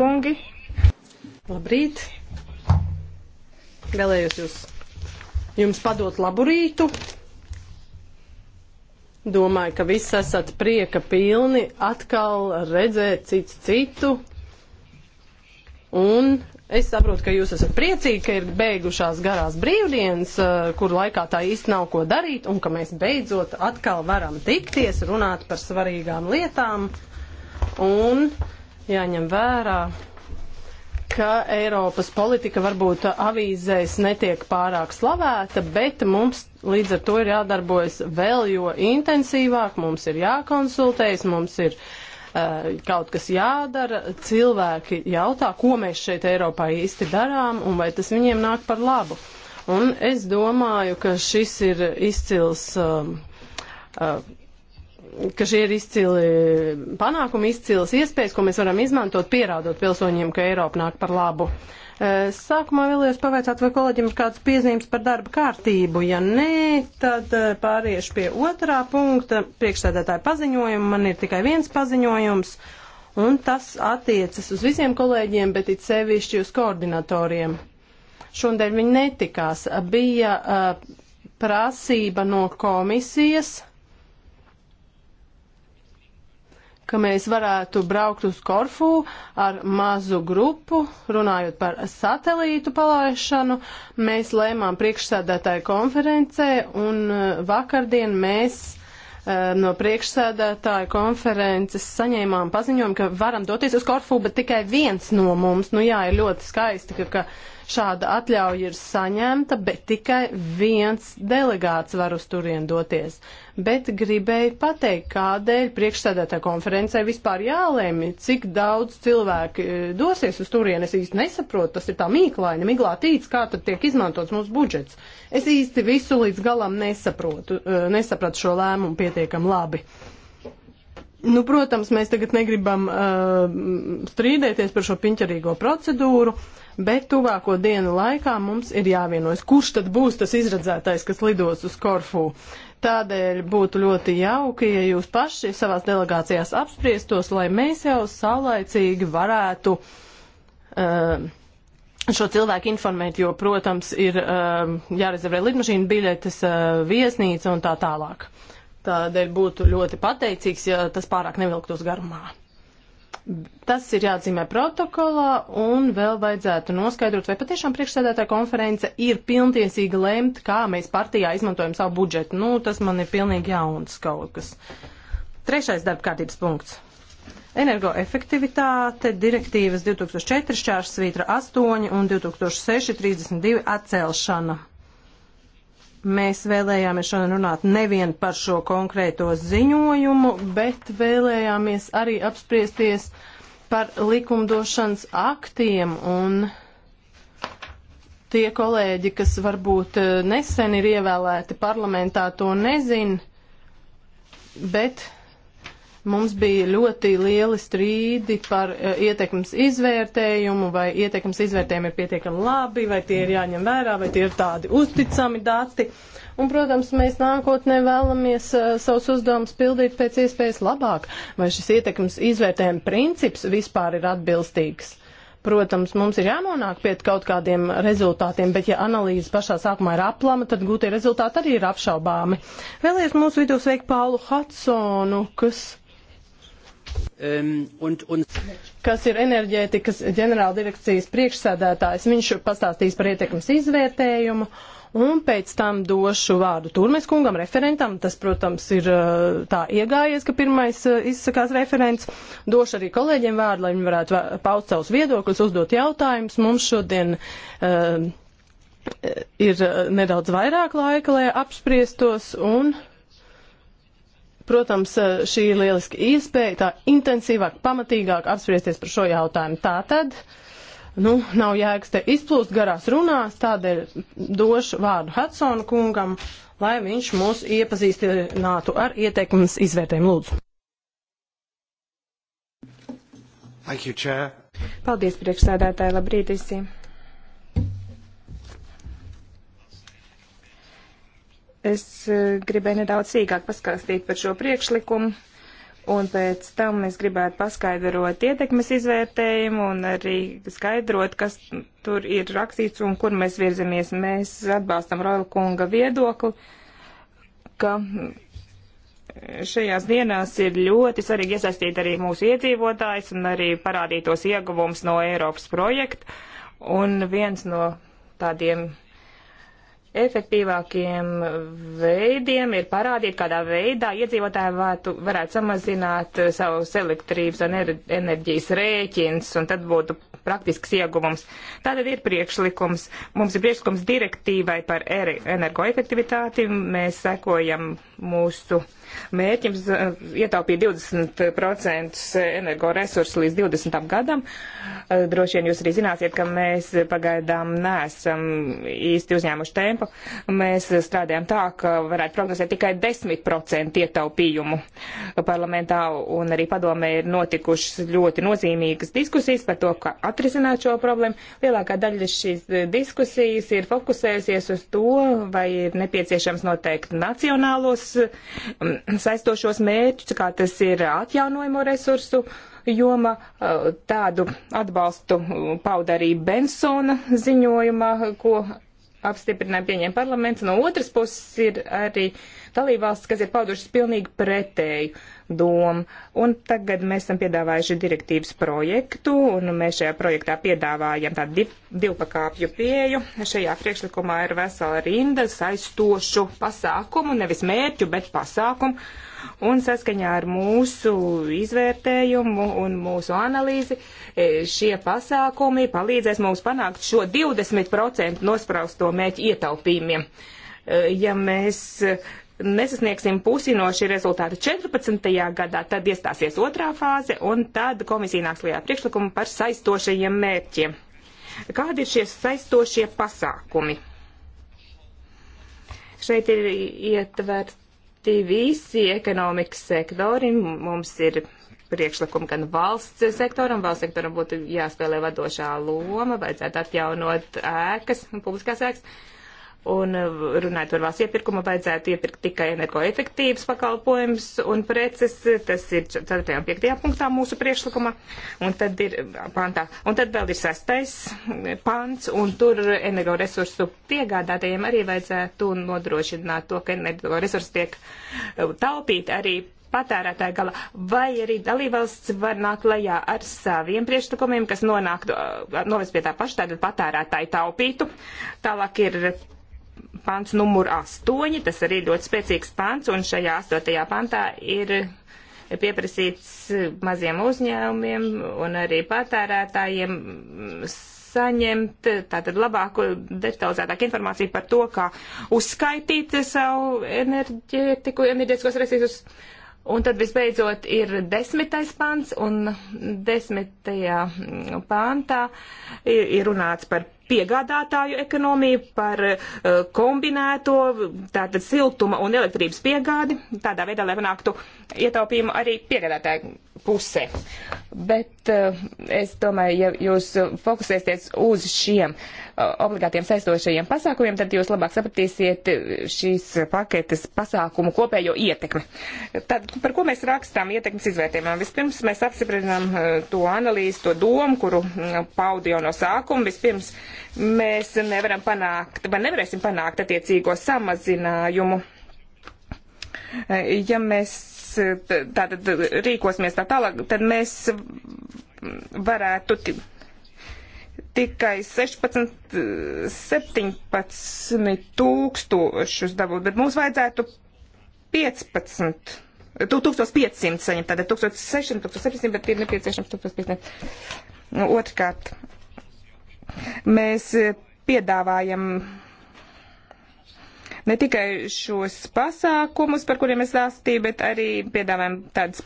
kungi! Labrīt! Vēlējos jūs, jums padot labu rītu. Domāju, ka visi esat prieka pilni atkal redzēt cits citu. Un es saprotu, ka jūs esat priecīgi, ka ir beigušās garās brīvdienas, eh, kur laikā tā īsti nav ko darīt, un ka mēs beidzot atkal varam tikties, runāt par svarīgām lietām. Un uh, jāņem vērā ka Eiropas politika varbūt avīzēs netiek pārāk slavēta, bet mums līdz ar to ir jādarbojas vēl jo intensīvāk, mums ir jākonsultējas, mums ir uh, kaut kas jādara, cilvēki jautā, ko mēs šeit Eiropā īsti darām un vai tas viņiem nāk par labu. Un es domāju, ka šis ir izcils uh, uh, ka šie ir izcili panākumi, izcilas iespējas, ko mēs varam izmantot, pierādot pilsoņiem, ka Eiropa nāk par labu. E, sākumā vēlējos pavaicāt, vai kolēģim ir kādas piezīmes par darba kārtību. Ja nē, tad e, pāriešu pie otrā punkta. Priekšsēdētāja paziņojuma man ir tikai viens paziņojums, un tas attiecas uz visiem kolēģiem, bet it sevišķi uz koordinatoriem. Šodien viņi netikās. Bija uh, prasība no komisijas ka mēs varētu braukt uz Korfu ar mazu grupu, runājot par satelītu palaišanu. Mēs lēmām priekšsēdētāju konferencē un eh, vakardien mēs eh, no priekšsēdētāja konferences saņēmām paziņojumu, ka varam doties uz Korfu, bet tikai viens no mums. Nu jā, ir ļoti skaisti, ka, ka Šāda atļauja ir saņemta, bet tikai viens delegāts var uz turien doties. Bet gribēju pateikt, kādēļ priekšsēdētā konferencē vispār jālēmi, cik daudz cilvēki e, dosies uz turien. Es īsti nesaprotu, tas ir tā mīklaini, miglā tīts, kā tad tiek izmantots mūsu budžets. Es īsti visu līdz galam nesaprotu, e, nesapratu šo lēmumu pietiekam labi. Nu, protams, mēs tagad negribam uh, strīdēties par šo piņķerīgo procedūru bet tuvāko dienu laikā mums ir jāvienojas, kurš tad būs tas izredzētais, kas lidos uz Korfu. Tādēļ būtu ļoti jauki, ja jūs paši savās delegācijās apspriestos, lai mēs jau saulaicīgi varētu uh, šo cilvēku informēt, jo, protams, ir uh, jārezervē lidmašīna biļetes, uh, viesnīca un tā tālāk. Tādēļ būtu ļoti pateicīgs, ja tas pārāk nevilktos garumā. Tas ir jāatzīmē protokolā, un vēl vajadzētu noskaidrot, vai patiešām priekšsēdētāja konference ir pilntiesīga lemt, kā mēs partijā izmantojam savu budžetu. Nu, tas man ir pilnīgi jauns kaut kas. Trešais darba kārtības punkts. Energoefektivitāte direktīvas 2004 svītra 8 un 2006-32 atcelšana. Mēs vēlējāmies šodien runāt nevien par šo konkrēto ziņojumu, bet vēlējāmies arī apspriesties par likumdošanas aktiem un tie kolēģi, kas varbūt eh, nesen ir ievēlēti parlamentā, to nezin, bet mums bija ļoti lieli strīdi par eh, ietekmes izvērtējumu, vai ietekmes izvērtējumi ir pietiekami labi, vai tie ir jāņem vērā, vai tie ir tādi uzticami dati. Uh, Un, protams, mēs nākotnē vēlamies uh, savus uzdevumus pildīt pēc iespējas labāk. Vai šis ietekmes izvērtējuma princips vispār ir atbilstīgs? Protams, mums ir jānonāk pie kaut kādiem rezultātiem, bet ja analīze pašā sākumā ir aplama, tad gūtie rezultāti arī ir apšaubāmi. Vēlēs mūsu vidū sveikt Paulu Hudsonu, kas. Um, un, un... Kas ir enerģētikas ģenerāldirekcijas priekšsēdētājs? Viņš pastāstīs par ietekmes izvērtējumu. Uh, un pēc tam došu vārdu Turmes kungam, referentam. Tas, protams, ir tā iegājies, ka pirmais izsakās referents. Došu arī kolēģiem vārdu, lai viņi varētu paust savus viedokļus, uzdot jautājumus. Mums šodien uh, ir nedaudz vairāk laika, lai apspriestos un. Protams, šī ir lieliski iespēja tā intensīvāk, pamatīgāk apspriesties par šo jautājumu. Tātad, uh, Nu, nav jēgas te izplūst garās runās, tādēļ došu vārdu Hudsonu kungam, lai viņš mūs iepazīstinātu ar ieteikumus izvērtējumu lūdzu. Thank you, Chair. Paldies, priekšsēdētāji, labrīt visiem! Es eh, gribēju nedaudz sīkāk paskatīt par šo priekšlikumu. Un pēc tam es gribētu paskaidrot ietekmes izvērtējumu un arī skaidrot, kas tur ir rakstīts un kur mēs virzamies. Mēs atbalstam Roila kunga viedokli, ka šajās dienās ir ļoti svarīgi iesaistīt arī mūsu iedzīvotājs un arī parādīt tos ieguvums no Eiropas projekta. Un viens no tādiem efektīvākiem veidiem ir parādīt, kādā veidā iedzīvotāji vārtu, varētu samazināt eh, savus elektrības un enerģijas rēķins, un tad būtu praktisks ieguvums. Tātad ir priekšlikums. Mums ir priekšlikums direktīvai par energoefektivitāti. Mēs sekojam mūsu uh, mērķim eh, ietaupīt 20% eh, energoresursu līdz 20. gadam. Eh, droši vien jūs arī zināsiet, ka mēs pagaidām neesam īsti uzņēmuši tempu. Mēs strādājam tā, ka varētu prognozēt tikai 10% ietaupījumu parlamentā, un arī padomē ir notikušas ļoti nozīmīgas diskusijas par to, kā atrisināt šo problēmu. Lielākā daļa šīs diskusijas ir fokusējusies uz to, vai ir nepieciešams noteikt nacionālos mm, saistošos mērķus, kā tas ir atjaunojumu resursu joma. Eh, tādu atbalstu pauda arī Bensona ziņojumā, ko apstiprināja pieņēma parlaments. No otras puses ir arī dalībvalstis, kas ir paudušas pilnīgi pretēju doma. Un tagad mēs esam piedāvājuši direktīvas projektu, un mēs šajā projektā piedāvājam tādu div, divpakāpju pieju. Šajā priekšlikumā ir vesela rinda saistošu pasākumu, nevis mērķu, bet pasākumu. Un saskaņā ar mūsu izvērtējumu un mūsu analīzi e, šie pasākumi palīdzēs mums panākt šo 20% nospraustu mērķu ietaupījumiem e, ja mēs nesasniegsim pusi no šī rezultāta 14. gadā, tad iestāsies otrā fāze, un tad komisija nāks lielā priekšlikuma par saistošajiem mērķiem. Kādi ir šie saistošie pasākumi? Šeit ir ietverti visi ekonomikas sektori. Mums ir priekšlikumi gan valsts sektoram, valsts sektoram būtu jāspēlē vadošā loma, vajadzētu atjaunot ēkas, publiskās ēkas. Uh, Un eh, runājot par valsts iepirkumu, vajadzētu iepirkt tikai energoefektīvas pakalpojumus un preces. Tas ir 4. un 5. punktā mūsu priekšlikuma. Un tad ir eh, pantā. Un tad vēl ir 6. Eh, pants, un tur energoresursu piegādātajiem arī vajadzētu nodrošināt to, ka energoresursi tiek taupīti arī patērētāja gala, vai arī dalībvalsts var nākt lajā ar saviem priekšlikumiem, kas nonāktu, novest pie tā paša, tātad patērētāji taupītu. Tālāk ir pants numur 8, tas arī ļoti spēcīgs pants, un šajā 8. pantā ir pieprasīts maziem uzņēmumiem un arī patērētājiem saņemt tātad labāku, detalizētāku informāciju par to, kā uzskaitīt savu enerģētiku, enerģētiskos resursus. Un tad visbeidzot ir desmitais pants, un desmitajā pāntā ir runāts par piegādātāju ekonomiju, par eh, kombinēto tātad siltuma un elektrības piegādi, tādā veidā, lai panāktu ietaupījumu arī piegādātāju pusē. Bet eh, es domāju, ja jūs fokusēsieties uz šiem uh, obligātiem saistošajiem pasākumiem, tad jūs labāk sapratīsiet šīs paketes pasākumu kopējo ietekmi. Tad, par ko mēs rakstām ietekmes izvērtējumā? Vispirms mēs apstiprinām eh, to analīzi, to domu, kuru mm, paudi jau no sākuma. Vispirms mēs nevaram panākt, vai nevarēsim panākt attiecīgo samazinājumu. Eh, ja mēs eh, tātad rīkosimies tā tālāk, tad mēs mm, varētu tikai 16, 17 tūkstošus dabūt, bet mums vajadzētu 15. 1500 saņemt, tātad 1600, 1700, bet ir nepieciešams 1500. Nu, otrkārt, mēs piedāvājam ne tikai šos pasākumus, par kuriem es stāstīju, bet arī piedāvājam tādas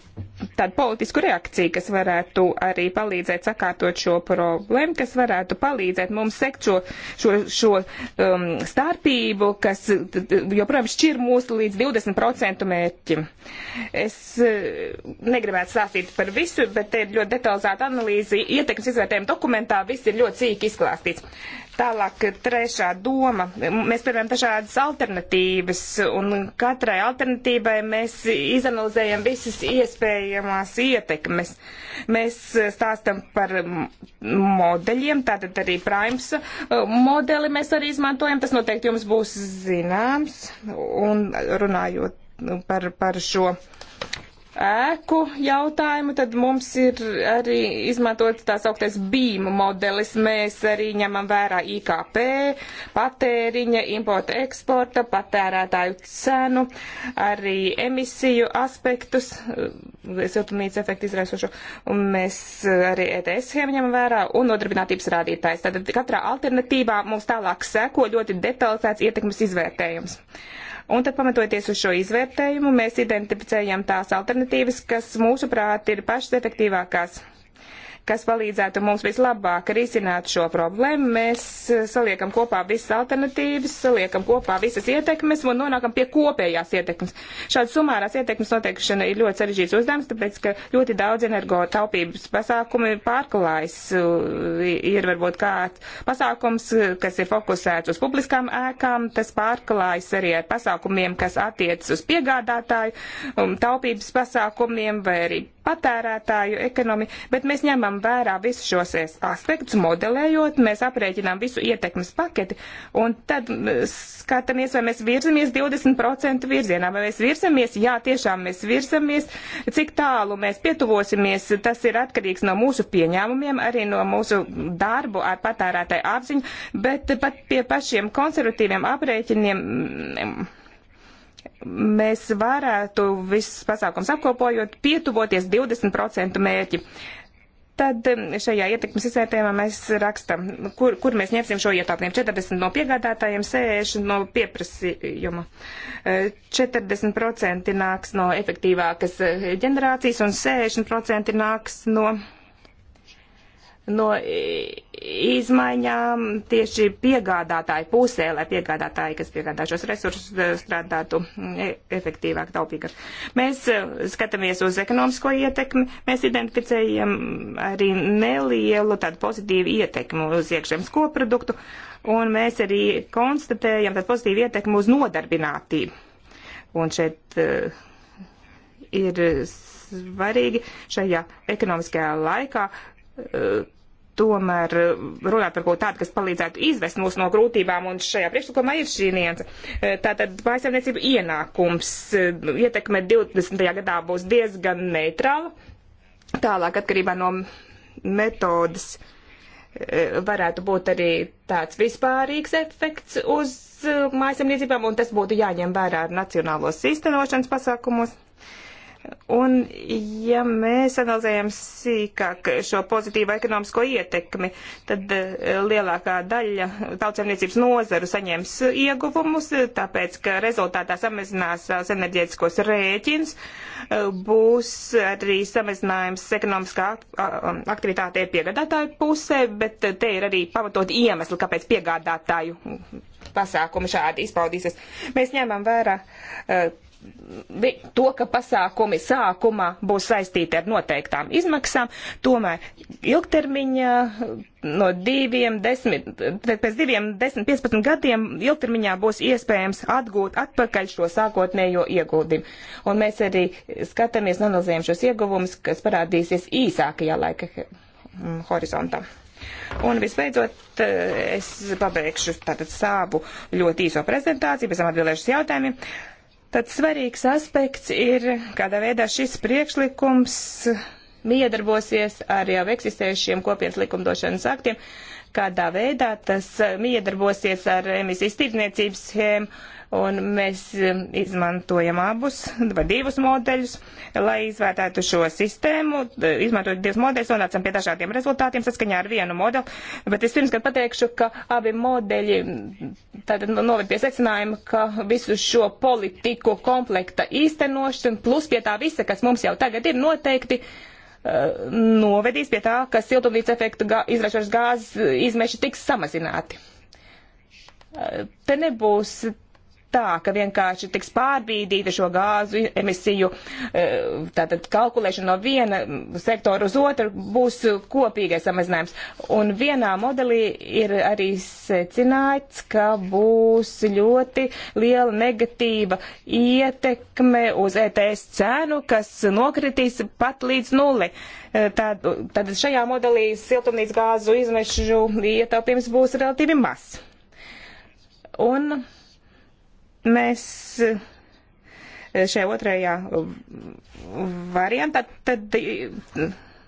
tādu politisku reakciju, kas varētu arī palīdzēt sakārtot šo problēmu, kas varētu palīdzēt mums sekt šo, šo, šo um, starpību, kas joprojām šķir mūsu līdz 20% mērķim. Es uh, negribētu stāstīt par visu, bet te ir ļoti detalizēta analīze, ietekmes izvērtējuma dokumentā viss ir ļoti cīki izklāstīts. Uh, Tālāk, trešā doma. Mēs piedāvājam dažādas alternatīvas, un katrai alternatīvai mēs izanalizējam visas iespējamās ietekmes. Mēs stāstam par modeļiem, tātad arī Primes uh, modeli mēs arī izmantojam. Tas noteikti jums būs zināms, un runājot par, par šo ēku jautājumu, tad mums ir arī izmantots tās augtais bīmu modelis. Mēs arī ņemam vērā IKP, patēriņa, importa eksporta, patērētāju cenu, arī emisiju aspektus, eh, siltumnīca efektu izraisošo, un mēs eh, arī ETS schēmu ņemam vērā un nodarbinātības rādītājs. Tātad katrā alternatīvā mums tālāk seko ļoti detalizēts ietekmes izvērtējums. Uh, Un tad, pamatoties uz šo izvērtējumu, mēs identificējam tās alternatīvas, kas mūsuprāt ir pašas efektīvākās kas palīdzētu mums vislabāk risināt šo problēmu. Mēs eh, saliekam kopā visas alternatīvas, saliekam kopā visas ietekmes un nonākam pie kopējās ietekmes. Šāda sumārās ietekmes noteikšana ir ļoti sarežģīts uzdevums, tāpēc, ka ļoti daudz energo taupības pasākumi pārklājas. Eh, ir varbūt kāds pasākums, eh, kas ir fokusēts uz publiskām ēkām, tas pārklājas arī ar pasākumiem, kas attiecas uz piegādātāju, um, taupības pasākumiem vai arī patērētāju ekonomiju, bet mēs ņemam vērā visus šos aspektus, modelējot, mēs aprēķinām visu ietekmes paketi, un tad skatāmies, vai mēs virzamies 20% virzienā, vai mēs virzamies, jā, tiešām mēs virzamies, cik tālu mēs pietuvosimies, tas ir atkarīgs no mūsu pieņēmumiem, arī no mūsu darbu ar patērētāju apziņu, bet pat pie pašiem konservatīviem aprēķiniem mēs varētu visus pasākums apkopojot pietuvoties 20% mērķi. Tad um, šajā ietekmes izvērtējumā mēs rakstam, kur, kur mēs ņemsim šo ietaupījumu. 40 no piegādātājiem, 60 no pieprasījuma. 40% uh, nāks no efektīvākas uh, ģenerācijas un 60% nāks no no izmaiņām tieši piegādātāju pusē, lai piegādātāji, kas piegādā šos resursus, eh, strādātu mm, e, efektīvāk, taupīgāk. Mēs eh, skatāmies uz ekonomisko ietekmi, mēs identificējam arī nelielu tādu pozitīvu ietekmi uz iekšzemes koproduktu, un mēs arī konstatējam tādu pozitīvu ietekmi uz nodarbinātību. Un šeit uh, ir svarīgi šajā ekonomiskajā laikā uh, tomēr eh, runāt par kaut tādu, kas palīdzētu izvest mūs no grūtībām, un šajā priekšlikumā ir šī nianse. Eh, tātad mājasēmniecība ienākums eh, ietekme 20. gadā būs diezgan neitrāla, tālāk atkarībā no metodas varētu būt arī tāds vispārīgs efekts uz mājasemniecībām, un tas būtu jāņem vērā ar nacionālos īstenošanas pasākumus. Un, ja mēs analizējam sīkāk šo pozitīvo ekonomisko ietekmi, tad eh, lielākā daļa tautsemniecības nozaru saņems ieguvumus, tāpēc, ka rezultātā samazinās eh, enerģētiskos rēķins, eh, būs arī samazinājums ekonomiskā aktivitātē piegādātāju pusē, bet te ir arī pamatot iemesli, kāpēc piegādātāju pasākumi šādi izpaudīsies. Mēs ņemam vērā to, ka pasākumi sākumā būs saistīti ar noteiktām izmaksām, tomēr ilgtermiņa no diviem, desmit, pēc diviem, desmit, piecpadsmit gadiem ilgtermiņā būs iespējams atgūt atpakaļ šo sākotnējo ieguldījumu. Un mēs arī skatāmies un analizējam šos ieguvumus, kas parādīsies īsākajā laika mm, horizontā. Un visbeidzot, eh, es pabeigšu tātad savu ļoti īso prezentāciju, pēc tam atbildēšu uz jautājumiem. Uh, Tad svarīgs aspekts ir, kādā veidā šis priekšlikums miedarbosies ar jau eksistējušiem kopienas likumdošanas aktiem, kādā veidā tas eh, miedarbosies ar emisijas tirdzniecības schēmu, un mēs eh, izmantojam abus vai divus modeļus, lai izvērtētu šo sistēmu, eh, izmantojot divus modeļus, nonācam pie dažādiem rezultātiem saskaņā ar vienu modeli, bet es pirms, kad pateikšu, ka abi modeļi tātad noved pie secinājuma, ka visu šo politiku komplekta īstenošana, plus pie tā visa, kas mums jau tagad ir noteikti, novedīs pie tā, ka siltumnīca efektu gā, izraisošas gāzes izmeši tiks samazināti. Te nebūs tā, ka vienkārši tiks pārbīdīta šo gāzu emisiju e, tātad kalkulēšana no viena sektora uz otru būs kopīgais samazinājums. Un vienā modelī ir arī secināts, ka būs ļoti liela negatīva ietekme uz ETS cenu, kas nokritīs pat līdz nulli. E, tad, tad šajā modelī siltumnīcas gāzu izmešu ietaupījums būs relatīvi mazs. Un mēs e, šajā otrajā variantā tad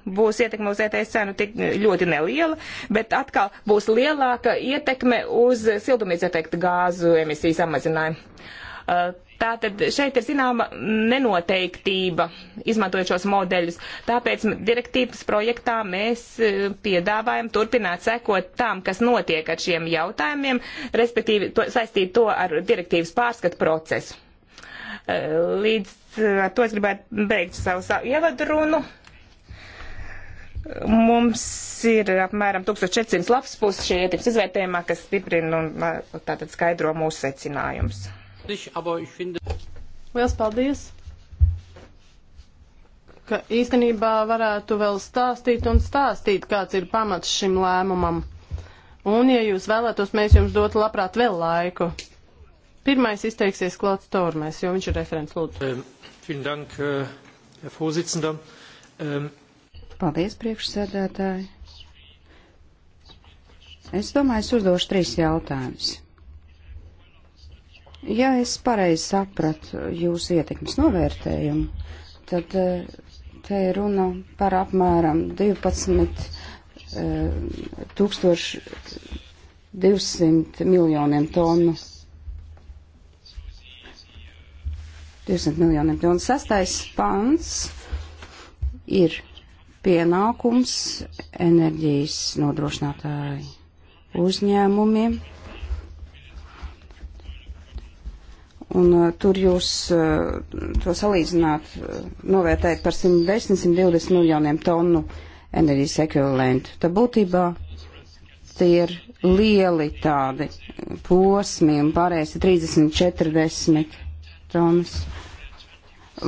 būs ietekme uz ETS cenu tik ļoti neliela, bet atkal būs lielāka ietekme uz siltumnīca efekta gāzu emisiju samazinājumu. E, Tātad šeit ir zināma nenoteiktība, izmantojot šos modeļus. Tāpēc direktīvas projektā mēs e, piedāvājam turpināt sekot tam, kas notiek ar šiem jautājumiem, respektīvi to, saistīt to ar direktīvas pārskatu procesu. E, līdz e, ar to es gribētu beigt savu, savu ievadrunu. Mums ir apmēram 1400 lapas puses šie ietekmes izvērtējumā, kas stiprina un tātad skaidro mūsu secinājumus. Lielas paldies! ka īstenībā varētu vēl stāstīt un stāstīt, kāds ir pamats šim lēmumam. Un, ja jūs vēlētos, mēs jums dotu labprāt vēl laiku. Pirmais izteiksies Klauds Tormēs, jo viņš ir referents lūdzu. Äh, paldies, priekšsēdētāji. Es domāju, es uzdošu trīs jautājumus. Ja es pareizi sapratu jūsu ietekmes novērtējumu, tad eh, te ir runa par apmēram 12 tūkstoši 200 miljoniem tonu. 200 miljoniem tonu sastais pants ir pienākums enerģijas nodrošinātāju uzņēmumiem Un uh, tur jūs uh, to salīdzināt, uh, novērtējat par 110-120 miljoniem tonu enerģijas ekvivalentu. Tā būtībā tie ir lieli tādi posmi un pārējais ir 30-40 tonnas.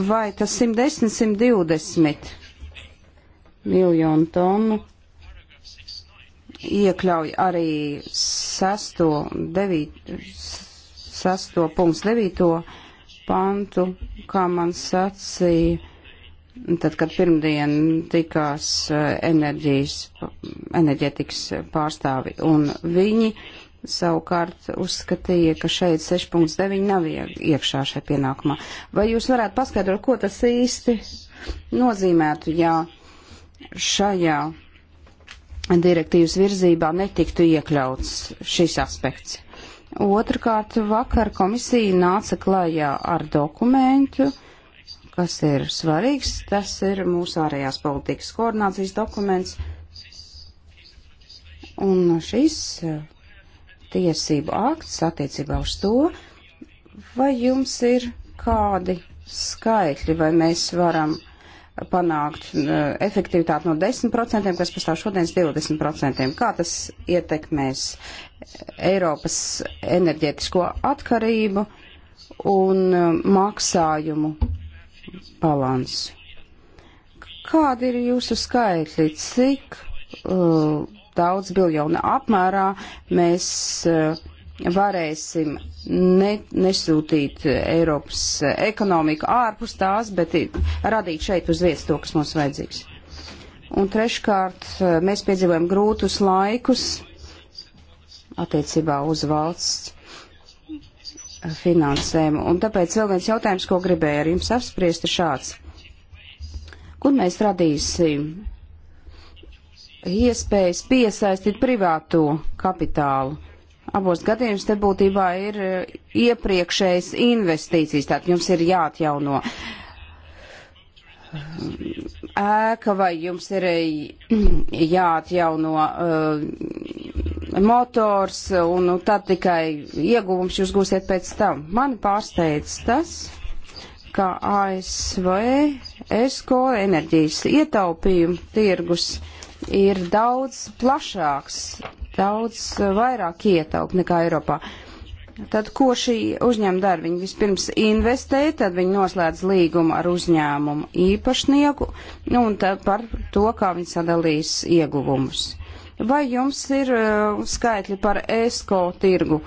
Vai tas 110-120 miljonu tonu iekļauj arī sesto, devīto 6.9. pantu, kā man sacīja, tad, kad pirmdien tikās eh, enerģijas, enerģetikas pārstāvi, un viņi savukārt uzskatīja, ka šeit 6.9 nav iekšā šai pienākumā. Vai jūs varētu paskaidrot, ko tas īsti nozīmētu, ja šajā direktīvas virzībā netiktu iekļauts šis aspekts? Otrakārt, vakar komisija nāca klajā ar dokumentu, kas ir svarīgs. Tas ir mūsu ārējās politikas koordinācijas dokuments. Un šis eh, tiesību akts attiecībā uz to, vai jums ir kādi skaitļi, vai mēs varam panākt eh, efektivitāti no 10%, kas pastāv šodienas 20%. Kā tas ietekmēs eh, Eiropas enerģētisko atkarību un eh, maksājumu balansu? Kādi ir jūsu skaitļi, cik uh, daudz biljonu apmērā mēs uh, varēsim ne, nesūtīt Eiropas ekonomiku ārpus tās, bet radīt šeit uz vietas to, kas mums vajadzīgs. Un treškārt, mēs piedzīvojam grūtus laikus attiecībā uz valsts finansēm. Un tāpēc vēl viens jautājums, ko gribēju ar jums apspriest, ir šāds. Kur mēs radīsim iespējas piesaistīt privāto kapitālu? Abos gadījumos te būtībā ir eh, iepriekšējas investīcijas, tātad jums ir jāatjauno ēka vai jums ir eh, jāatjauno uh, motors un nu, tad tikai ieguvums jūs gūsiet pēc tam. Mani pārsteidz tas, ka ASV ESCO enerģijas ietaupījumu tirgus ir daudz plašāks daudz eh, vairāk ietaupt nekā Eiropā. Tad, ko šī uzņēmuma dara? Viņi vispirms investē, tad viņi noslēdz līgumu ar uzņēmumu īpašnieku nu, un tad par to, kā viņi sadalīs ieguvumus. Vai jums ir uh, skaitļi par ESCO tirgu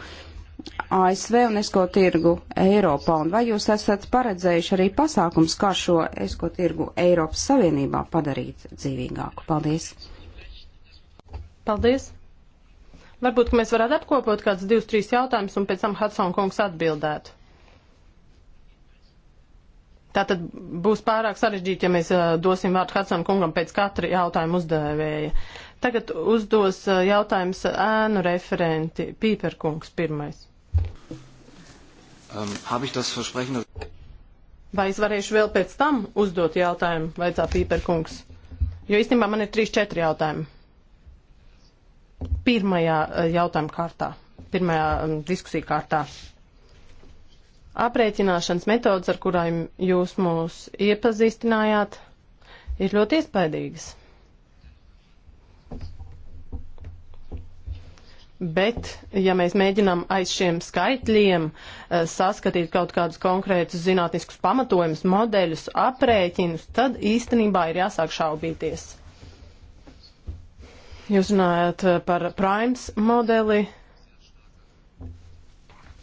ASV un ESCO tirgu Eiropā? Un vai jūs esat paredzējuši arī pasākums, kā šo ESCO tirgu Eiropas Savienībā padarīt dzīvīgāku? Paldies! Paldies! Varbūt, ka mēs varētu apkopot kāds divus, trīs jautājumus un pēc tam Hudson kungs atbildētu. Tā tad būs pārāk sarežģīti, ja mēs uh, dosim vārdu Hudson kungam pēc katra jautājuma uzdevēja. Tagad uzdos uh, jautājums ēnu referenti. Pīperkungs pirmais. Um, Vai es varēšu vēl pēc tam uzdot jautājumu, vaicā Pīperkungs? Jo īstenībā man ir 3-4 jautājumi. Pirmajā eh, jautājuma kārtā, pirmajā mm, diskusija kārtā. Aprēķināšanas metodas, ar kurām jūs mūs iepazīstinājāt, ir ļoti iespaidīgas. Bet, ja mēs mēģinām aiz šiem skaitļiem eh, saskatīt kaut kādus konkrētus zinātniskus pamatojumus, modeļus, aprēķinus, tad īstenībā ir jāsāk šaubīties. Jūs runājat eh, par Primes modeli.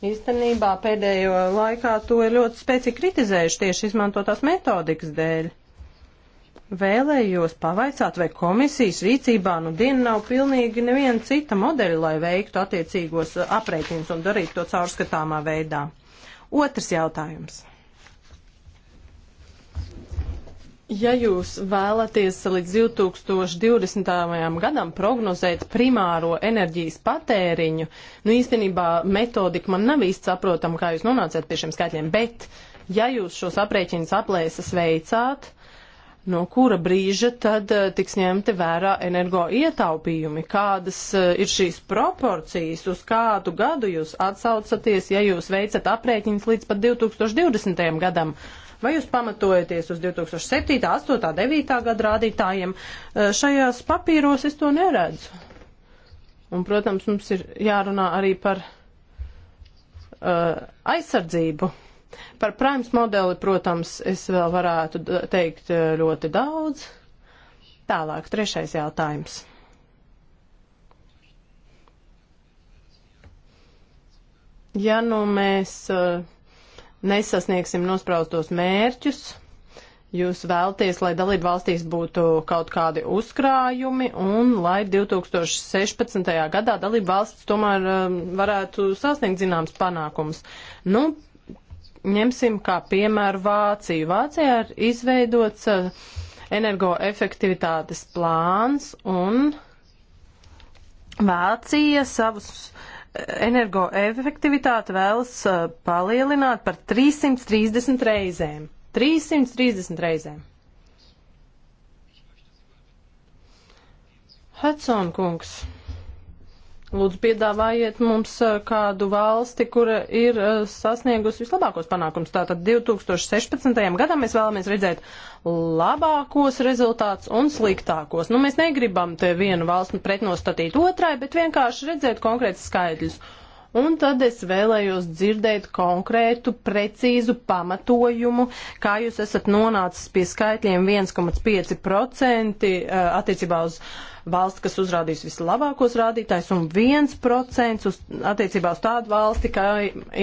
Īstenībā pēdējo laikā to ir ļoti spēcīgi kritizējuši tieši izmantotās metodikas dēļ. Vēlējos pavaicāt, vai komisijas rīcībā nu diena nav pilnīgi neviena cita modeļa, lai veiktu attiecīgos aprēķinus un darītu to caurskatāmā veidā. Otrs jautājums. Ja jūs vēlaties līdz 2020. gadam prognozēt primāro enerģijas patēriņu, nu īstenībā metodika man nav īsti saprotama, kā jūs nonācāt pie šiem skaitļiem, bet ja jūs šos aprēķinus aplēses veicāt, no kura brīža tad eh, tiks ņemti vērā energo ietaupījumi, kādas eh, ir šīs proporcijas, uz kādu gadu jūs atsaucaties, ja jūs veicat aprēķinus līdz pat 2020. gadam? Vai jūs pamatojaties uz 2007, 8, 9 gada rādītājiem? Šajās papīros es to neredzu. Un, protams, mums ir jārunā arī par uh, aizsardzību. Par prēmas modeli, protams, es vēl varētu teikt ļoti daudz. Tālāk, trešais jautājums. Ja nu mēs uh, nesasniegsim nospraustos mērķus, jūs vēlties, lai dalību valstīs būtu kaut kādi uzkrājumi un lai 2016. gadā dalību valsts tomēr um, varētu sasniegt zināms panākums. Nu, ņemsim kā piemēru Vāciju. Vācijā ir izveidots uh, energoefektivitātes plāns un Vācija savus energoefektivitāti vēlas uh, palielināt par 330 reizēm. 330 reizēm. Hudson kungs. Lūdzu, piedāvājiet mums uh, kādu valsti, kura ir uh, sasniegusi vislabākos panākums. Tātad 2016. gadam mēs vēlamies redzēt labākos rezultātus un sliktākos. Nu, mēs negribam te vienu valstu pretnostatīt otrai, bet vienkārši redzēt konkrētas skaidrs. Un tad es vēlējos dzirdēt konkrētu, precīzu pamatojumu, kā jūs esat nonācis pie skaitļiem 1,5% eh, attiecībā uz valsts, kas uzrādīs vislabākos rādītājus, un 1% uz, attiecībā uz tādu valsti, kā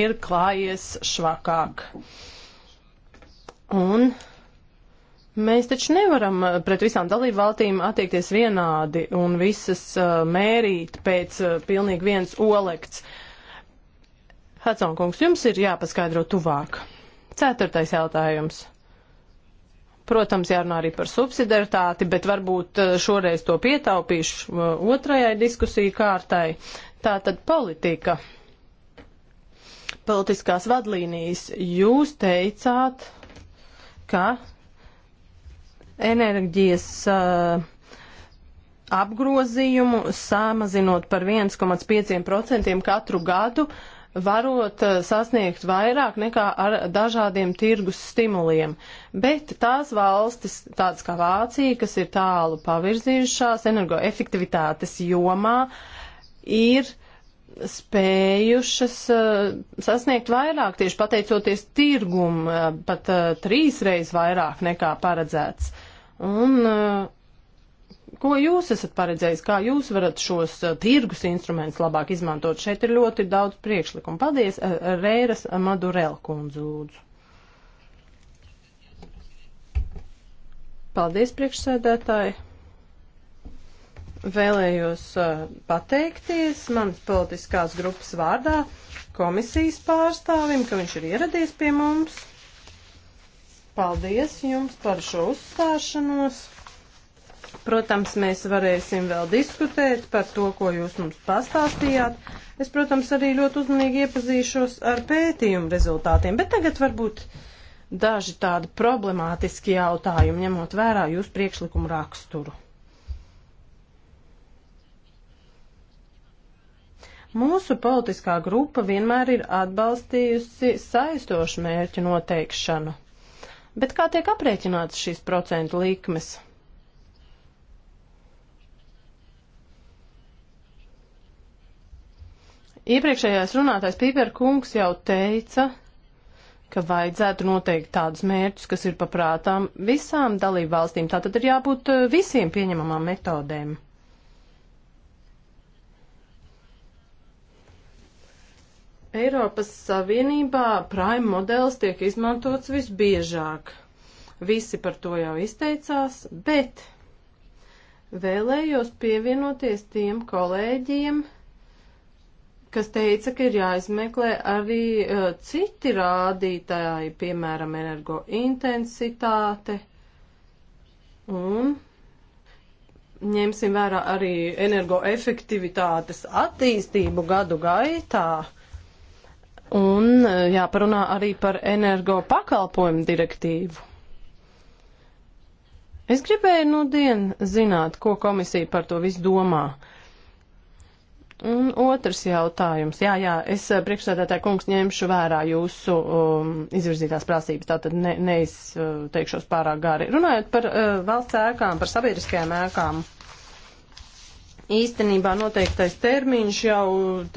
ir klājies švakāk. Un Mēs taču nevaram eh, pret visām dalību valstīm attiekties vienādi un visas eh, mērīt pēc pilnīgi viens olekts. Uh, Hatsonkungs, jums ir jāpaskaidro tuvāk. Ceturtais jautājums. Protams, jārunā arī par subsidiaritāti, bet varbūt eh, šoreiz to pietaupīšu eh, otrajai diskusiju kārtai. Tā tad politika, politiskās vadlīnijas. Jūs teicāt, ka enerģijas uh, apgrozījumu samazinot par 1,5% katru gadu, uh, varot eh, sasniegt vairāk nekā ar dažādiem tirgus stimuliem. Bet tās valstis, tādas kā Vācija, kas ir tālu pavirzījušās energoefektivitātes jomā, ir spējušas eh, sasniegt vairāk tieši pateicoties tirgumu, eh, pat trīsreiz vairāk nekā paredzēts. Un uh, Ko jūs esat paredzējis, kā jūs varat šos eh, tirgus instrumentus labāk izmantot? Šeit ir ļoti daudz priekšlikumu. Paldies, eh, Rēras Madurela kundze, lūdzu. Paldies, priekšsēdētāji. Vēlējos eh, pateikties manas politiskās grupas vārdā komisijas pārstāvim, ka viņš ir ieradies pie mums. Paldies jums par šo uzstāšanos. Protams, mēs varēsim vēl diskutēt par to, ko jūs mums pastāstījāt. Es, protams, arī ļoti uzmanīgi iepazīšos ar pētījumu rezultātiem, bet tagad varbūt daži tādi problemātiski jautājumi, ņemot vērā jūsu priekšlikumu raksturu. Mūsu politiskā grupa vienmēr ir atbalstījusi saistošu mērķu noteikšanu. Bet kā tiek aprēķināts šīs procentu likmes? Iepriekšējais runātais Pīper kungs jau teica, ka vajadzētu noteikt tādus mērķus, kas ir paprātām visām dalību valstīm. Tātad ir jābūt eh, visiem pieņemamām metodēm. Eiropas Savienībā prime modelis tiek izmantots visbiežāk. Visi par to jau izteicās, bet vēlējos pievienoties tiem kolēģiem, kas teica, ka ir jāizmeklē arī uh, citi rādītāji, piemēram, energointensitāte un ņemsim vērā arī energoefektivitātes attīstību gadu gaitā. Un uh, jāparunā arī par energo pakalpojumu direktīvu. Es gribēju nu dienu zināt, ko komisija par to visu domā. Uh, Un otrs jautājums. Jā, jā, es eh, priekšsēdētāju kungs ņemšu vērā jūsu um, izvirzītās prasības, tātad ne, neizteikšos eh, pārāk gari. Runājot par uh, valsts ēkām, par sabiedriskajām ēkām, īstenībā noteiktais termiņš jau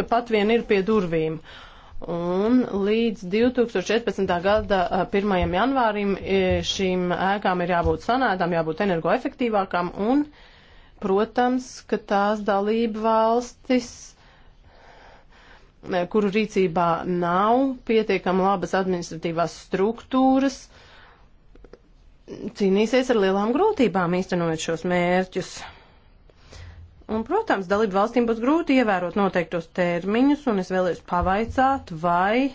tepat vien ir pie durvīm. Uh, Un līdz 2014. gada 1. janvārim šīm ēkām ir jābūt sanētām, jābūt energoefektīvākām, un Protams, ka tās dalība valstis eh, kuru rīcībā nav pietiekami labas administratīvās struktūras, cīnīsies ar lielām grūtībām īstenojot šos mērķus. Un, protams, dalību valstīm būs grūti ievērot noteiktos termiņus, un es vēlējos pavaicāt, vai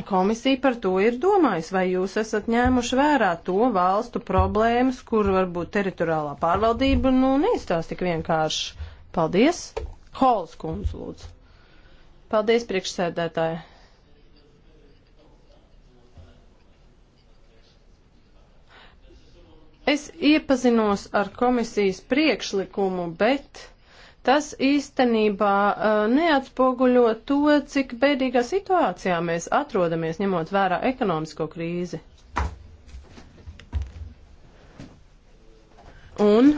komisija par to ir domājusi, vai jūs esat ņēmuši vērā to valstu problēmas, kur varbūt teritoriālā pārvaldība nu neizstās tik vienkārši. Paldies! Hols kundz, lūdzu. Paldies, priekšsēdētāji. Es iepazinos ar komisijas priekšlikumu, bet tas īstenībā eh, neatspoguļo to, cik bēdīgā situācijā mēs atrodamies, ņemot vērā ekonomisko krīzi. Un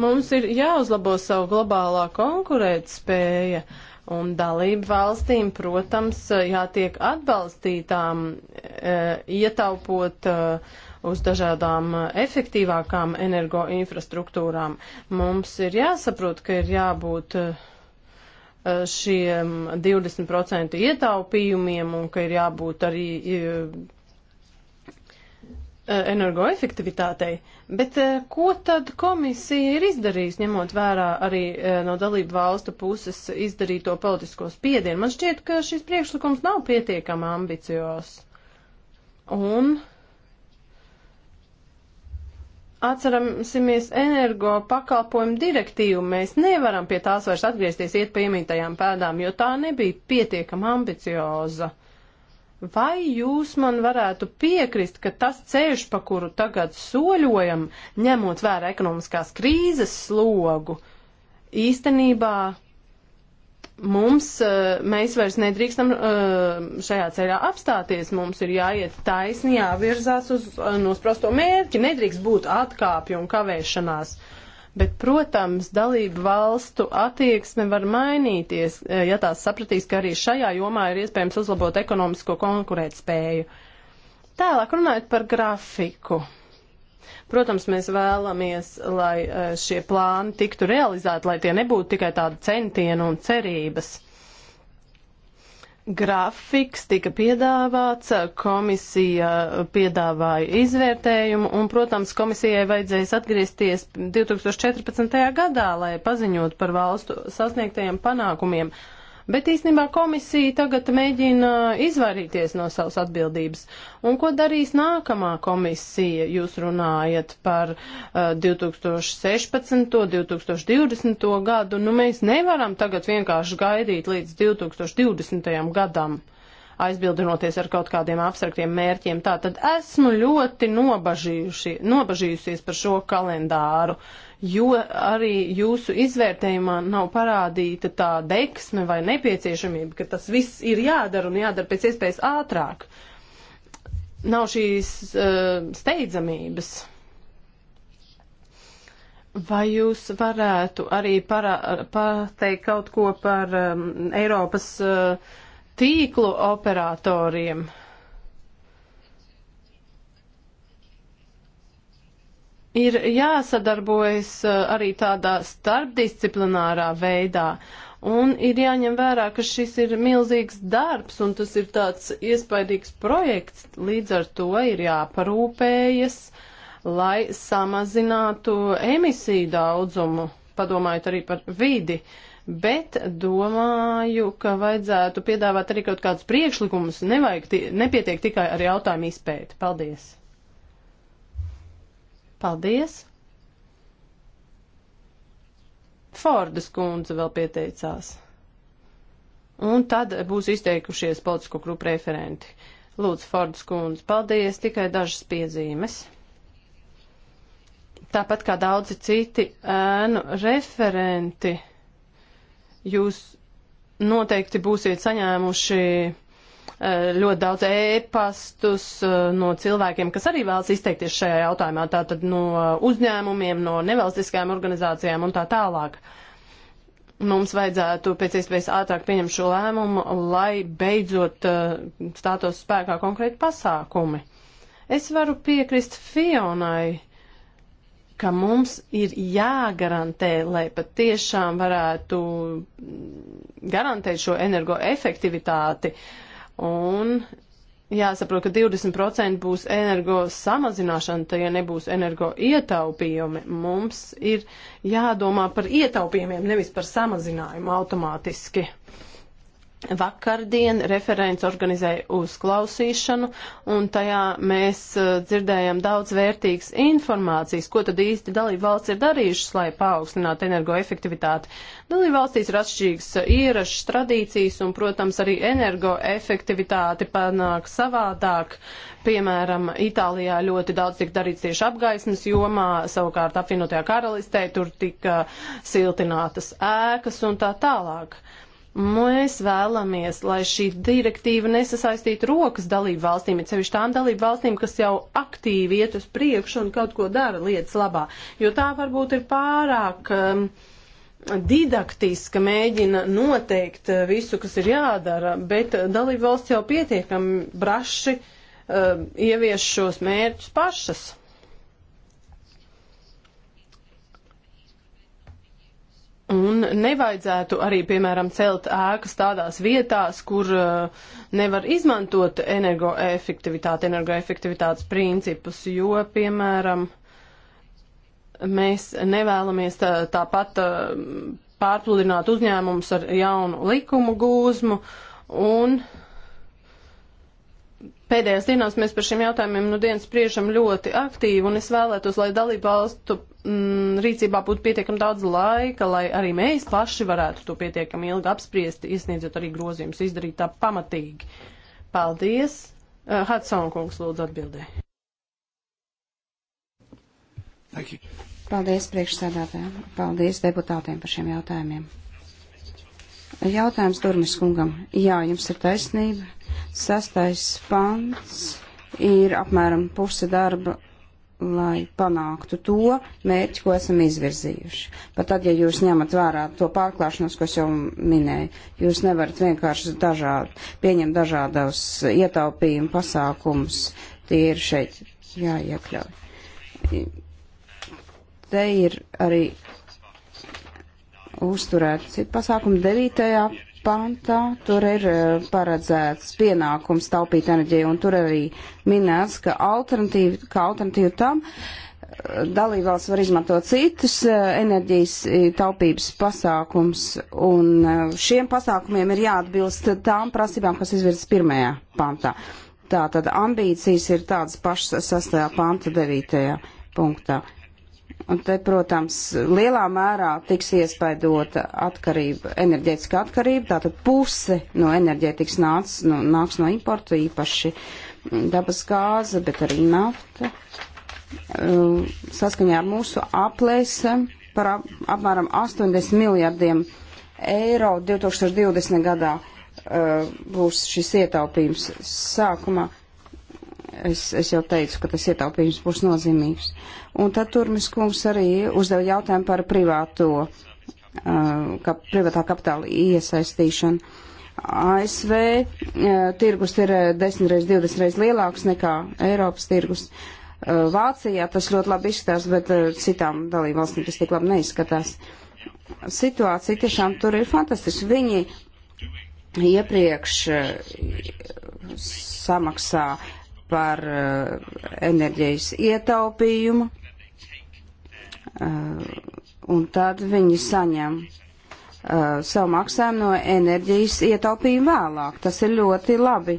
mums ir jāuzlabo savu globālā konkurētspēja. Un dalību valstīm, protams, jātiek atbalstītām, eh, ietaupot uh, uz dažādām eh, efektīvākām energoinfrastruktūrām. Mums ir jāsaprot, ka ir jābūt eh, eh, šiem 20% ietaupījumiem un ka ir jābūt arī energoefektivitātei. Bet ko tad komisija ir izdarījusi, ņemot vērā arī no dalību valstu puses izdarīto politisko spiedienu? Man šķiet, ka šis priekšlikums nav pietiekami ambiciozs. Un Atceramies energo pakalpojumu direktīvu. Mēs nevaram pie tās vairs atgriezties, iet pa iemītajām pēdām, jo tā nebija pietiekama ambicioza. Vai jūs man varētu piekrist, ka tas ceļš, pa kuru tagad soļojam, ņemot vērā ekonomiskās krīzes slogu, īstenībā mums, eh, mēs vairs nedrīkstam eh, šajā ceļā apstāties, mums ir jāiet taisni, jāvirzās uz eh, nosprosto mērķi, nedrīkst būt atkāpju un kavēšanās. Bet, protams, dalību valstu attieksme var mainīties, ja tās sapratīs, ka arī šajā jomā ir iespējams uzlabot ekonomisko konkurētspēju. Tālāk runājot par grafiku. Protams, mēs vēlamies, lai e, šie plāni tiktu realizēti, lai tie nebūtu tikai tādi centieni un cerības. Grafiks tika piedāvāts, komisija piedāvāja izvērtējumu, un, protams, komisijai vajadzēs atgriezties 2014. gadā, lai paziņot par valstu sasniegtajiem panākumiem. Uh, Bet īstenībā komisija tagad mēģina izvairīties no savas atbildības. Un ko darīs nākamā komisija? Jūs runājat par uh, 2016. 2020. gadu. Nu, mēs nevaram tagad vienkārši gaidīt līdz 2020. gadam aizbildinoties ar kaut kādiem abstraktiem mērķiem. Tātad esmu ļoti nobažījusies par šo kalendāru. Uh, jo arī jūsu izvērtējumā nav parādīta tā deksme vai nepieciešamība, ka tas viss ir jādara un jādara pēc iespējas ātrāk. Nav šīs uh, steidzamības. Vai jūs varētu arī pateikt kaut ko par um, Eiropas uh, tīklu operatoriem? ir jāsadarbojas uh, arī tādā starpdisciplinārā veidā. Un ir jāņem vērā, ka šis ir milzīgs darbs un tas ir tāds iespaidīgs projekts. Līdz ar to ir jāparūpējas, lai samazinātu emisiju daudzumu, padomājot arī par vidi. Bet domāju, ka vajadzētu piedāvāt arī kaut kādus priekšlikumus. Nevajag, nepietiek tikai ar jautājumu izpēti. Paldies! Paldies! Fordas kundze vēl pieteicās. Un tad būs izteikušies politisko grupu referenti. Lūdzu, Fordas kundze, paldies, tikai dažas piezīmes. Tāpat kā daudzi citi ēnu referenti, jūs noteikti būsiet saņēmuši Eh, ļoti daudz ēpastus eh, no cilvēkiem, kas arī vēlas izteikties šajā jautājumā, tātad no uzņēmumiem, no nevalstiskajām organizācijām un tā tālāk. Mums vajadzētu pēc iespējas ātrāk pieņemt šo lēmumu, lai beidzot eh, stātos spēkā konkrēti pasākumi. Es varu piekrist Fionai ka mums ir jāgarantē, lai patiešām varētu garantēt šo energoefektivitāti. Uh, Un jāsaprot, ka 20% būs energo samazināšana, tad, ja nebūs energo ietaupījumi, mums ir jādomā par ietaupījumiem, nevis par samazinājumu automātiski. Uh, Vakardien referents organizēja uzklausīšanu, un tajā mēs uh, dzirdējām daudz vērtīgas informācijas, ko tad īsti dalību valsts ir darījušas, lai paaugstinātu energoefektivitāti. Dalību valstīs ir atšķirīgas uh, ierašas, tradīcijas, un, protams, arī energoefektivitāti panāk savādāk. Piemēram, Itālijā ļoti daudz tika darīts tieši apgaismas jomā, savukārt apvienotajā karalistē tur tika siltinātas ēkas un tā tālāk. Uh, Mēs vēlamies, lai šī direktīva nesasaistītu rokas dalību valstīm, ir sevišķi tām dalību valstīm, kas jau aktīvi iet uz priekšu un kaut ko dara lietas labā, jo tā varbūt ir pārāk um, didaktiska, mēģina noteikt uh, visu, kas ir jādara, bet uh, dalību valsts jau pietiekami braši um, ievies šos mērķus pašas. Un nevajadzētu arī, piemēram, celt ēkas tādās vietās, kur uh, nevar izmantot energoefektivitāti, energoefektivitātes principus, jo, piemēram, mēs nevēlamies tā, tāpat uh, pārpludināt uzņēmumus ar jaunu likumu gūzmu un pēdējās dienās mēs par šiem jautājumiem nu dienas spriežam ļoti aktīvi, un es vēlētos, lai dalību valstu mm, rīcībā būtu pietiekami daudz laika, lai arī mēs paši varētu to pietiekami ilgi apspriest, iesniedzot arī grozījumus, izdarīt tā pamatīgi. Paldies! Uh, Hudson kungs lūdzu atbildē. Paldies priekšsēdētājiem, paldies deputātiem par šiem jautājumiem. Jautājums Durmis kungam. Jā, jums ir taisnība. Sastais pants ir apmēram puse darba lai panāktu to mērķi, ko esam izvirzījuši. Pat tad, ja jūs ņemat vērā to pārklāšanos, ko es jau minēju, jūs nevarat vienkārši dažādi, pieņemt dažādos ietaupījumu pasākumus, tie ir šeit jāiekļauj. Te ir arī uzturēt citu pasākumu devītajā pantā tur ir eh, paredzēts pienākums taupīt enerģiju, un tur arī minēts, ka alternatīva, ka alternatīva tam eh, dalībvalsts var izmantot citus eh, enerģijas taupības pasākums, un šiem pasākumiem ir jāatbilst tām prasībām, kas izvirzas pirmajā pantā. Tātad ambīcijas ir tādas pašas sastajā panta devītajā punktā. Un te, protams, lielā mērā tiks iespaidota atkarība, enerģētiska atkarība, tātad puse no enerģētikas nāc, no, nāks no importa, īpaši dabas gāze, bet arī nafta. Uh, saskaņā ar mūsu aplēsēm par ap, apmēram 80 miljardiem eiro 2020. gadā uh, būs šis ietaupījums sākumā Es, es jau teicu, ka tas ietaupījums būs nozīmīgs. Un tad Turmis kungs arī uzdeva jautājumu par privāto, uh, ka, privātā kapitāla iesaistīšanu. ASV uh, tirgus ir 10 reiz, 20 reiz lielāks nekā Eiropas tirgus. Uh, Vācijā tas ļoti labi izskatās, bet citām dalībvalstīm tas tik labi neizskatās. Situācija tiešām tur ir fantastiska. Viņi iepriekš samaksā par eh, enerģijas ietaupījumu, eh, un tad viņi saņem eh, savu maksājumu no enerģijas ietaupījumu vēlāk. Tas ir ļoti labi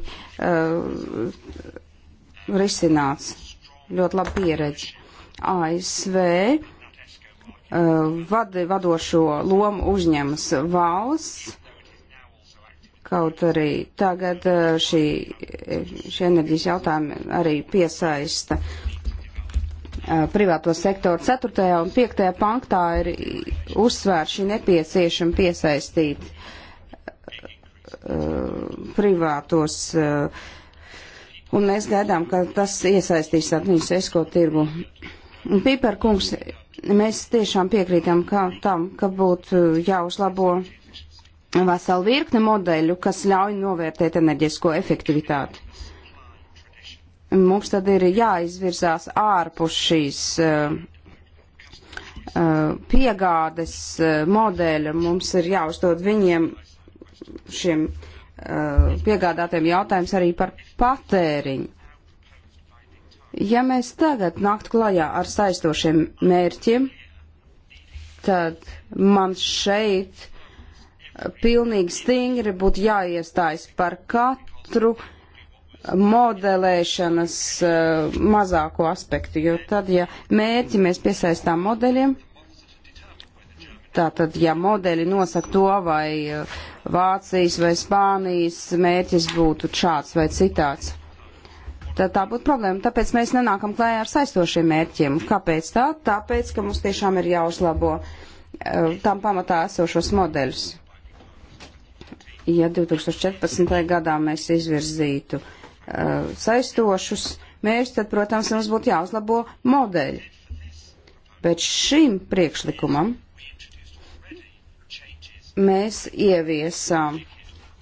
risināts, ļoti labi pieredze. ASV vad, vadošo lomu uzņemas valsts Kaut arī tagad uh, šī, šie enerģijas jautājumi arī piesaista uh, privāto sektoru 4. un 5. panktā ir uzsvērts šī nepieciešama piesaistīt uh, privātos, un mēs gaidām, ka tas iesaistīs atmiņas esko tirgu. Piperkungs, mēs tiešām piekrītam ka, tam, ka būtu jāuzlabo veselu virkni modeļu, kas ļauj novērtēt enerģisko efektivitāti. Mums tad ir jāizvirzās ārpus šīs uh, piegādes eh, modeļa, mums ir jāuzdod viņiem šiem uh, piegādātiem jautājums arī par patēriņu. Ja mēs tagad nāktu klajā ar saistošiem mērķiem, tad man šeit pilnīgi stingri būtu jāiestājas par katru modelēšanas uh, mazāko aspektu, jo tad, ja mērķi mēs piesaistām modeļiem, tātad, ja modeļi nosaka to, vai eh, Vācijas vai Spānijas mērķis būtu šāds vai citāds, tad tā būtu problēma. Tāpēc mēs nenākam klējā ar saistošiem mērķiem. Kāpēc tā? Tāpēc, ka mums tiešām ir jāuzlabo uh, tam pamatā esošos modeļus ja 2014. gadā mēs izvirzītu uh, saistošus mērķus, tad, protams, mums būtu jāuzlabo modeļi. Bet šim priekšlikumam mēs ieviesām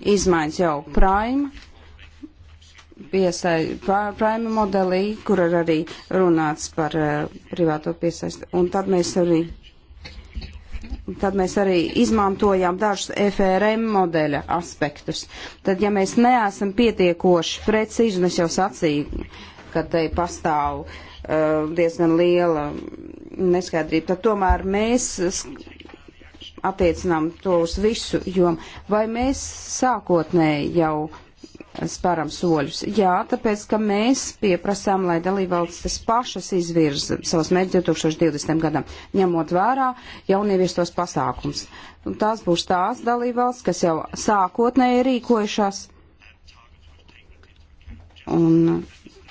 izmaiņas jau Prime, piesai, Prime modelī, kur ir arī runāts par uh, privāto piesaisti. Un tad mēs arī tad mēs arī izmantojām dažus FRM modeļa aspektus. Tad, ja mēs neesam pietiekoši precīzi, un es jau sacīju, ka te pastāv uh, diezgan liela neskaidrība, tad tomēr mēs attiecinām to uz visu, jo vai mēs sākotnēji jau spēram soļus. Jā, tāpēc, ka mēs pieprasām, lai dalībvalstis pašas izvirza savus mērķus 2020. gadam, ņemot vērā jaunieviestos pasākums. Un tās būs tās dalībvalstis, kas jau sākotnēji rīkojušās. Un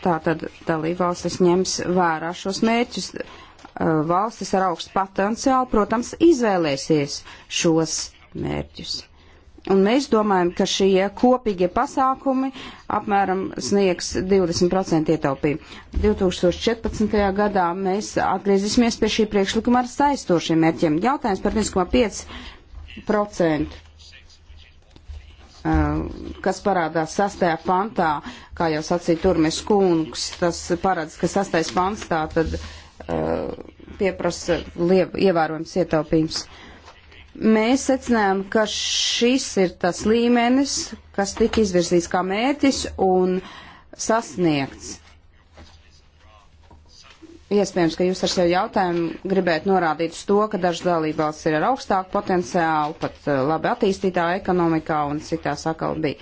tā tad dalībvalstis ņems vērā šos mērķus. Valstis ar augstu potenciālu, protams, izvēlēsies šos mērķus. Un mēs domājam, ka šie kopīgie pasākumi apmēram sniegs 20% ietaupījumu. 2014. gadā mēs atgriezīsimies pie šī priekšlikuma ar saistošiem mērķiem. Jautājums par 1,5% uh, kas parādās sastajā pantā, kā jau sacīja Turmes kungs, tas parāds, ka sastais pants tā tad uh, pieprasa liev, ievērojams ietaupījums. Uh, Mēs secinājām, ka šis ir tas līmenis, kas tika izvirzīts kā mērķis un sasniegts. Iespējams, ka jūs ar sev jautājumu gribētu norādīt uz to, ka dažas dalībvalsts ir ar augstāku potenciālu, pat eh, labi attīstītā ekonomikā un citās atkal bija,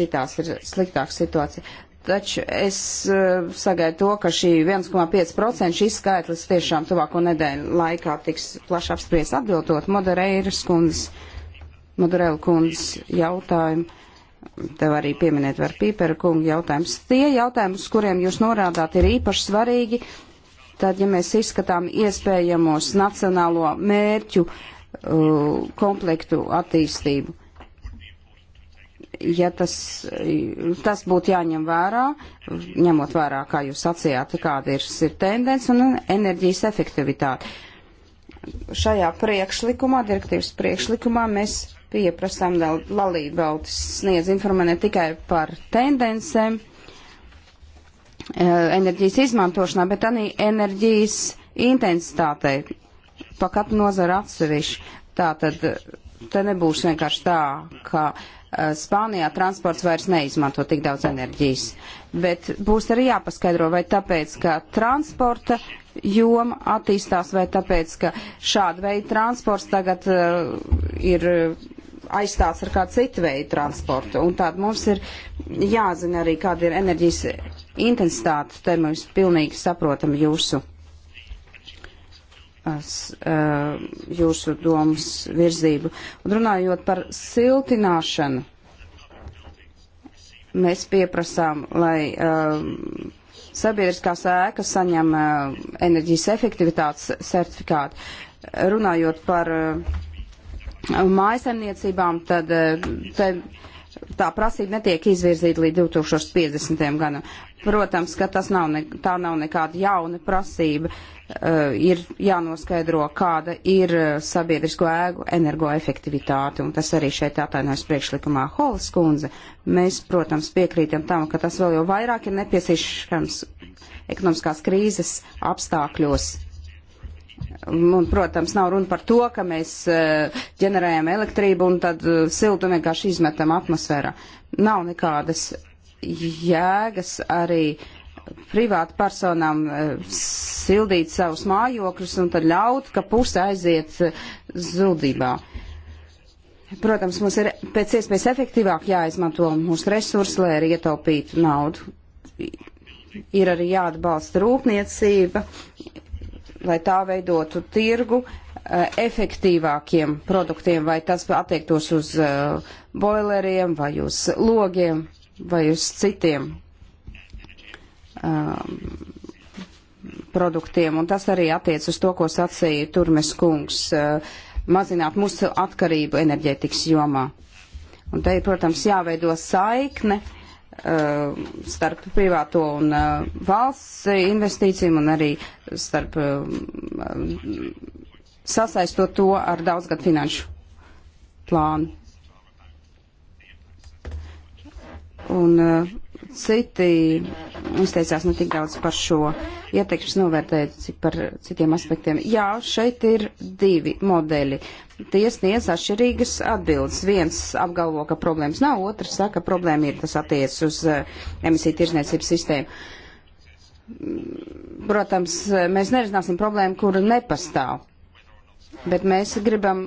citās ir sliktāka situācija. Taču es eh, sagaidu to, ka šī 1,5% šis skaitlis tiešām tuvāko nedēļu laikā tiks plaši apspriests atbildot Modereiras kundzes, Moderēla kundzes jautājumu. Tev arī pieminēt var Pīpera kunga jautājums. Tie jautājumi, uz kuriem jūs norādāt, ir īpaši svarīgi, tad, ja mēs izskatām iespējamos nacionālo mērķu uh, komplektu attīstību ja tas, tas būtu jāņem vērā, ņemot vērā, kā jūs sacījāt, kāda ir, ir tendence un enerģijas efektivitāte. Šajā priekšlikumā, direktīvas priekšlikumā, mēs pieprasām, lai Lalībautis sniedz informē ne tikai par tendencēm e, enerģijas izmantošanā, bet arī enerģijas intensitātei, pa katru nozaru atsevišķi. Tātad te nebūs vienkārši tā, ka uh, Eh, Spānijā transports vairs neizmanto tik daudz enerģijas. Bet būs arī jāpaskaidro, vai tāpēc, ka transporta joma attīstās, vai tāpēc, ka šāda veida transports tagad uh, ir aizstāts ar kādu citu veidu transportu. Un tād mums ir jāzina arī, kāda ir enerģijas intensitāte. Te mums pilnīgi saprotam jūsu as, uh, jūsu domas virzību. Un runājot par siltināšanu, mēs pieprasām, lai uh, sabiedriskās ēkas saņem uh, enerģijas efektivitātes certifikātu. Runājot par uh, mājasemniecībām, tad uh, te tā prasība netiek izvirzīta līdz 2050. gadam. Protams, ka tas nav ne, tā nav nekāda jauna prasība. Uh, ir jānoskaidro, kāda ir eh, sabiedrisko ēgu energoefektivitāte, un tas arī šeit atainojas priekšlikumā Holas kundze. Mēs, protams, piekrītam tam, ka tas vēl jau vairāk ir nepieciešams ekonomiskās krīzes apstākļos Un, protams, nav runa par to, ka mēs eh, ģenerējam elektrību un tad eh, siltu vienkārši izmetam atmosfērā. Nav nekādas jēgas arī privātu personām eh, sildīt savus mājokļus un tad ļaut, ka puse aiziet zudībā. Protams, mums ir pēc iespējas efektīvāk jāizmanto mūsu resursi, lai arī ietaupītu naudu. Ir arī jāatbalsta rūpniecība, lai tā veidotu tirgu eh, efektīvākiem produktiem, vai tas attiektos uz eh, boileriem, vai uz logiem, vai uz citiem um, produktiem. Un tas arī attiec uz to, ko sacīja Turmes kungs, uh, mazināt mūsu atkarību enerģētikas jomā. Un te ir, protams, jāveido saikne Uh, starp privāto un uh, valsts investīcijiem un arī starp uh, sasaistot to ar daudzgad finanšu plānu. Un citi izteicās ne tik daudz par šo ieteikšanas novērtējumu, cik par citiem aspektiem. Jā, šeit ir divi modeļi. Tie sniedz atšķirīgas atbildes. Viens apgalvo, ka problēmas nav, otrs saka, ka problēma ir, tas attiec uz eh, emisiju tirzniecības sistēmu. Protams, eh, mēs nerisināsim problēmu, kura nepastāv. Bet mēs gribam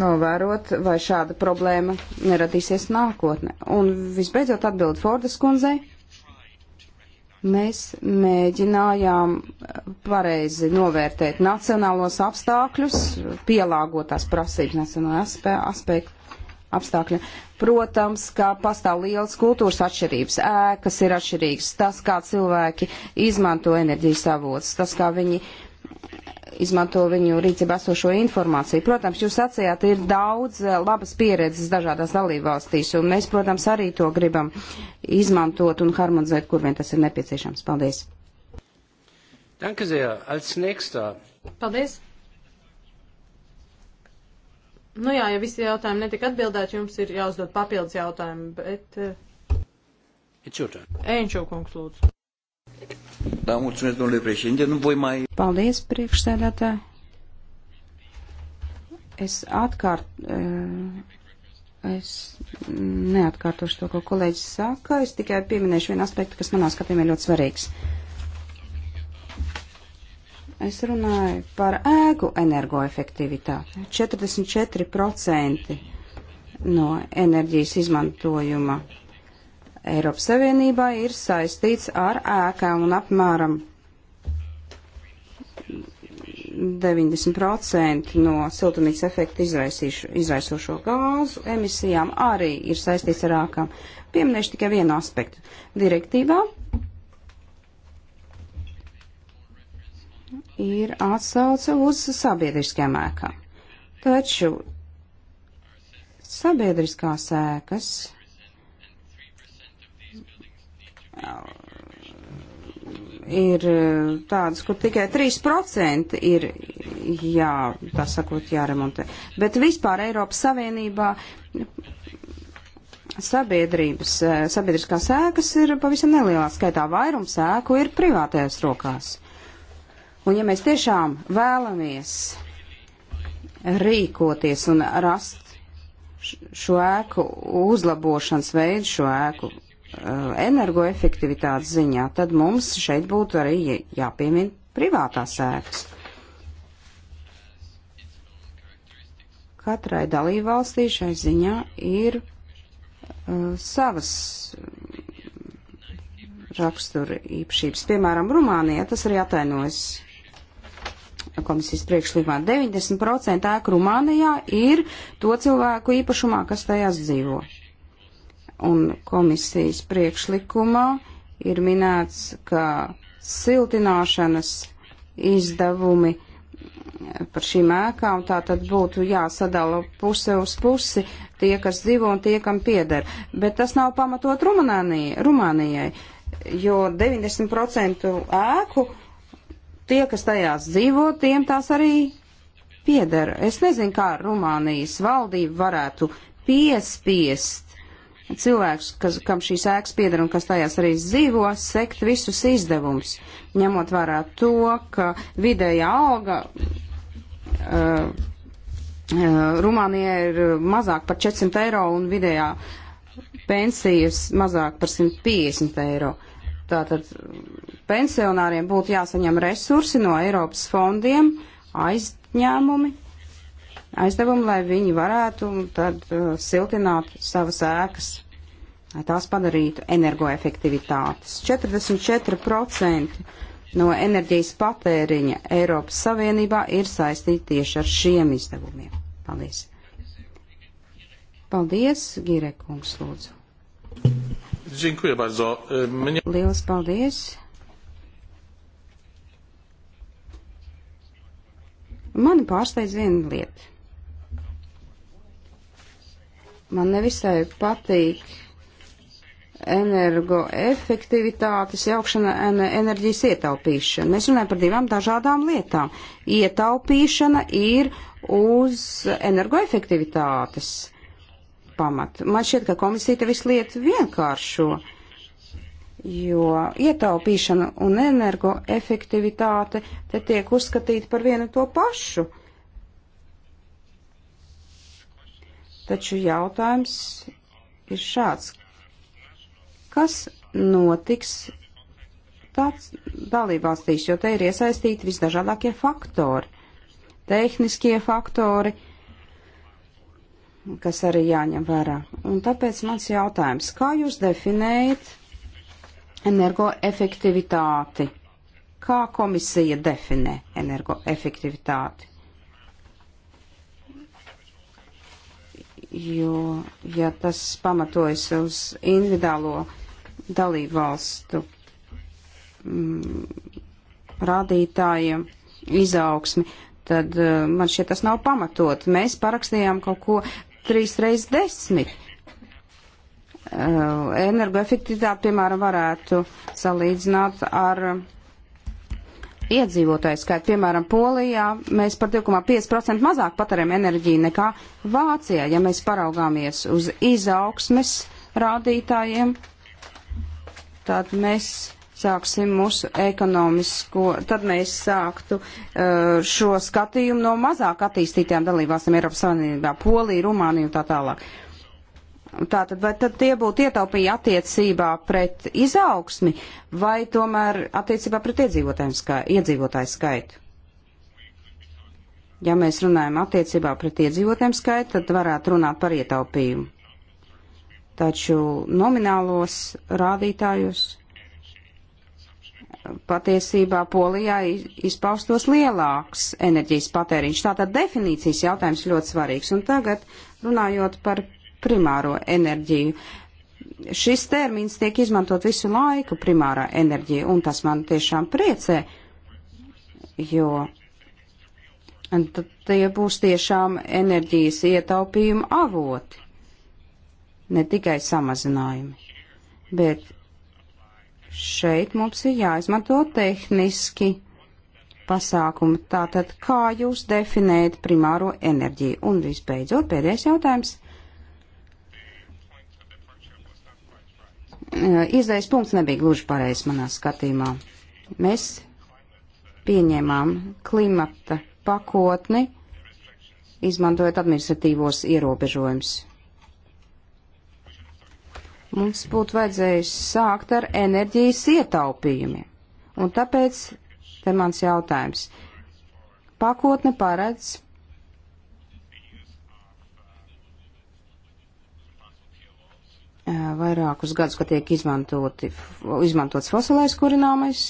novērot, vai šāda problēma neradīsies nākotnē. Un visbeidzot atbild Fordas kundzei. Mēs mēģinājām pareizi novērtēt nacionālos apstākļus, pielāgotās prasības nacionālajā aspektu apstākļiem. Protams, ka pastāv liels kultūras atšķirības, ēkas ir atšķirīgas, tas, kā cilvēki izmanto enerģijas avots, tas, kā viņi uh, izmanto viņu rīcībā esošo informāciju. Protams, jūs sacījāt, ir daudz eh, labas pieredzes dažādās dalībvalstīs, un mēs, protams, arī to gribam izmantot un harmonizēt, kur vien tas ir nepieciešams. Paldies! Danke sehr. Als nächster. Paldies. Nu jā, ja visi jautājumi netika atbildēti, jums ir jāuzdod papildus jautājumi, bet. Eh, It's your turn. Enčo kungs, lūdzu. Da, mulțumesc, domnule președinte. Nu voi mai... Paldies, priekšsēdētāji. Es atkārt... Eh, es neatkārtošu to, ko kolēģis saka. Es tikai pieminēšu vienu aspektu, kas manā skatījumā ir ļoti svarīgs. Es runāju par ēku energoefektivitāti. 44% no enerģijas izmantojuma Eiropas Savienībā ir saistīts ar ēkām un apmēram 90% no siltumnīca efekta izraisošo gāzu emisijām arī ir saistīts ar ākām. Pieminēšu tikai vienu aspektu. Direktīvā ir atsauce uz sabiedriskajām ēkām. Taču sabiedriskās ēkas ir eh, tādas, kur tikai 3% ir, jā, tā sakot, jāremontē. Bet vispār Eiropas Savienībā sabiedrības, eh, sabiedriskās ēkas ir pavisam nelielā skaitā. Vairums ēku ir privātajās rokās. Un ja mēs tiešām vēlamies rīkoties un rast šo ēku uzlabošanas veidu, šo ēku Eh, energoefektivitātes ziņā, tad mums šeit būtu arī jāpiemina privātās ēkas. Katrai dalībvalstī šai ziņā ir uh, savas rakstura īpašības. Piemēram, Rumānijā tas arī atainojas komisijas priekšlikumā. 90% ēku Rumānijā ir to cilvēku īpašumā, kas tajās dzīvo. Uh, Un komisijas priekšlikumā ir minēts, ka siltināšanas izdevumi par šīm ēkām tā tad būtu jāsadala puse uz pusi tie, kas dzīvo un tie, kam pieder. Bet tas nav pamatot Rumānijai, Rumānijai jo 90% ēku tie, kas tajās dzīvo, tiem tās arī pieder. Es nezinu, kā Rumānijas valdība varētu piespiest cilvēks, kas, kam šīs ēkas pieder un kas tajās arī dzīvo, sekt visus izdevumus, ņemot vērā to, ka vidējā auga uh, uh, Rumānijā ir mazāk par 400 eiro un vidējā pensijas mazāk par 150 eiro. Tātad pensionāriem būtu jāsaņem resursi no Eiropas fondiem, aizņēmumi, aizdevumu, lai viņi varētu tad uh, siltināt savas ēkas, lai tās padarītu energoefektivitātes. 44% no enerģijas patēriņa Eiropas Savienībā ir saistīti tieši ar šiem izdevumiem. Paldies! Paldies, Girekungs, lūdzu! Dziękuję bardzo. E, mnie... Lielas paldies! Mani pārsteidz viena lieta. Man nevisai patīk energoefektivitātes jaukšana un enerģijas ietaupīšana. Mēs runājam par divām dažādām lietām. Ietaupīšana ir uz energoefektivitātes pamata. Man šķiet, ka komisija te visu lietu vienkāršo, jo ietaupīšana un energoefektivitāte te tiek uzskatīti par vienu to pašu. Uh, Taču jautājums ir šāds. Kas notiks tāds dalībvalstīs, jo te ir iesaistīti visdažādākie faktori, tehniskie faktori, kas arī jāņem vērā. Un tāpēc mans jautājums, kā jūs definējat energoefektivitāti? Kā komisija definē energoefektivitāti? jo, ja tas pamatojas uz individuālo dalību valstu mm, rādītājiem izaugsmi, tad eh, man šķiet tas nav pamatot. Mēs parakstījām kaut ko trīs reiz desmit. Eh, Energoefektivitāti, piemēram, varētu salīdzināt ar iedzīvotāju skaitu. Piemēram, Polijā mēs par 2,5% mazāk patērēm enerģiju nekā Vācijā, ja mēs paraugāmies uz izaugsmes rādītājiem. Tad mēs sāksim mūsu ekonomisko, tad mēs sāktu uh, šo skatījumu no mazāk attīstītām dalībvalstīm Eiropas Savienībā - Polija, Rumānija un tā tālāk. Uh, Tātad, vai tad tie būtu ietaupījumi attiecībā pret izaugsmi vai tomēr attiecībā pret iedzīvotāju, skai, iedzīvotāju skaitu? Ja mēs runājam attiecībā pret iedzīvotājiem skaitu, tad varētu runāt par ietaupījumu. Taču nominālos rādītājus patiesībā Polijā izpaustos lielāks enerģijas patēriņš. Tātad definīcijas jautājums ļoti svarīgs. Un tagad runājot par primāro enerģiju. Šis termins tiek izmantot visu laiku, primārā enerģija, un tas man tiešām priecē, jo tie būs tiešām enerģijas ietaupījuma avoti, ne tikai samazinājumi. Bet šeit mums ir jāizmanto tehniski pasākumi. Tātad, kā jūs definējat primāro enerģiju? Un visbeidzot, pēdējais jautājums. izējas punkts nebija gluži pareizs manā skatījumā. Mēs pieņēmām klimata pakotni, izmantojot administratīvos ierobežojumus. Mums būtu vajadzējis sākt ar enerģijas ietaupījumiem. Un tāpēc te mans jautājums. Pakotne paredz vairākus gadus, ka tiek izmantots fosilais kurināmais.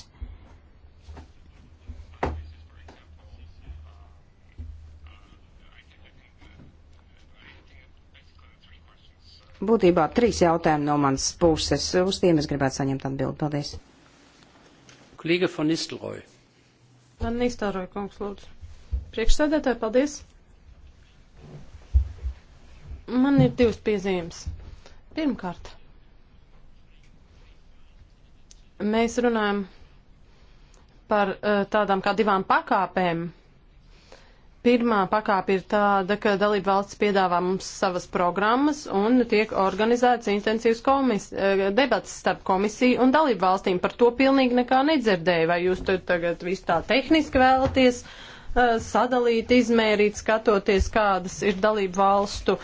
Būtībā trīs jautājumi no manas puses. Uz tiem es gribētu saņemt atbildi. Paldies. Kolīga von Nistelroja. Van Nistelroja, kungs, lūdzu. Priekšsēdētāji, paldies. Man ir divas piezīmes. Pirmkārt, mēs runājam par uh, tādām kā divām pakāpēm. Pirmā pakāpe ir tāda, ka dalība valsts piedāvā mums savas programmas un tiek organizēts intensīvs komis, eh, debats starp komisiju un dalību valstīm. Par to pilnīgi nekā nedzirdēju. Vai jūs tagad visu tā tehniski vēlaties? Uh, Eh, sadalīt, izmērīt, skatoties, kādas ir dalību valstu,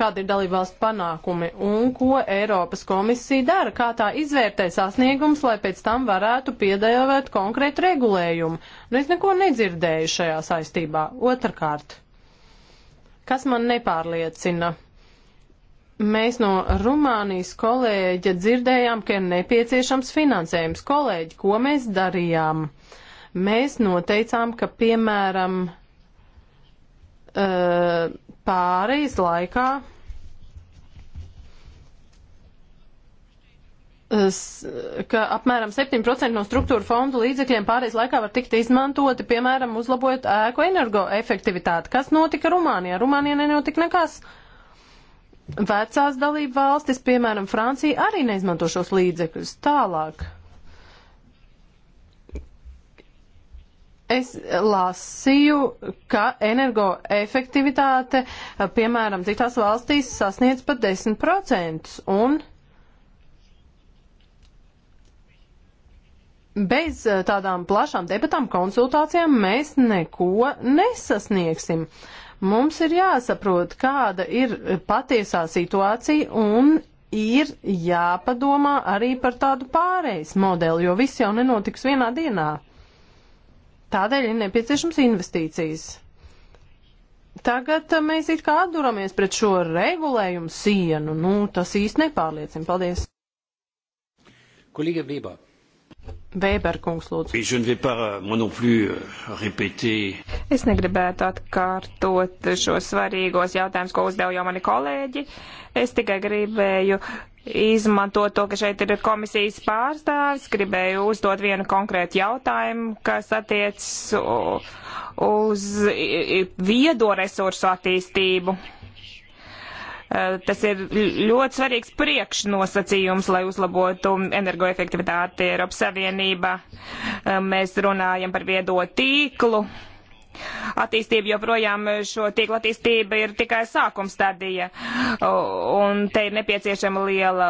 kāda ir dalību valstu panākumi un ko Eiropas komisija dara, kā tā izvērtē sasniegums, lai pēc tam varētu piedēvēt konkrētu regulējumu. Nu, es neko nedzirdēju šajā saistībā. Otrakārt, kas man nepārliecina? Mēs no Rumānijas kolēģa dzirdējām, ka ir nepieciešams finansējums. Kolēģi, ko mēs darījām? Uh, Mēs noteicām, ka piemēram eh, pārejas laikā eh, ka apmēram 7% no struktūra fondu līdzekļiem pārējais laikā var tikt izmantoti, piemēram, uzlabojot ēku energoefektivitāti. Kas notika Rumānijā? Rumānijā nenotika nekas. Vecās dalība valstis, piemēram, Francija, arī neizmanto šos līdzekļus. Tālāk. Es lasīju, ka energoefektivitāte, piemēram, citās valstīs sasniedz pat 10%, un bez eh, tādām plašām debatām, konsultācijām mēs neko nesasniegsim. Mums ir jāsaprot, kāda ir patiesā situācija un ir jāpadomā arī par tādu pārejas modeli, jo viss jau nenotiks vienā dienā. Tādēļ ir nepieciešams investīcijas. Tagad eh, mēs it kā atduramies pret šo regulējumu sienu. Nu, tas īsti nepārliecina. Paldies. Kolīga Bībā. Weber kungs lūdzu. Euh, euh, es negribētu atkārtot šos svarīgos jautājumus, ko uzdev jau mani kolēģi. Es tikai gribēju izmantot to, ka šeit ir komisijas pārstāvis, gribēju uzdot vienu konkrētu jautājumu, kas attiec uz viedo resursu attīstību. Eh, tas ir ļoti svarīgs priekšnosacījums, lai uzlabotu energoefektivitāti Eiropas Savienībā. Eh, mēs runājam par viedo tīklu attīstība, joprojām eh, šo tīkla attīstība ir tikai sākuma stadija. Un te ir nepieciešama liela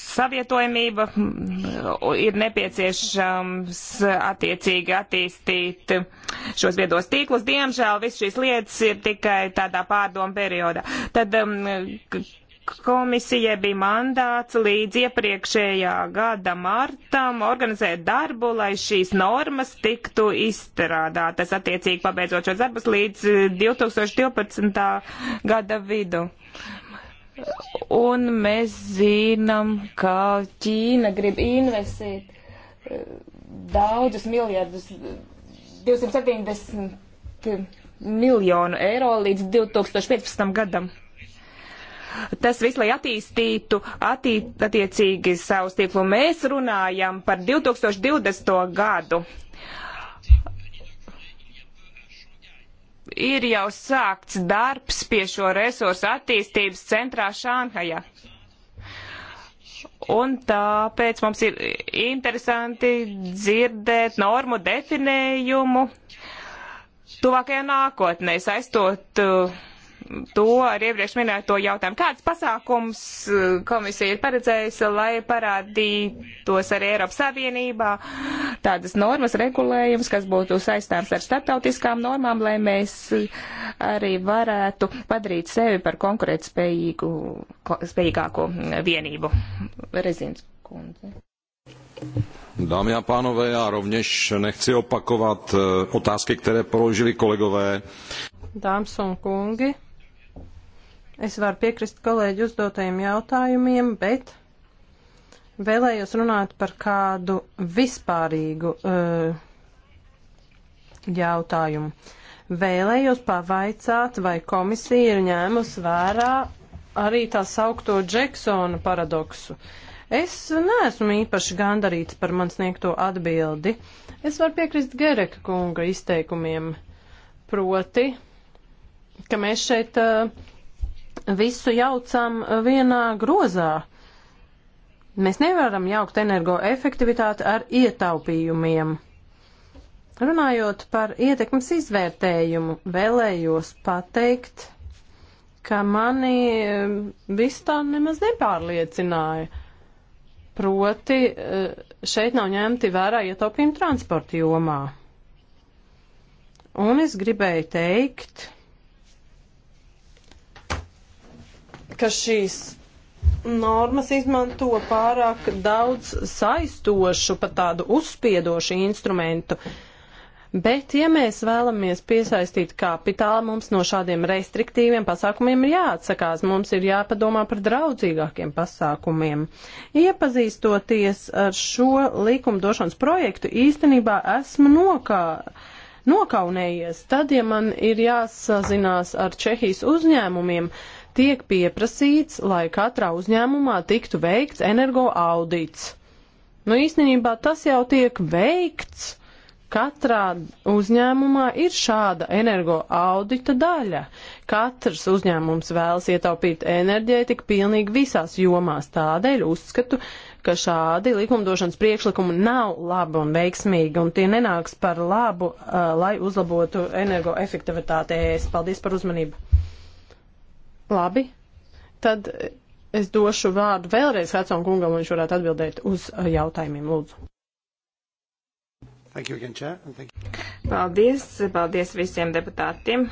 savietojamība, ir nepieciešams attiecīgi attīstīt šos viedos tīklus. Diemžēl viss šīs lietas ir tikai tādā pārdomu periodā. Tad, um, komisijai bija mandāts līdz iepriekšējā gada martam organizēt darbu, lai šīs normas tiktu izstrādātas attiecīgi pabeidzot šos darbus līdz 2012. Eh, gada vidu. Un mēs zinām, ka Ķīna grib investēt eh, daudzus miljardus, 270 miljonu eiro līdz 2015. gadam. Tas viss, lai attīstītu attī, attiecīgi savus tīklu. Mēs runājam par 2020. gadu. Ir jau sākts darbs pie šo resursu attīstības centrā Šānhajā. Un tāpēc mums ir interesanti dzirdēt normu definējumu tuvākajā nākotnē, saistot uh, to ar iepriekš minēto jautājumu. Kāds pasākums eh, komisija ir paredzējusi, lai parādītos arī Eiropas Savienībā tādas normas, regulējums, kas būtu saistāms ar starptautiskām normām, lai mēs arī varētu padarīt sevi par konkurētspējīgu, spējīgāko vienību? Rezins kundze. Dámy a pánové, já rovněž nechci opakovat eh, otázky, které položili kolegové. Dámy a kungi, Es varu piekrist kolēģi uzdotajiem jautājumiem, bet vēlējos runāt par kādu vispārīgu uh, jautājumu. Vēlējos pavaicāt, vai komisija ir ņēmusi vērā arī tā saukto Džeksona paradoksu. Es neesmu īpaši gandarīts par man sniegto atbildi. Es varu piekrist Gereka kunga izteikumiem, proti, ka mēs šeit uh, visu jaucam vienā grozā. Mēs nevaram jaukt energoefektivitāti ar ietaupījumiem. Runājot par ietekmes izvērtējumu, vēlējos pateikt, ka mani eh, viss tā nemaz nepārliecināja. Proti, eh, šeit nav ņemti vērā ietaupījumi transporta jomā. Un es gribēju teikt, ka šīs normas izmanto pārāk daudz saistošu, pat tādu uzspiedošu instrumentu. Bet, ja mēs vēlamies piesaistīt kapitālu, mums no šādiem restriktīviem pasākumiem ir jāatsakās, mums ir jāpadomā par draudzīgākiem pasākumiem. Iepazīstoties ar šo likumdošanas projektu, īstenībā esmu nokā, nokaunējies. Tad, ja man ir jāsazinās ar Čehijas uzņēmumiem, uh, tiek pieprasīts, lai katrā uzņēmumā tiktu veikts energo audits. Nu, īstenībā tas jau tiek veikts. Katrā uzņēmumā ir šāda energo audita daļa. Katrs uzņēmums vēlas ietaupīt enerģētiku pilnīgi visās jomās. Tādēļ uzskatu, ka šādi likumdošanas priekšlikumi nav labi un veiksmīgi, un tie nenāks par labu, uh, lai uzlabotu energoefektivitāti. Es paldies par uzmanību. Labi, tad es došu vārdu vēlreiz Hudson kungam, un viņš varētu atbildēt uz uh, jautājumiem, lūdzu. Thank you again, Chair, and thank you. Paldies, paldies visiem deputātiem,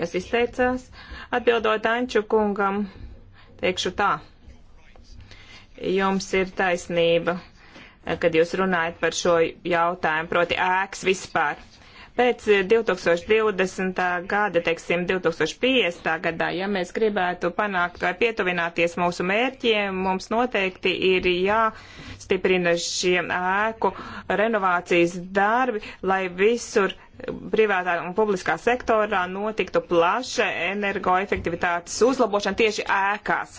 kas izteicās. Atbildot Anču kungam, teikšu tā. Jums ir taisnība, kad jūs runājat par šo jautājumu, proti ēks vispār pēc 2020. gada, teiksim, 2050. gadā, ja mēs gribētu panākt vai pietuvināties mūsu mērķiem, mums noteikti ir jāstiprina šie ēku renovācijas darbi, lai visur privātā un publiskā sektorā notiktu plaša energoefektivitātes uzlabošana tieši ēkās.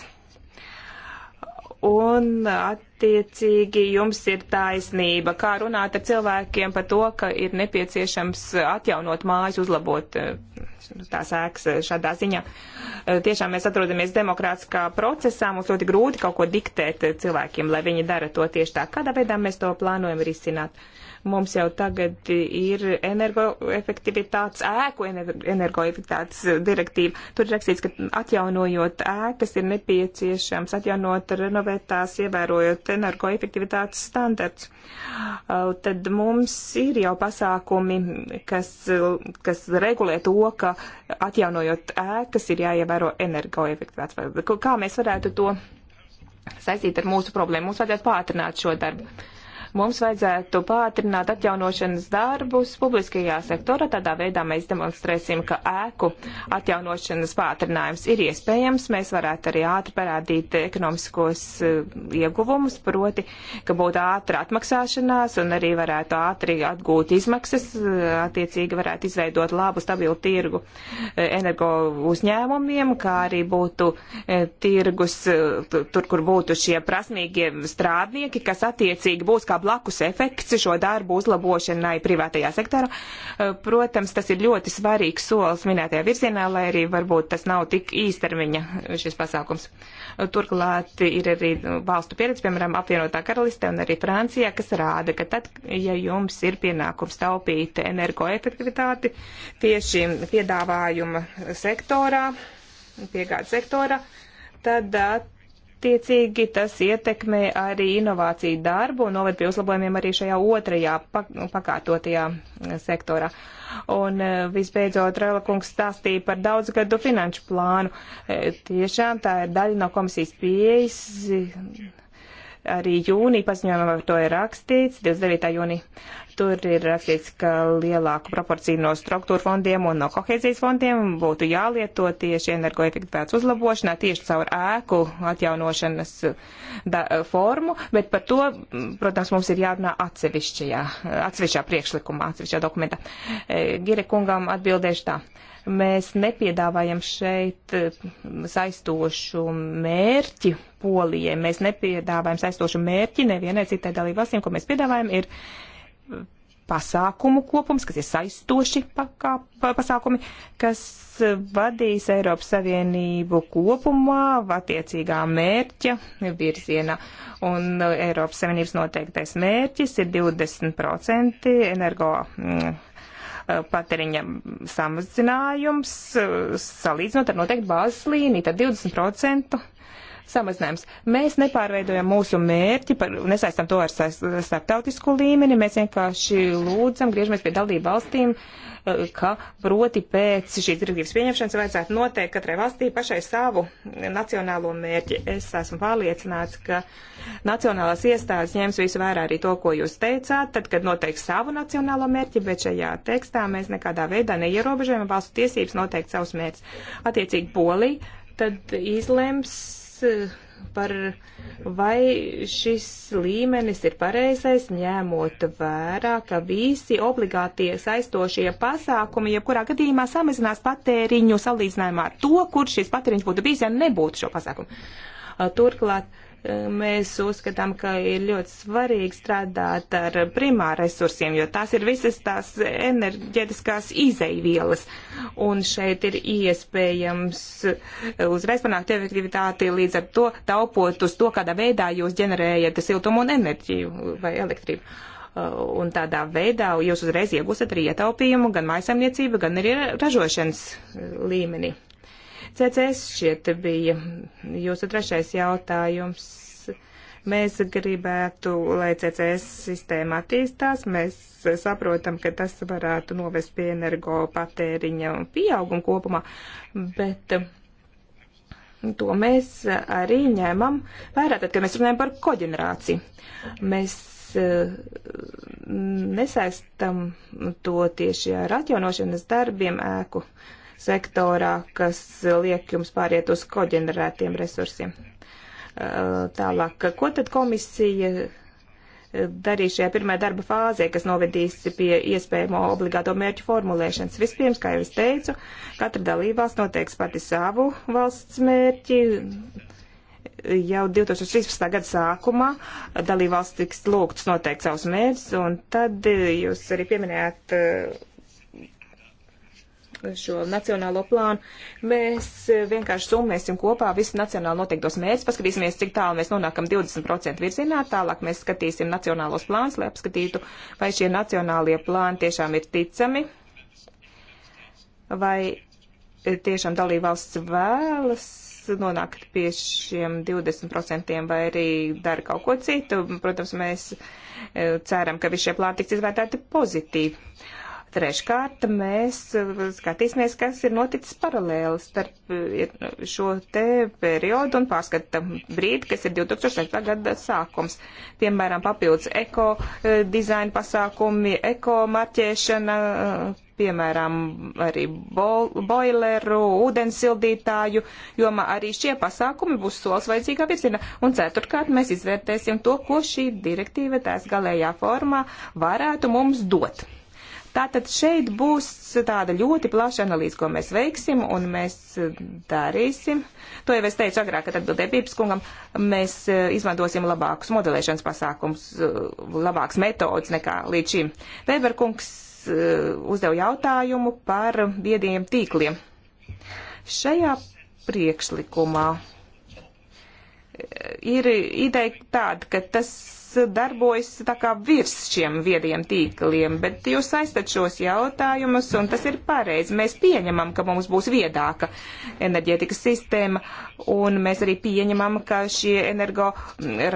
Un attiecīgi jums ir taisnība, kā runāt ar cilvēkiem par to, ka ir nepieciešams atjaunot mājas, uzlabot eh, tās ēkas eh, šādā ziņā. Eh, tiešām mēs atrodamies demokrātiskā procesā, mums ļoti grūti kaut ko diktēt cilvēkiem, lai viņi dara to tieši tā, kādā veidā mēs to plānojam risināt. Uh, Mums jau tagad ir energoefektivitātes, ēku energoefektivitātes direktīva. Tur ir rakstīts, ka atjaunojot ēkas ir nepieciešams atjaunot, renovēt tās, ievērojot energoefektivitātes standarts. Tad mums ir jau pasākumi, kas, kas regulē to, ka atjaunojot ēkas ir jāievēro energoefektivitātes. Kā mēs varētu to saistīt ar mūsu problēmu. Mums vajadzētu pātrināt šo darbu mums vajadzētu pātrināt atjaunošanas darbus publiskajā sektorā. Tādā veidā mēs demonstrēsim, ka ēku atjaunošanas pātrinājums ir iespējams. Mēs varētu arī ātri parādīt ekonomiskos eh, ieguvumus, proti, ka būtu ātra atmaksāšanās un arī varētu ātri atgūt izmaksas, eh, attiecīgi varētu izveidot labu stabilu tirgu eh, energo uzņēmumiem, kā arī būtu tirgus tur, kur būtu šie prasmīgie strādnieki, kas attiecīgi būs kā blakus efekts šo darbu uzlabošanai privātajā sektorā. Eh, protams, tas ir ļoti svarīgs solis minētajā virzienā, lai arī varbūt tas nav tik īstermiņa eh, šis pasākums. Eh, turklāt ir arī nu, valstu pieredze, piemēram, apvienotā karaliste un arī Francijā, kas rāda, ka tad, ja jums ir pienākums taupīt energoefektivitāti tieši piedāvājuma sektorā, piegādes sektorā, tad attiecīgi tas ietekmē arī inovāciju darbu un noved pie uzlabojumiem arī šajā otrajā pakārtotajā eh, sektorā. Un eh, visbeidzot, Rela kungs stāstīja par daudzgadu finanšu plānu. Eh, tiešām tā ir daļa no komisijas pieejas. Arī jūnija paziņojumā par to ir rakstīts, 29. jūnija. Tur ir rakstīts, ka lielāku proporciju no struktūra fondiem un no kohēzijas fondiem būtu jālieto tieši energoefektivitātes uzlabošanā, tieši caur ēku atjaunošanas da, formu, bet par to, protams, mums ir jārunā atsevišķajā, atsevišķā priekšlikumā, atsevišķā dokumentā. E, Gire kungam atbildēšu tā mēs nepiedāvājam šeit e, saistošu mērķi polijai. Mēs nepiedāvājam saistošu mērķi nevienai citai dalībvalstīm, ko mēs piedāvājam, ir pasākumu kopums, kas ir saistoši pakā, pasākumi, kas vadīs Eiropas Savienību kopumā attiecīgā mērķa virzienā. Un uh, Eiropas Savienības noteiktais mērķis ir 20% energo mm, uh, patēriņa samazinājums, uh, salīdzinot ar noteiktu bāzes līniju, tad 20% samazinājums. Mēs nepārveidojam mūsu mērķi, par, nesaistam to ar starptautisku līmeni, mēs vienkārši lūdzam, griežamies pie dalību valstīm, eh, ka proti pēc šīs direktīvas pieņemšanas vajadzētu noteikt katrai valstī pašai savu nacionālo mērķi. Es esmu pārliecināts, ka nacionālās iestādes ņems visu vērā arī to, ko jūs teicāt, tad, kad noteiks savu nacionālo mērķi, bet šajā tekstā mēs nekādā veidā neierobežojam valstu tiesības noteikt savus mērķus. Attiecīgi Polija tad izlems par vai šis līmenis ir pareizais, ņemot vērā, ka visi obligātie saistošie pasākumi, jebkurā gadījumā samazinās patēriņu salīdzinājumā ar to, kur šis patēriņš būtu bijis, ja nebūtu šo pasākumu. Turklāt Mēs uzskatām, ka ir ļoti svarīgi strādāt ar primāra resursiem, jo tās ir visas tās enerģetiskās izeivielas. Un šeit ir iespējams uzreiz panākt efektivitāti līdz ar to taupot uz to, kādā veidā jūs ģenerējat siltumu un enerģiju vai elektrību uh, un tādā veidā jūs uzreiz iegūstat arī ietaupījumu gan mājasemniecību, gan arī ražošanas uh, līmenī. CCS šiet bija jūsu trešais jautājums. Mēs gribētu, lai CCS sistēma attīstās. Mēs saprotam, ka tas varētu novest pie energo patēriņa un pieauguma kopumā, bet to mēs arī ņēmam vērā, tad, kad mēs runājam par koģenerāciju. Mēs e, nesaistam to tieši ar atjaunošanas darbiem ēku sektorā, kas liek jums pāriet uz koģenerētiem resursiem. Tālāk, ko tad komisija darīs šajā pirmā darba fāzē, kas novedīs pie iespējamo obligāto mērķu formulēšanas. Vispirms, kā jau es teicu, katra dalībvalsts noteiks pati savu valsts mērķi. Jau 2013. gada sākumā dalībvalsts tiks lūgts noteikt savus mērķus, un tad jūs arī pieminējāt šo nacionālo plānu, mēs e, vienkārši summēsim kopā visus nacionāli noteiktos mērķus, paskatīsimies, cik tālu mēs nonākam 20% virzienā, tālāk mēs skatīsim nacionālos plānus, lai apskatītu, vai šie nacionālie plāni tiešām ir ticami, vai e, tiešām dalībvalsts vēlas nonākt pie šiem 20% vai arī dara kaut ko citu. Protams, mēs e, ceram, ka visi šie plāni tiks izvērtēti pozitīvi. Treškārt, mēs uh, skatīsimies, kas ir noticis paralēli starp uh, uh, šo te periodu un pārskata brīdi, kas ir 2006. gada sākums. Piemēram, papildus eko dizaina pasākumi, eko marķēšana, piemēram, arī boileru, ūdensildītāju, jomā arī šie pasākumi būs solis vajadzīgā virzienā. Un ceturtkārt, mēs izvērtēsim to, ko šī direktīva tās galējā formā varētu mums dot. Tātad šeit būs tāda ļoti plaša analīze, ko mēs veiksim un mēs eh, darīsim. To jau es teicu agrāk, kad atbildēju Pīpskungam, mēs eh, izmantosim labākus modelēšanas pasākums, eh, labāks metodas nekā līdz šim. Weberkungs uzdev jautājumu par viediem tīkliem. Šajā priekšlikumā ir ideja tāda, ka tas darbojas tā kā virs šiem viediem tīkliem, bet jūs saistat šos jautājumus, un tas ir pareizi. Mēs pieņemam, ka mums būs viedāka enerģētikas sistēma, un mēs arī pieņemam, ka šie energo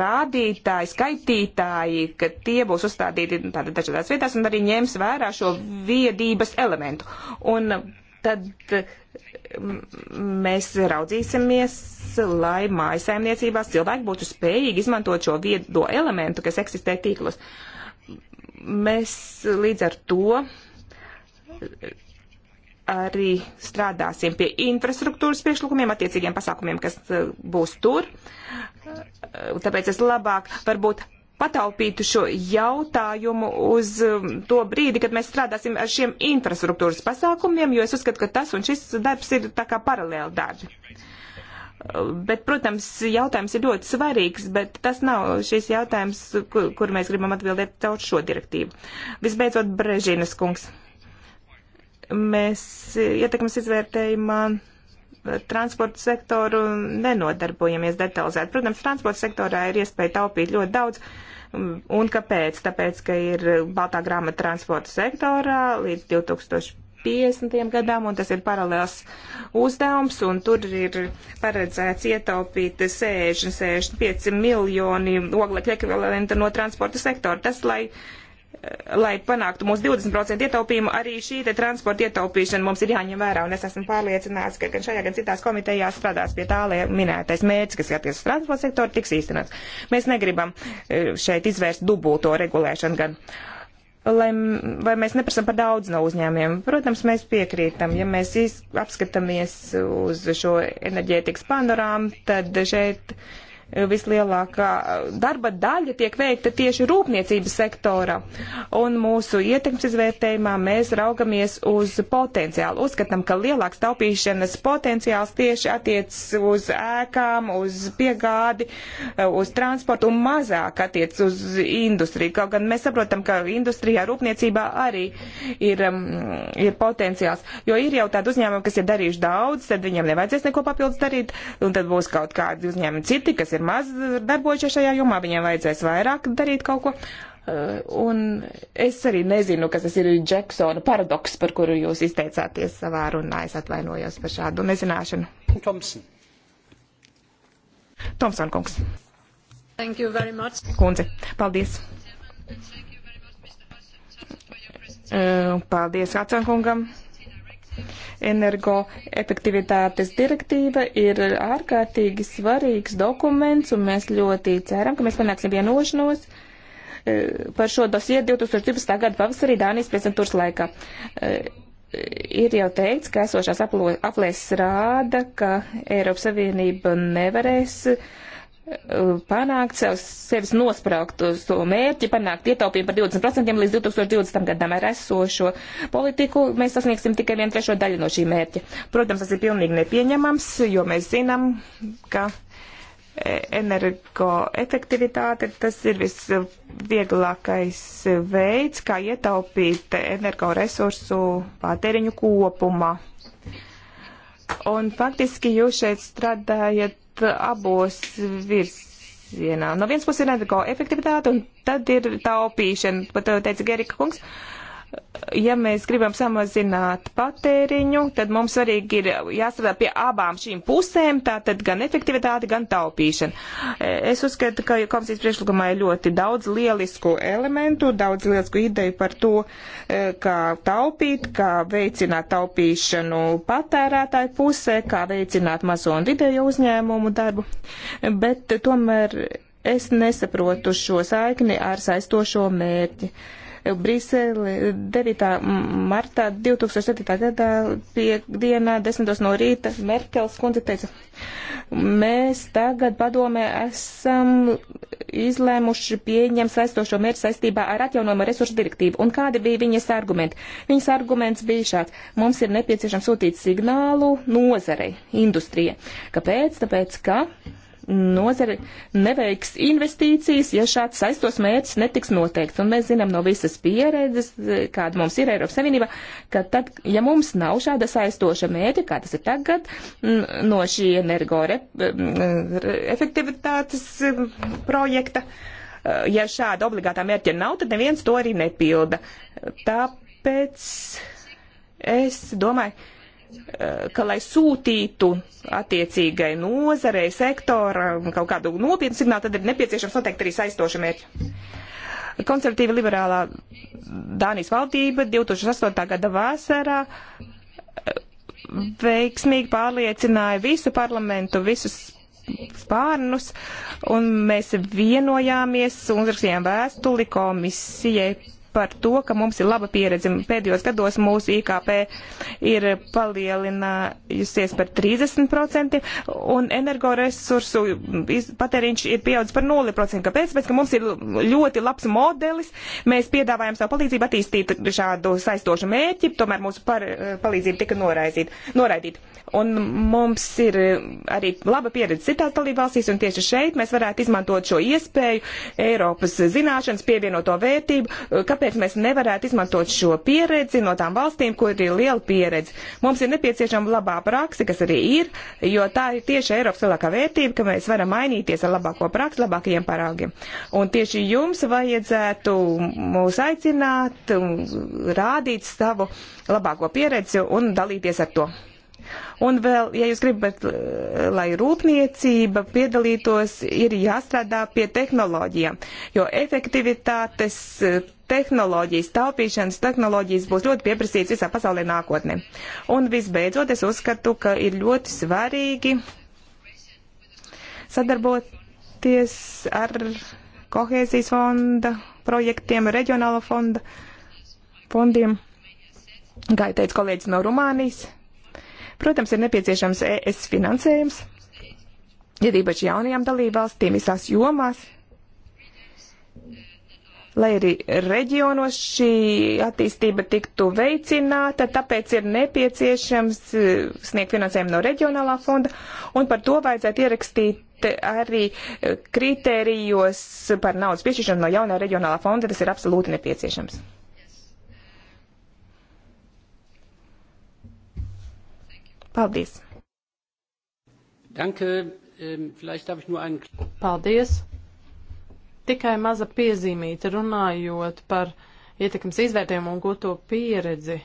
rādītāji, skaitītāji, ka tie būs uzstādīti tāda dažādās vietās un arī ņems vērā šo viedības elementu. Un tad mēs raudzīsimies, lai mājasaimniecībās cilvēki būtu spējīgi izmantot šo viedo elementu, kas eksistē tīklos. Mēs līdz ar to arī strādāsim pie infrastruktūras priekšlikumiem, attiecīgiem pasākumiem, kas eh, būs tur. Tāpēc es labāk varbūt pataupītu šo jautājumu uz um, to brīdi, kad mēs strādāsim ar šiem infrastruktūras pasākumiem, jo es uzskatu, ka tas un šis darbs ir tā kā paralēli darbi. Uh, bet, protams, jautājums ir ļoti svarīgs, bet tas nav šis jautājums, kur, kur mēs gribam atbildēt caur šo direktīvu. Visbeidzot, Brežīnas kungs. Mēs uh, ietekmes izvērtējumā. Man transporta sektoru nenodarbojamies detalizēt. Protams, transporta sektorā ir iespēja taupīt ļoti daudz. Um, un kāpēc? Tāpēc, ka ir baltā grāmata transporta sektorā līdz 2050. gadam, un tas ir paralēls uzdevums, un tur ir paredzēts ietaupīt 60-65 miljoni oglekļa ekvivalenta no transporta sektora. Tas, lai uh, lai panāktu mūsu 20% ietaupījumu, arī šī te transporta ietaupīšana mums ir jāņem vērā, un es esmu pārliecināts, ka gan šajā, gan citās komitejās strādās pie tā, lai minētais mērķis, kas attiecas uz transporta sektoru, tiks īstenots. Mēs negribam e, šeit izvērst dubulto regulēšanu gan. Lai, vai mēs neprasam par daudz no uzņēmiem? Protams, mēs piekrītam. Ja mēs iz, apskatāmies uz šo enerģētikas panorāmu, tad šeit uh, vislielākā darba daļa tiek veikta tieši rūpniecības sektorā. Un mūsu ietekmes izvērtējumā mēs raugamies uz potenciālu. Uzskatām, ka lielāks taupīšanas potenciāls tieši attiec uz ēkām, uz piegādi, uz transportu un mazāk attiec uz industriju. Kaut gan mēs saprotam, ka industrijā rūpniecībā arī ir, um, ir potenciāls. Jo ir jau tādi uzņēmumi, kas ir darījuši daudz, tad viņiem nevajadzēs neko papildus darīt, un tad būs kaut kādi uzņēmumi citi, kas ir ir maz darbojušies šajā jomā, viņiem vajadzēs vairāk darīt kaut ko. Uh, un es arī nezinu, kas tas ir Džeksona paradoks, par kuru jūs izteicāties savā runā. Es atvainojos par šādu nezināšanu. Thompson. Thompson kungs. Thank you very much. Kundze, paldies. Uh, paldies Hacankungam Energoefektivitātes direktīva ir ārkārtīgi svarīgs dokuments, un mēs ļoti ceram, ka mēs panāksim vienošanos eh, par šo dosie 2012. gada pavasarī Dānijas prezidentūras laikā. Eh, ir jau teikts, ka esošās aplēses rāda, ka Eiropas Savienība nevarēs uh, panākt sev, sevis nospraukt uz to mērķi, panākt ietaupījumu par 20% līdz 2020. gadam ar esošo politiku, mēs sasniegsim tikai vienu trešo daļu no šī mērķa. Protams, tas ir pilnīgi nepieņemams, jo mēs zinām, ka e, energoefektivitāte, tas ir visvieglākais veids, kā ietaupīt energoresursu patēriņu kopumā. Un faktiski jūs šeit strādājat abos virzienā. No vienas puses ir energo efektivitāte, un tad ir taupīšana, pat teica Gerika kungs. Uh, ja mēs gribam samazināt patēriņu, tad mums svarīgi ir jāstrādā pie abām šīm pusēm, tātad gan efektivitāte, gan taupīšana. E, es uzskatu, ka komisijas priekšlikumā ir ļoti daudz lielisku elementu, daudz lielisku ideju par to, e, kā taupīt, kā veicināt taupīšanu patērētāju pusē, kā veicināt mazo un vidējo uzņēmumu darbu, bet tomēr es nesaprotu šo saikni ar saistošo mērķi. Uh, Brīselē 9. martā 2007. gadā piekdienā 10. no rīta Merkels kundze teica, mēs tagad padomē esam izlēmuši pieņemt saistošo mērķu saistībā ar atjaunojumu resursu direktīvu. Un kādi bija viņas argumenti? Viņas arguments bija šāds. Mums ir nepieciešams sūtīt signālu nozarei, industrijai. Kāpēc? Tāpēc, ka nozare neveiks investīcijas, ja šāds saistos mērķis netiks noteikts. Un mēs zinām no visas pieredzes, kāda mums ir Eiropas Savienībā, ka tad, ja mums nav šāda saistoša mērķa, kā tas ir tagad, no šī energo re, efektivitātes projekta, eh, ja šāda obligātā mērķa nav, tad neviens to arī nepilda. Tāpēc es domāju, Eh, ka, lai sūtītu attiecīgai nozarei, sektoram kaut kādu nopietnu signālu, tad ir nepieciešams noteikti arī saistoši mērķi. Konservatīva liberālā Dānijas valdība 2008. gada vasarā eh, veiksmīgi pārliecināja visu parlamentu, visus spārnus, un mēs vienojāmies un uzrakstījām vēstuli komisijai par to, ka mums ir laba pieredze. Pēdējos gados mūsu IKP ir palielinājusies par 30% un energoresursu patēriņš ir pieaudzis par 0%. Kāpēc? Pēc, ka mums ir ļoti labs modelis. Mēs piedāvājam savu palīdzību attīstīt šādu saistošu mērķi, tomēr mūsu par, palīdzība tika noraidīta. Un mums ir eh, arī laba pieredze citās dalībvalstīs, un tieši šeit mēs varētu izmantot šo iespēju, Eiropas zināšanas, pievienoto vērtību. Eh, Kāpēc mēs nevarētu izmantot šo pieredzi no tām valstīm, kur ir liela pieredze? Mums ir nepieciešama labā praksa, kas arī ir, jo tā ir tieši Eiropas lielākā vērtība, ka mēs varam mainīties ar labāko praksi, labākajiem paraugiem. Un tieši jums vajadzētu mūs aicināt, mm, rādīt savu labāko pieredzi un dalīties ar to. Un vēl, ja jūs gribat, eh, lai rūpniecība piedalītos, ir jāstrādā pie tehnoloģijām, jo efektivitātes eh, tehnoloģijas, taupīšanas tehnoloģijas būs ļoti pieprasīts visā pasaulē nākotnē. Un visbeidzot, es uzskatu, ka ir ļoti svarīgi sadarboties ar kohēzijas fonda projektiem, reģionāla fonda fondiem. Kā jau teica kolēģis no Rumānijas, Protams, ir nepieciešams ES finansējums, ir īpaši jaunajām dalībvalstīm visās jomās, lai arī reģionos šī attīstība tiktu veicināta, tāpēc ir nepieciešams e, sniegt finansējumu no reģionālā fonda, un par to vajadzētu ierakstīt arī e, kritērijos par naudas piešķiršanu no jaunā reģionālā fonda, tas ir absolūti nepieciešams. Paldies! Danke. Ähm, vielleicht darf ich nur einen... Paldies! Tikai maza piezīmīta runājot par ietekmes izvērtējumu un goto pieredzi.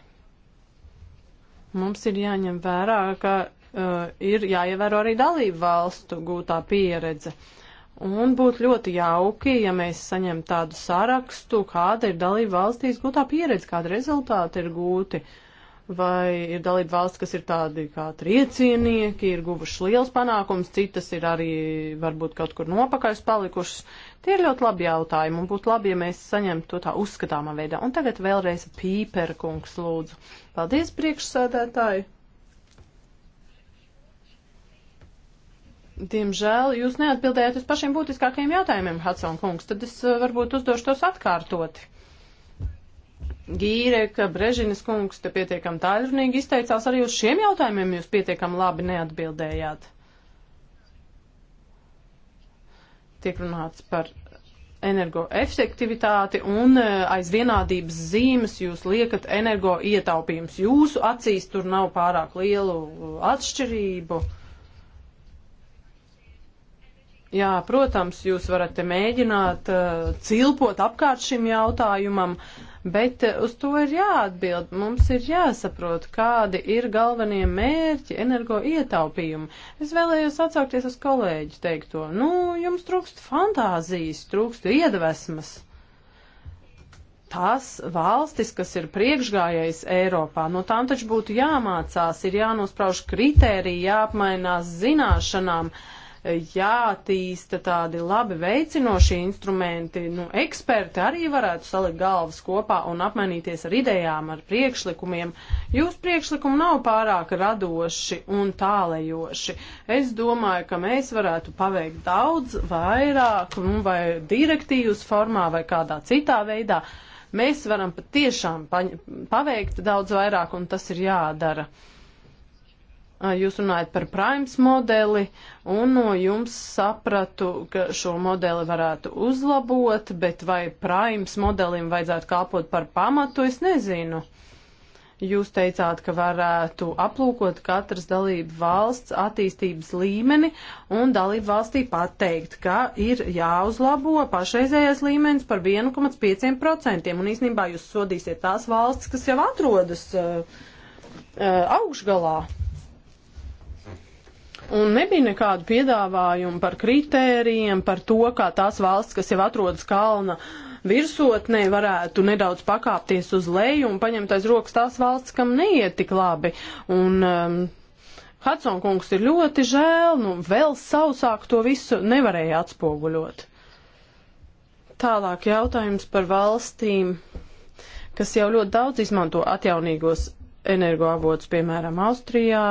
Mums ir jāņem vērā, ka uh, ir jāievēro arī dalību valstu gūtā pieredze. Un būtu ļoti jauki, ja mēs saņemtu tādu sarakstu, kāda ir dalību valstīs gūtā pieredze, kāda rezultāti ir gūti. Uh, vai ir dalība valsts, kas ir tādi kā triecienieki, ir guvuši liels panākums, citas ir arī varbūt kaut kur nopakaļs palikušas. Tie ir ļoti labi jautājumi un būtu labi, ja mēs saņemtu to tā uzskatāmā veidā. Un tagad vēlreiz Pīpera kungs lūdzu. Paldies priekšsēdētāji! Diemžēl jūs neatbildējat uz pašiem būtiskākajiem jautājumiem, Hudson kungs, tad es eh, varbūt uzdošu tos atkārtoti. Gīreka, Brežinas kungs te pietiekam tāļrunīgi izteicās arī uz šiem jautājumiem, jūs pietiekam labi neatbildējāt. Tiek runāts par energoefektivitāti un e, aiz vienādības zīmes jūs liekat energo ietaupījums. Jūsu acīs tur nav pārāk lielu e, atšķirību. Jā, protams, jūs varat te mēģināt uh, cilpot apkārt šim jautājumam, uh, Bet eh, uz to ir jāatbild. Mums ir jāsaprot, kādi ir galvenie mērķi energo ietaupījumu. Es vēlējos atsaukties uz kolēģi teikto. Nu, jums trūkst fantāzijas, trūkst iedvesmas. Tās valstis, kas ir priekšgājējis Eiropā, no tām taču būtu jāmācās, ir jānosprauž kritēriji, jāapmainās zināšanām. Uh, jātīsta tādi labi veicinoši instrumenti. Nu, eksperti arī varētu salikt galvas kopā un apmainīties ar idejām, ar priekšlikumiem. Jūs priekšlikumi nav pārāk radoši un tālējoši. Es domāju, ka mēs varētu paveikt daudz vairāk, nu, vai direktīvas formā, vai kādā citā veidā mēs varam patiešām paveikt daudz vairāk, un tas ir jādara. Jūs runājat par Primes modeli, un no jums sapratu, ka šo modeli varētu uzlabot, bet vai Primes modelim vajadzētu kalpot par pamatu, es nezinu. Jūs teicāt, ka varētu aplūkot katras dalību valsts attīstības līmeni un dalību valstī pateikt, ka ir jāuzlabo pašreizējais līmenis par 1,5%. Un īsnībā jūs sodīsiet tās valstis, kas jau atrodas uh, uh, augšgalā un nebija nekādu piedāvājumu par kritērijiem, par to, kā tās valsts, kas jau atrodas kalna virsotnē, varētu nedaudz pakāpties uz leju un paņemt aiz rokas tās valsts, kam neiet tik labi. Un, um, Hudsonkungs ir ļoti žēl, nu vēl sausāk to visu nevarēja atspoguļot. Tālāk jautājums par valstīm, kas jau ļoti daudz izmanto atjaunīgos energoavotus, piemēram, Austrijā,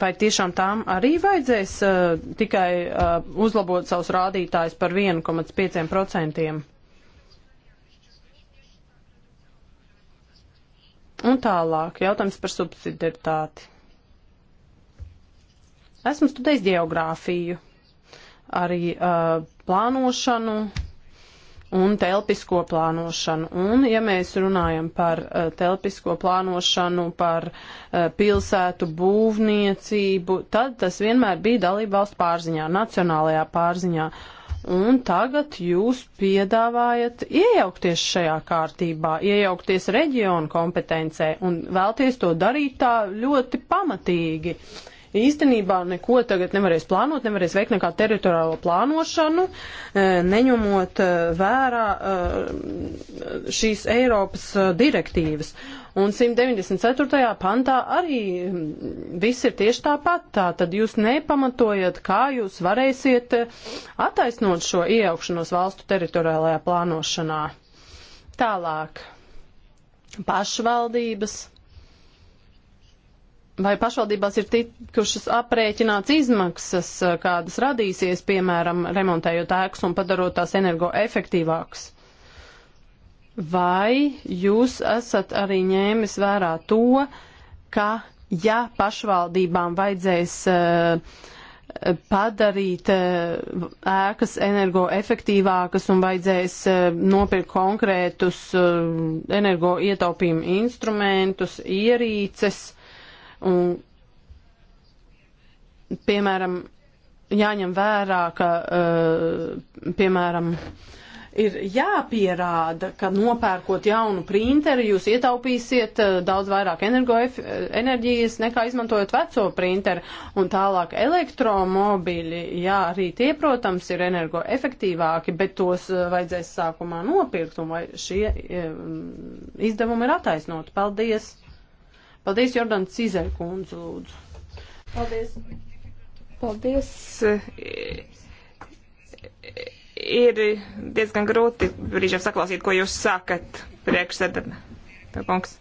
Vai tiešām tām arī vajadzēs uh, tikai uh, uzlabot savus rādītājus par 1,5%? Un tālāk, jautājums par subsidiaritāti. Esmu studējis geogrāfiju, arī uh, plānošanu, un telpisko plānošanu. Un, ja mēs runājam par uh, telpisko plānošanu, par uh, pilsētu būvniecību, tad tas vienmēr bija dalība valstu pārziņā, nacionālajā pārziņā. Un tagad jūs piedāvājat iejaukties šajā kārtībā, iejaukties reģionu kompetencē un vēlties to darīt tā ļoti pamatīgi. Uh, īstenībā neko tagad nevarēs plānot, nevarēs veikt nekā teritoriālo plānošanu, e, neņemot e, vērā e, šīs Eiropas direktīvas. Un 194. pantā arī viss ir tieši tāpat. Tā tad jūs nepamatojat, kā jūs varēsiet attaisnot šo iejaukšanos valstu teritoriālajā plānošanā. Tālāk. Pašvaldības Vai pašvaldībās ir tikušas aprēķināts izmaksas, eh, kādas radīsies, piemēram, remontējot ēkas un padarot tās energoefektīvākas? Vai jūs esat arī ņēmis vērā to, ka ja pašvaldībām vajadzēs uh, padarīt eh, ēkas energoefektīvākas un vajadzēs nopirkt konkrētus energoietaupījumu instrumentus, ierīces. Un, piemēram, jāņem vērā, ka, uh, piemēram, ir jāpierāda, ka nopērkot jaunu printeri, jūs ietaupīsiet uh, daudz vairāk enerģijas nekā izmantojot veco printeri. Un tālāk elektromobīļi, jā, arī tie, protams, ir energoefektīvāki, bet tos uh, vajadzēs sākumā nopirkt, un vai šie izdevumi ir attaisnoti. Paldies! Paldies, Jordan Cizer kundze, lūdzu. Paldies. Paldies. Ir diezgan grūti brīžiem saklausīt, ko jūs sakat priekšsēdētā kungs.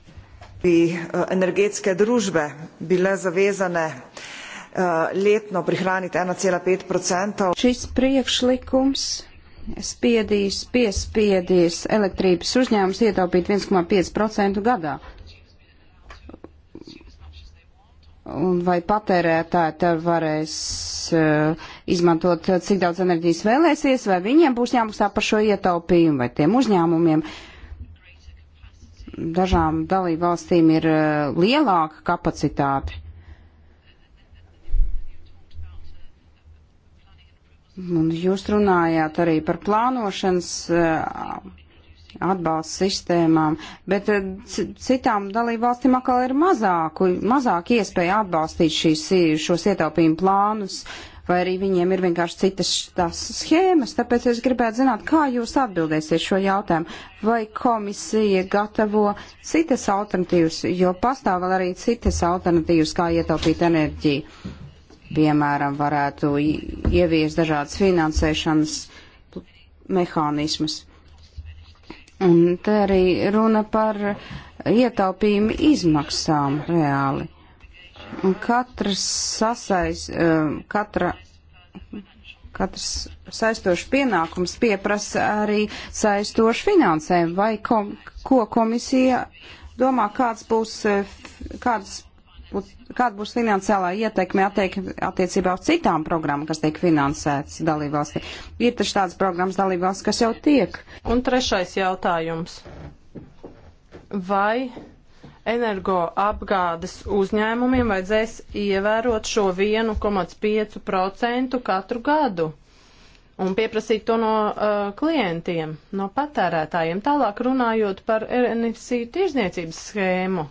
Bi eh, energetske družbe bile zavezane eh, letno prihraniti 1,5%. Šis priekšlikums spiedīs, piespiedīs elektrības uzņēmums ietaupīt 1,5% gadā. un vai patērētāji tad varēs uh, izmantot, eh, cik daudz enerģijas vēlēsies, vai viņiem būs jāmaksā par šo ietaupījumu, vai tiem uzņēmumiem. Dažām dalību valstīm ir uh, lielāka kapacitāte. Un jūs runājāt arī par plānošanas uh, atbalsta sistēmām, bet eh, citām dalībvalstīm atkal ir mazāku, mazāk iespēja atbalstīt šīs, šos ietaupījumu plānus, vai arī viņiem ir vienkārši citas tās schēmas, tāpēc es gribētu zināt, kā jūs atbildēsiet šo jautājumu, vai komisija gatavo citas alternatīvas, jo pastāv vēl arī citas alternatīvas, kā ietaupīt enerģiju. Piemēram, varētu ieviest dažādas finansēšanas mehānismus. Un te arī runa par ietaupījumu izmaksām reāli. Un katrs sasais, eh, katra, katrs saistošs pienākums pieprasa arī saistošu finansējumu vai kom, ko komisija domā, kāds būs, eh, kādas kāda būs finansiālā ietekme attiek, attiecībā uz citām programmām, kas tiek finansētas dalībvalstī. Ir taču tādas programmas dalībvalsts, kas jau tiek. Un trešais jautājums. Vai energoapgādes uzņēmumiem vajadzēs ievērot šo 1,5% katru gadu? un pieprasīt to no uh, klientiem, no patērētājiem. Tālāk runājot par NFC tirzniecības schēmu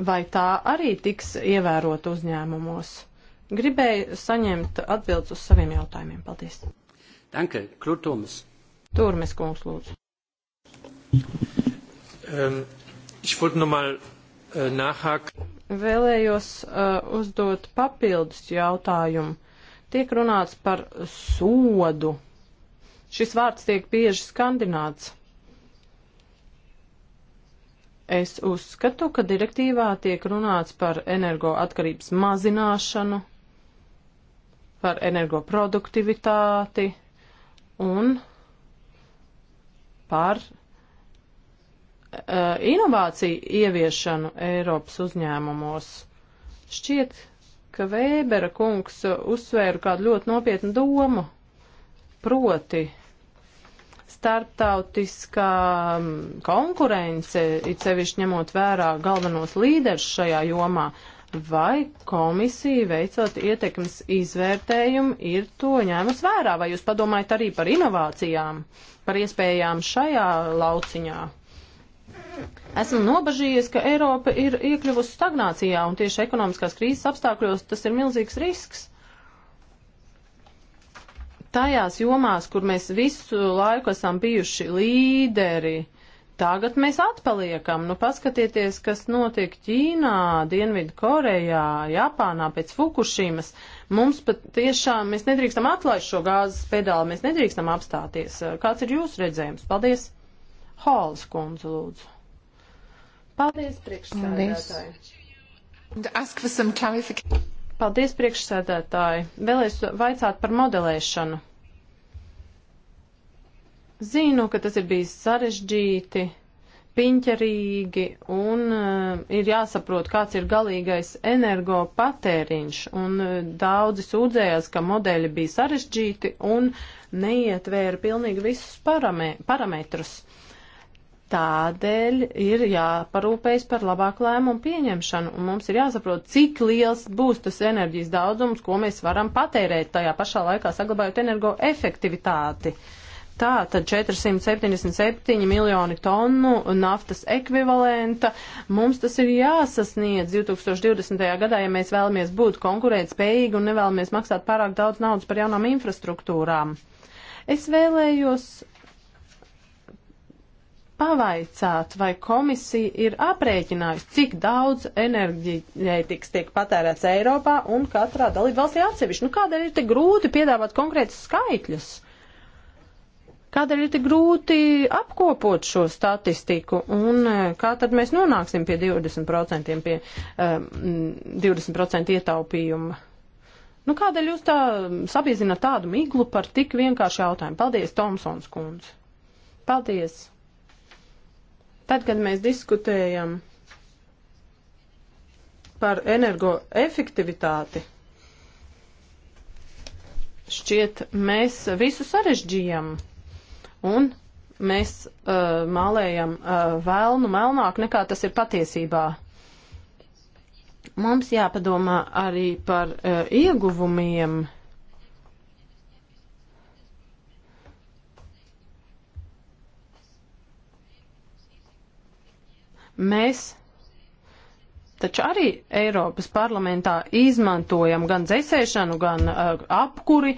vai tā arī tiks ievērot uzņēmumos? Gribēju saņemt atbildes uz saviem jautājumiem. Paldies. Danke, Klutumis. Turmes kungs, lūdzu. Um, ich wollte nochmal uh, äh, nachhaken. Vēlējos uh, uzdot papildus jautājumu. Tiek runāts par sodu. Šis vārds tiek bieži skandināts. Es uzskatu, ka direktīvā tiek runāts par energoatkarības mazināšanu, par energoproduktivitāti un par uh, inovāciju ieviešanu Eiropas uzņēmumos. Šķiet, ka Vēbera kungs uzsvēra kādu ļoti nopietnu domu, proti starptautiskā mm, konkurence, it sevišķi ņemot vērā galvenos līderus šajā jomā, vai komisija veicot ietekmes izvērtējumu ir to ņēmus vērā, vai jūs padomājat arī par inovācijām, par iespējām šajā lauciņā? Esmu nobažījies, ka Eiropa ir iekļuvusi stagnācijā un tieši ekonomiskās krīzes apstākļos tas ir milzīgs risks tajās jomās, kur mēs visu laiku esam bijuši līderi, tagad mēs atpaliekam. Nu, paskatieties, kas notiek Ķīnā, Dienvidu Korejā, Japānā pēc Fukušīmas. Mums pat tiešām mēs nedrīkstam atlaist šo gāzes pedāli, mēs nedrīkstam apstāties. Kāds ir jūsu redzējums? Paldies! Hāls kundze, lūdzu. Paldies, priekšsēdētāji. Paldies, priekšsēdētāji. Vēlēs vaicāt par modelēšanu. Zinu, ka tas ir bijis sarežģīti, piņķerīgi un uh, ir jāsaprot, kāds ir galīgais energo patēriņš. Un uh, daudzi sūdzējās, ka modeļi bija sarežģīti un neietvēra pilnīgi visus paramē parametrus. Uh, Tādēļ ir jāparūpējas par labāku lēmumu pieņemšanu, un mums ir jāsaprot, cik liels būs tas enerģijas daudzums, ko mēs varam patērēt, tajā pašā laikā saglabājot energoefektivitāti. Tā tad 477 miljoni tonu naftas ekvivalenta. Mums tas ir jāsasniedz 2020. gadā, ja mēs vēlamies būt konkurētspējīgi un nevēlamies maksāt pārāk daudz naudas par jaunām infrastruktūrām. Es vēlējos pavaicāt, vai komisija ir aprēķinājusi, cik daudz enerģētikas tiek patērēts Eiropā un katrā dalībvalstī atsevišķi. Nu, kādēļ ir tik grūti piedāvāt konkrētus skaitļus? Kādēļ ir tik grūti apkopot šo statistiku un e, kā tad mēs nonāksim pie 20%, pie, um, e, 20 ietaupījuma? Nu, kādēļ jūs tā sabiezināt tādu miglu par tik vienkāršu jautājumu? Paldies, Tomsons kundze. Paldies. Tad, kad mēs diskutējam par energoefektivitāti, šķiet, mēs visu sarežģījam un mēs uh, mālējam uh, vēlnu melnāk nekā tas ir patiesībā. Mums jāpadomā arī par uh, ieguvumiem. Uh, Mēs Taču arī Eiropas parlamentā izmantojam gan dzēsēšanu, gan uh, apkuri,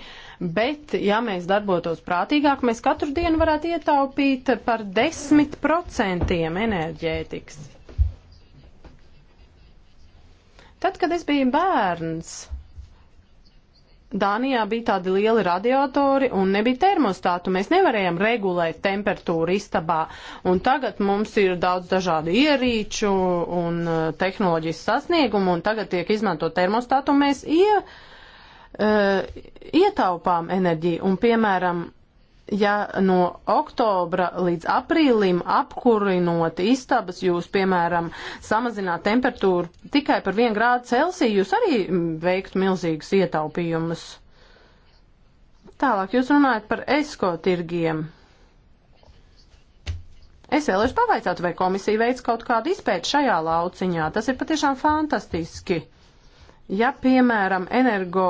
bet ja mēs darbotos prātīgāk, mēs katru dienu varētu ietaupīt par 10% enerģētikas. Tad, kad es biju bērns, Dānijā bija tādi lieli radiatori un nebija termostātu. Mēs nevarējām regulēt temperatūru istabā. Un tagad mums ir daudz dažādu ierīču un uh, tehnoloģijas sasniegumu, un tagad tiek izmanto termostātu, un mēs ie, uh, ietaupām enerģiju. Un, piemēram, ja no oktobra līdz aprīlim apkurinot istabas, jūs, piemēram, samazināt temperatūru tikai par 1 grādu Celsiju, jūs arī veikt milzīgas ietaupījumus. Tālāk jūs runājat par ESCO tirgiem. Es vēlēšu pavaicāt, vai komisija veids kaut kādu izpēti šajā lauciņā. Tas ir patiešām fantastiski. Ja, piemēram, energo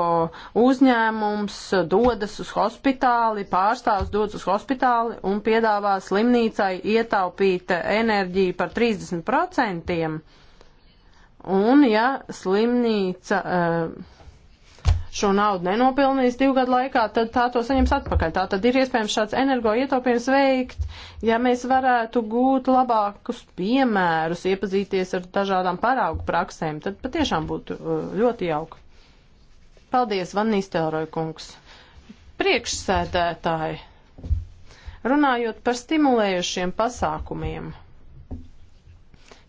uzņēmums dodas uz hospitāli, pārstāvs dodas uz hospitāli un piedāvā slimnīcai ietaupīt enerģiju par 30%, un ja slimnīca. Uh, šo naudu nenopelnīs divu gadu laikā, tad tā to saņems atpakaļ. Tā tad ir iespējams šāds energo ietaupījums veikt, ja mēs varētu gūt labākus piemērus, iepazīties ar dažādām paraugu praksēm, tad patiešām būtu uh, ļoti jauki. Paldies, Vannīs Telroja kungs. Priekšsēdētāji, runājot par stimulējušiem pasākumiem.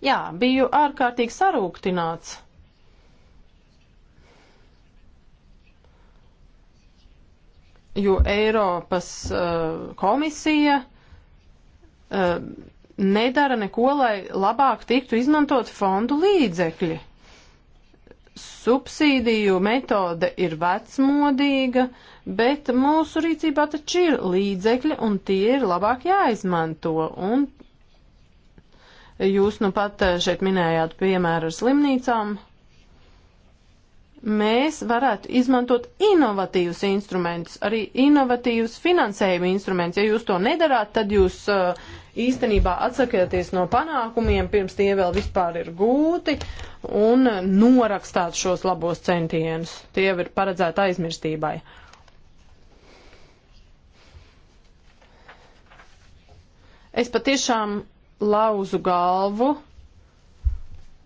Jā, biju ārkārtīgi sarūktināts jo Eiropas uh, komisija uh, nedara neko, lai labāk tiktu izmantot fondu līdzekļi. Subsīdiju metode ir vecmodīga, bet mūsu rīcībā taču ir līdzekļi un tie ir labāk jāizmanto. Un jūs nu pat eh, šeit minējāt piemēru ar slimnīcām. Uh, mēs varētu izmantot inovatīvus instrumentus, arī inovatīvus finansējuma instrumentus. Ja jūs to nedarāt, tad jūs uh, īstenībā atsakieties no panākumiem, pirms tie vēl vispār ir gūti, un norakstāt šos labos centienus. Tie jau ir paredzēti aizmirstībai. Es patiešām lauzu galvu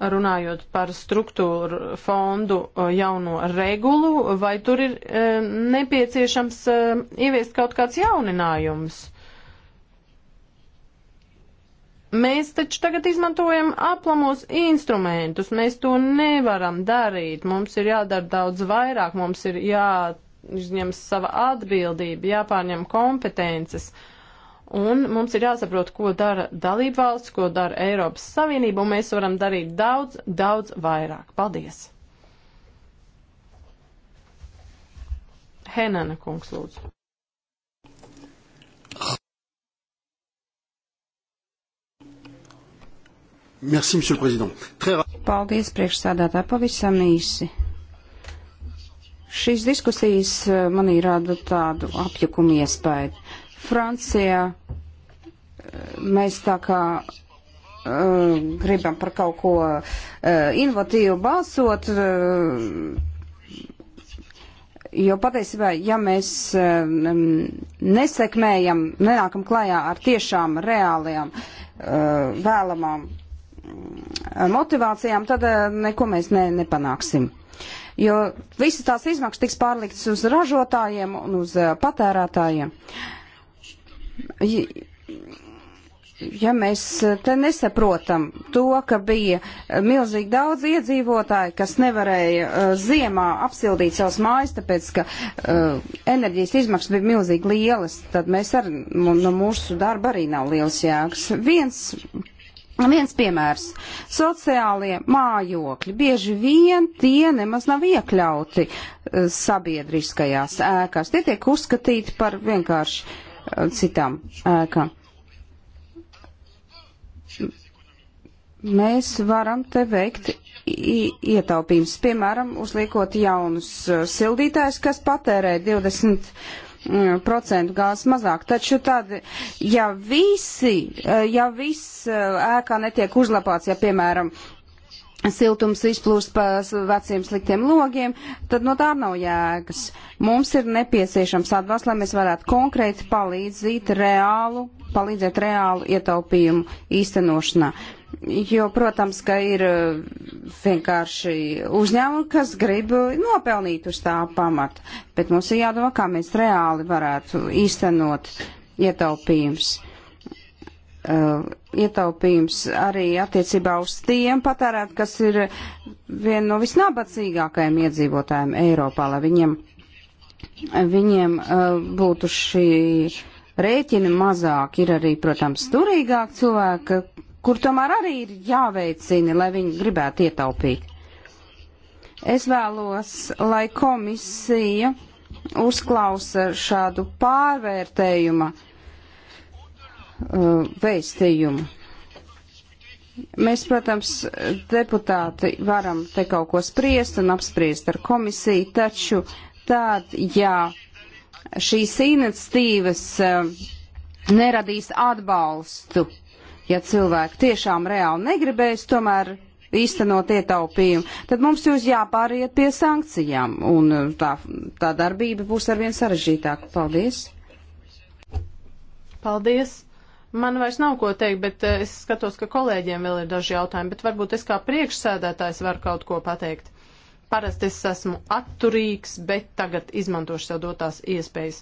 runājot par struktūru fondu uh, jauno regulu, vai tur ir uh, nepieciešams uh, ieviest kaut kāds jauninājums? Mēs taču tagad izmantojam aplamos instrumentus, mēs to nevaram darīt, mums ir jādara daudz vairāk, mums ir jāizņem sava atbildība, jāpārņem kompetences. Uh, Un mums ir jāsaprot, ko dara dalība valsts, ko dara Eiropas Savienība, un mēs varam darīt daudz, daudz vairāk. Paldies! Henana kungs lūdzu. Merci, monsieur le président. Très... Paldies, priekšsādātāji, pavisam īsi. Šīs diskusijas eh, manī rada tādu apjukumu iespēju. Francijā eh, mēs tā kā uh, gribam par kaut ko uh, eh, innovatīvu balsot, uh, jo patiesībā, ja mēs uh, nesekmējam, nenākam klajā ar tiešām reālajām uh, vēlamām motivācijām, tad uh, neko mēs ne, nepanāksim. Jo visas tās izmaksas tiks pārliktas uz ražotājiem un uz uh, patērētājiem. Uh, ja mēs eh, te nesaprotam to, ka bija milzīgi daudz iedzīvotāji, kas nevarēja uh, ziemā apsildīt savus mājas, tāpēc, ka uh, enerģijas izmaksas bija milzīgi lielas, tad mēs ar, nu, no mūsu darba arī nav liels jēgas. Viens, viens piemērs. Sociālie mājokļi bieži vien tie nemaz nav iekļauti uh, sabiedriskajās ēkās. Tie tiek uzskatīti par vienkārši citām ēkām. Mēs varam te veikt ietaupījums, piemēram, uzliekot jaunus uh, sildītājus, kas patērē 20 mm, procentu gāzes mazāk. Taču tad, ja visi, uh, ja viss uh, ēkā netiek uzlapāts, ja piemēram siltums izplūst pa veciem sliktiem logiem, tad no tā nav jēgas. Mums ir nepieciešams atbalsts, lai mēs varētu konkrēti palīdzīt reālu, palīdzēt reālu ietaupījumu īstenošanā. Jo, protams, ka ir uh, vienkārši uzņēmumi, kas grib uh, nopelnīt uz tā pamata, bet mums ir jādomā, kā mēs reāli varētu īstenot ietaupījumus uh, ietaupījums arī attiecībā uz tiem patērēt, kas ir viena no visnabadzīgākajiem iedzīvotājiem Eiropā, lai viņiem, viņiem uh, būtu šī rēķina mazāk. Ir arī, protams, turīgāk cilvēki, kur tomēr arī ir jāveicina, lai viņi gribētu ietaupīt. Es vēlos, lai komisija uzklausa šādu pārvērtējumu Uh, veistījumu. Mēs, protams, deputāti varam te kaut ko spriest un apspriest ar komisiju, taču tad, ja šīs iniciatīvas uh, neradīs atbalstu, ja cilvēki tiešām reāli negribēs tomēr īstenot ietaupījumu, tad mums jūs jāpāriet pie sankcijām, un uh, tā, tā darbība būs arvien sarežģītāka. Paldies! Paldies! Man vairs nav ko teikt, bet eh, es skatos, ka kolēģiem vēl ir daži jautājumi, bet varbūt es kā priekšsēdētājs varu kaut ko pateikt. Parasti es esmu atturīgs, bet tagad izmantošu sev dotās iespējas.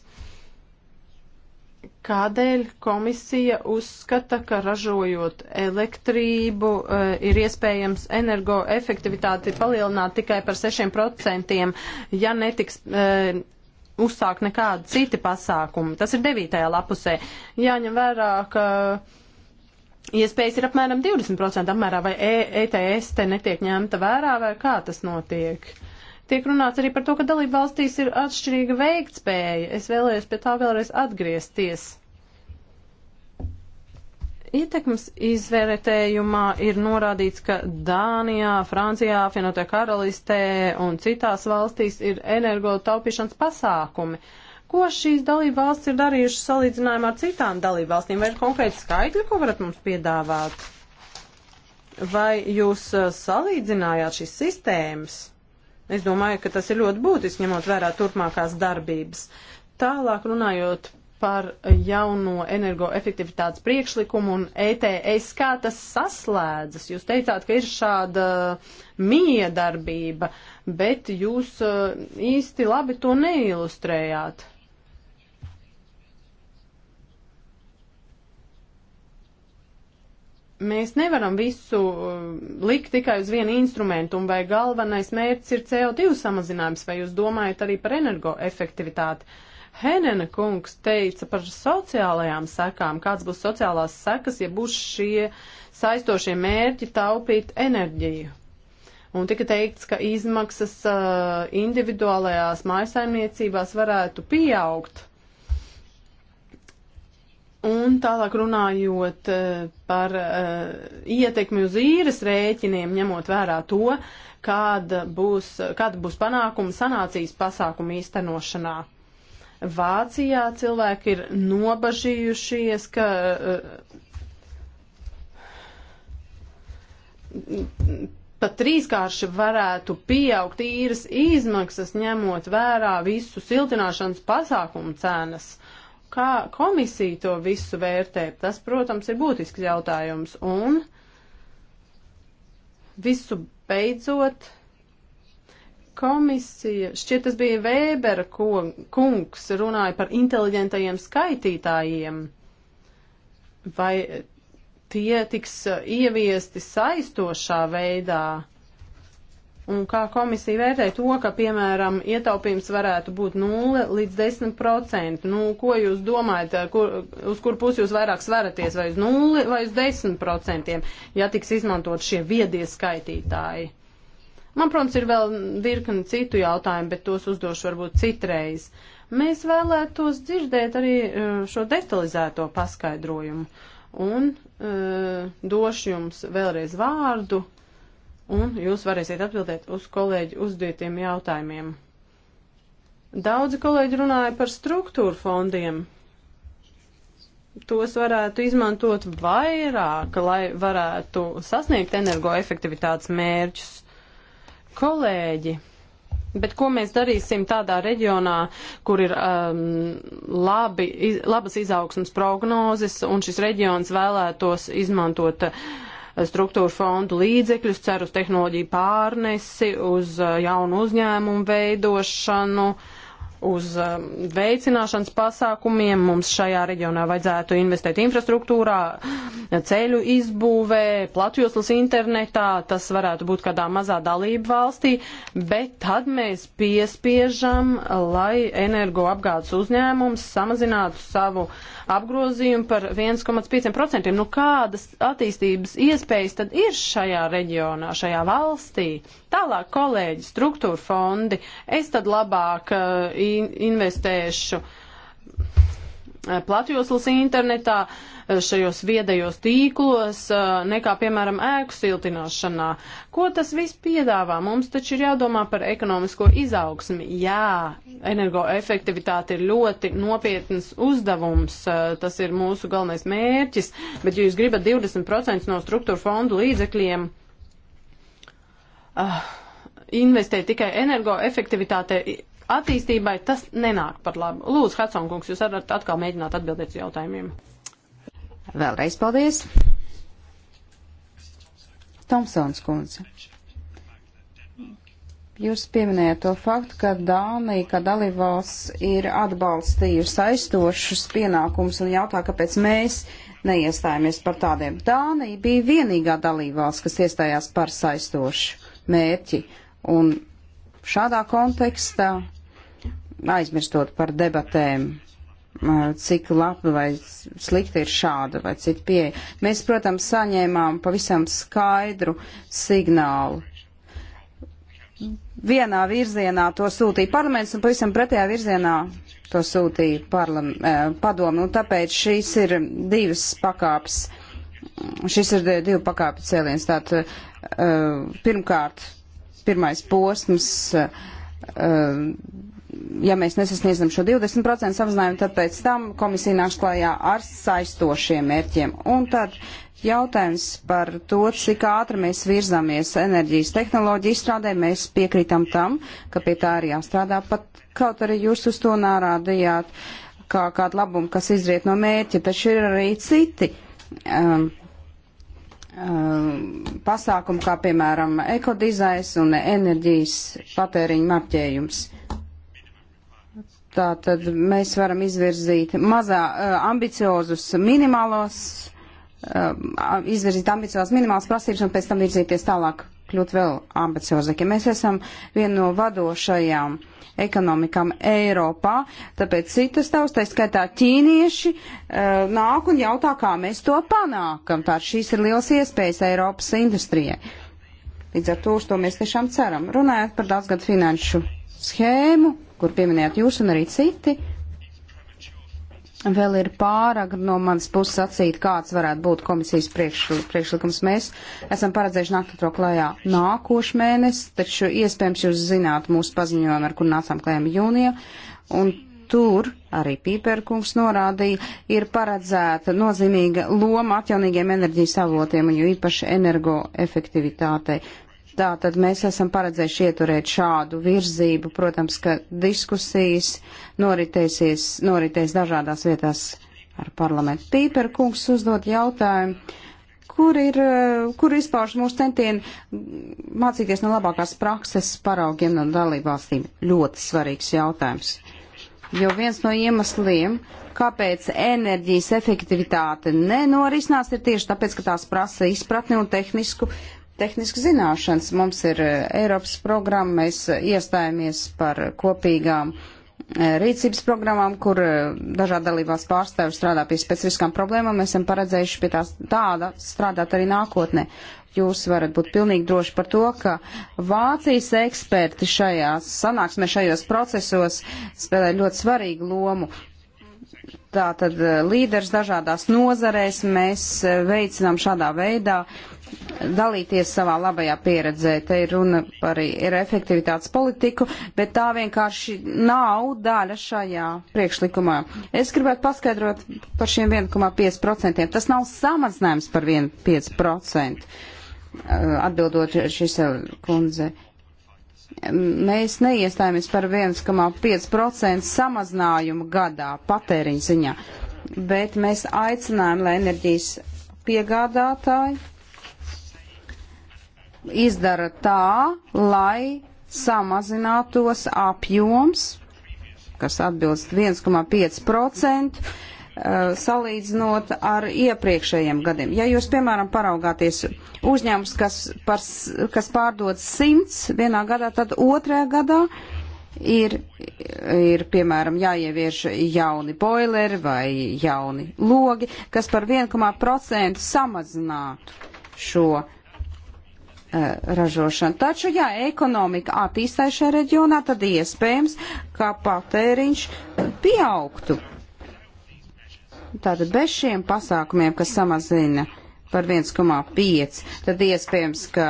Kādēļ komisija uzskata, ka ražojot elektrību eh, ir iespējams energoefektivitāti palielināt tikai par 6%, ja netiks eh, uzsākt nekādi citi pasākumi. Tas ir devītajā lapusē. Jāņem vērā, ka iespējas ir apmēram 20% apmērā, vai e ETS te netiek ņemta vērā, vai kā tas notiek. Tiek runāts arī par to, ka dalību valstīs ir atšķirīga veiktspēja. Es vēlējos pie tā vēlreiz atgriezties. Ietekmes izvērtējumā ir norādīts, ka Dānijā, Francijā, Fienotē karalistē un citās valstīs ir energotaupīšanas pasākumi. Ko šīs dalība valsts ir darījušas salīdzinājumā ar citām dalību valstīm? Vai ir konkrēti skaitļi, ko varat mums piedāvāt? Vai jūs uh, salīdzinājāt šīs sistēmas? Es domāju, ka tas ir ļoti būtiski, ņemot vērā turpmākās darbības. Tālāk runājot par jauno energoefektivitātes priekšlikumu un ETS, kā tas saslēdzas. Jūs teicāt, ka ir šāda miedarbība, bet jūs uh, īsti labi to neilustrējāt. Mēs nevaram visu uh, likt tikai uz vienu instrumentu, un vai galvenais mērķis ir CO2 samazinājums, vai jūs domājat arī par energoefektivitāti? Uh, Henena kungs teica par sociālajām sekām, kāds būs sociālās sekas, ja būs šie saistošie mērķi taupīt enerģiju. Un tika teikts, ka izmaksas uh, individuālajās mājasaimniecībās varētu pieaugt. Un tālāk runājot uh, par uh, ietekmi uz īres rēķiniem, ņemot vērā to, kāda būs, kāda būs panākuma sanācijas pasākuma īstenošanā. Vācijā cilvēki ir nobažījušies, ka eh, pat trīskārši varētu pieaugt īres izmaksas, ņemot vērā visu siltināšanas pasākumu cenas. Kā komisija to visu vērtē? Tas, protams, ir būtisks jautājums. Un visu beidzot komisija, šķiet tas bija Vēbera kungs, runāja par inteliģentajiem skaitītājiem. Vai tie tiks uh, ieviesti saistošā veidā? Un kā komisija vērtē to, ka, piemēram, ietaupījums varētu būt 0 līdz 10%? Nu, ko jūs domājat, uh, kur, uz kur pusi jūs vairāk svaraties, vai uz 0 vai uz 10%, ja tiks izmantot šie viedie skaitītāji? Man, protams, ir vēl virkni citu jautājumu, bet tos uzdošu varbūt citreiz. Mēs vēlētos dzirdēt arī e, šo detalizēto paskaidrojumu un uh, došu jums vēlreiz vārdu, un jūs varēsiet atbildēt uz kolēģi uzdotiem jautājumiem. Daudzi kolēģi runāja par struktūru fondiem. Tos varētu izmantot vairāk, lai varētu sasniegt energoefektivitātes mērķus kolēģi. Bet ko mēs darīsim tādā reģionā, kur ir um, labi, iz, labas izaugsmas prognozes un šis reģions vēlētos izmantot uh, struktūra fondu līdzekļus, cer uz tehnoloģiju pārnesi, uz uh, jaunu uzņēmumu veidošanu? Uh, uz um, veicināšanas pasākumiem. Mums šajā reģionā vajadzētu investēt infrastruktūrā, ceļu izbūvē, platjoslas internetā. Tas varētu būt kādā mazā dalība valstī, bet tad mēs piespiežam, lai energoapgādes uzņēmums samazinātu savu uh, apgrozījumu par 1,5%. Nu, kādas attīstības iespējas tad ir šajā reģionā, šajā valstī? Tālāk, kolēģi, struktūra fondi, es tad labāk uh, investēšu platjoslas internetā, eh, šajos viedajos tīklos, eh, nekā, piemēram, ēku siltināšanā. Ko tas viss piedāvā? Mums taču ir jādomā par ekonomisko izaugsmi. Jā, energoefektivitāte ir ļoti nopietnas uzdevums, eh, tas ir mūsu galvenais mērķis, bet ja jūs gribat 20% no struktūra fondu līdzekļiem. Uh, investēt tikai energoefektivitātē, attīstībai tas nenāk par labu. Lūdzu, Hatsonkungs, jūs varat atkal mēģināt atbildēt uz jautājumiem. Vēlreiz paldies. Tomsons kundze. Jūs pieminējāt to faktu, ka Dānija, ka dalībvalsts ir atbalstījusi aizstošus pienākumus un jautā, kāpēc mēs neiestājāmies par tādiem. Dānija bija vienīgā dalībvalsts, kas iestājās par saistošu mērķi. Un šādā kontekstā aizmirstot par debatēm, cik labi vai slikti ir šāda vai cita pieeja. Mēs, protams, saņēmām pavisam skaidru signālu. Vienā virzienā to sūtīja parlaments un pavisam pretējā virzienā to sūtīja parlam, padomu. Un tāpēc šīs ir divas pakāpes. Šis ir divu pakāpju cēliens. Tātad, pirmkārt, pirmais posms ja mēs nesasniedzam šo 20% samazinājumu, tad pēc tam komisija nāks klājā ar saistošiem mērķiem. Un tad jautājums par to, cik ātri mēs virzāmies enerģijas tehnoloģiju izstrādē, mēs piekrītam tam, ka pie tā arī jāstrādā, pat kaut arī jūs uz to nārādījāt, kā kādu labumu, kas izriet no mērķa, taču ir arī citi. Um, um pasākumu, kā piemēram ekodizais un enerģijas patēriņa marķējums. Tā tad mēs varam izvirzīt mazā eh, ambiciozus minimālos, eh, izvirzīt ambiciozus minimālas prasības un pēc tam virzīties tālāk, kļūt vēl ambiciozākiem. Mēs esam viena no vadošajām ekonomikām Eiropā, tāpēc citas tavs, tā skaitā ķīnieši, eh, nāk un jautā, kā mēs to panākam. Tā šīs ir liels iespējas Eiropas industrijai. Līdz ar to uz to mēs tiešām ceram. Runājot par daudzgad finanšu schēmu, kur pieminējāt jūs un arī citi, vēl ir pārāk no manas puses sacīt, kāds varētu būt komisijas priekš, priekšlikums. Mēs esam paredzējuši nākt to klajā nākošu mēnesi, taču iespējams jūs zināt mūsu paziņojumu, ar kur nācām klajām jūnija. Un tur, arī Pīperkungs norādīja, ir paredzēta nozīmīga loma atjaunīgiem enerģijas avotiem un jo īpaši energoefektivitātei. Tā tad mēs esam paredzējuši ieturēt šādu virzību. Protams, ka diskusijas noritēsies, noritēs dažādās vietās ar parlamentu. Pīper kungs uzdot jautājumu, kur ir, kur izpauž mūsu centieni mācīties no labākās prakses paraugiem no dalībvalstīm. Ļoti svarīgs jautājums. Jo viens no iemesliem, kāpēc enerģijas efektivitāte nenorisinās, ir tieši tāpēc, ka tās prasa izpratni un tehnisku tehniskas zināšanas. Mums ir eh, Eiropas programma, mēs eh, iestājāmies par kopīgām eh, rīcības programmām, kur dažādi dalībās pārstāvi strādā pie specifiskām problēmām. Mēs esam paredzējuši pie tās tāda strādāt arī nākotnē. Jūs varat būt pilnīgi droši par to, ka Vācijas eksperti šajās sanāksmē, šajos procesos spēlē ļoti svarīgu lomu. Tātad līderis dažādās nozarēs mēs veicinām šādā veidā uh, dalīties savā labajā pieredzē. Te ir runa par ir efektivitātes politiku, bet tā vienkārši nav daļa šajā priekšlikumā. Es gribētu paskaidrot par šiem 1,5%. Tas nav samazinājums par 1,5%. Eh, atbildot šis eh, kundze. Mēs neiestājāmies par 1,5% samazinājumu gadā patēriņa ziņā, bet mēs aicinājām, lai enerģijas piegādātāji izdara tā, lai samazinātos apjoms, kas atbilst 1,5% eh, salīdzinot ar iepriekšējiem gadiem. Ja jūs, piemēram, paraugāties uzņēmums, kas, par, kas pārdod 100 vienā gadā, tad otrajā gadā ir, ir, piemēram, jāievieš jauni boileri vai jauni logi, kas par 1% samazinātu šo Uh, ražošanu. Taču, ja ekonomika attīstās šajā reģionā, tad iespējams, ka patēriņš pieaugtu. Tātad bez šiem pasākumiem, kas samazina par 1,5, tad iespējams, ka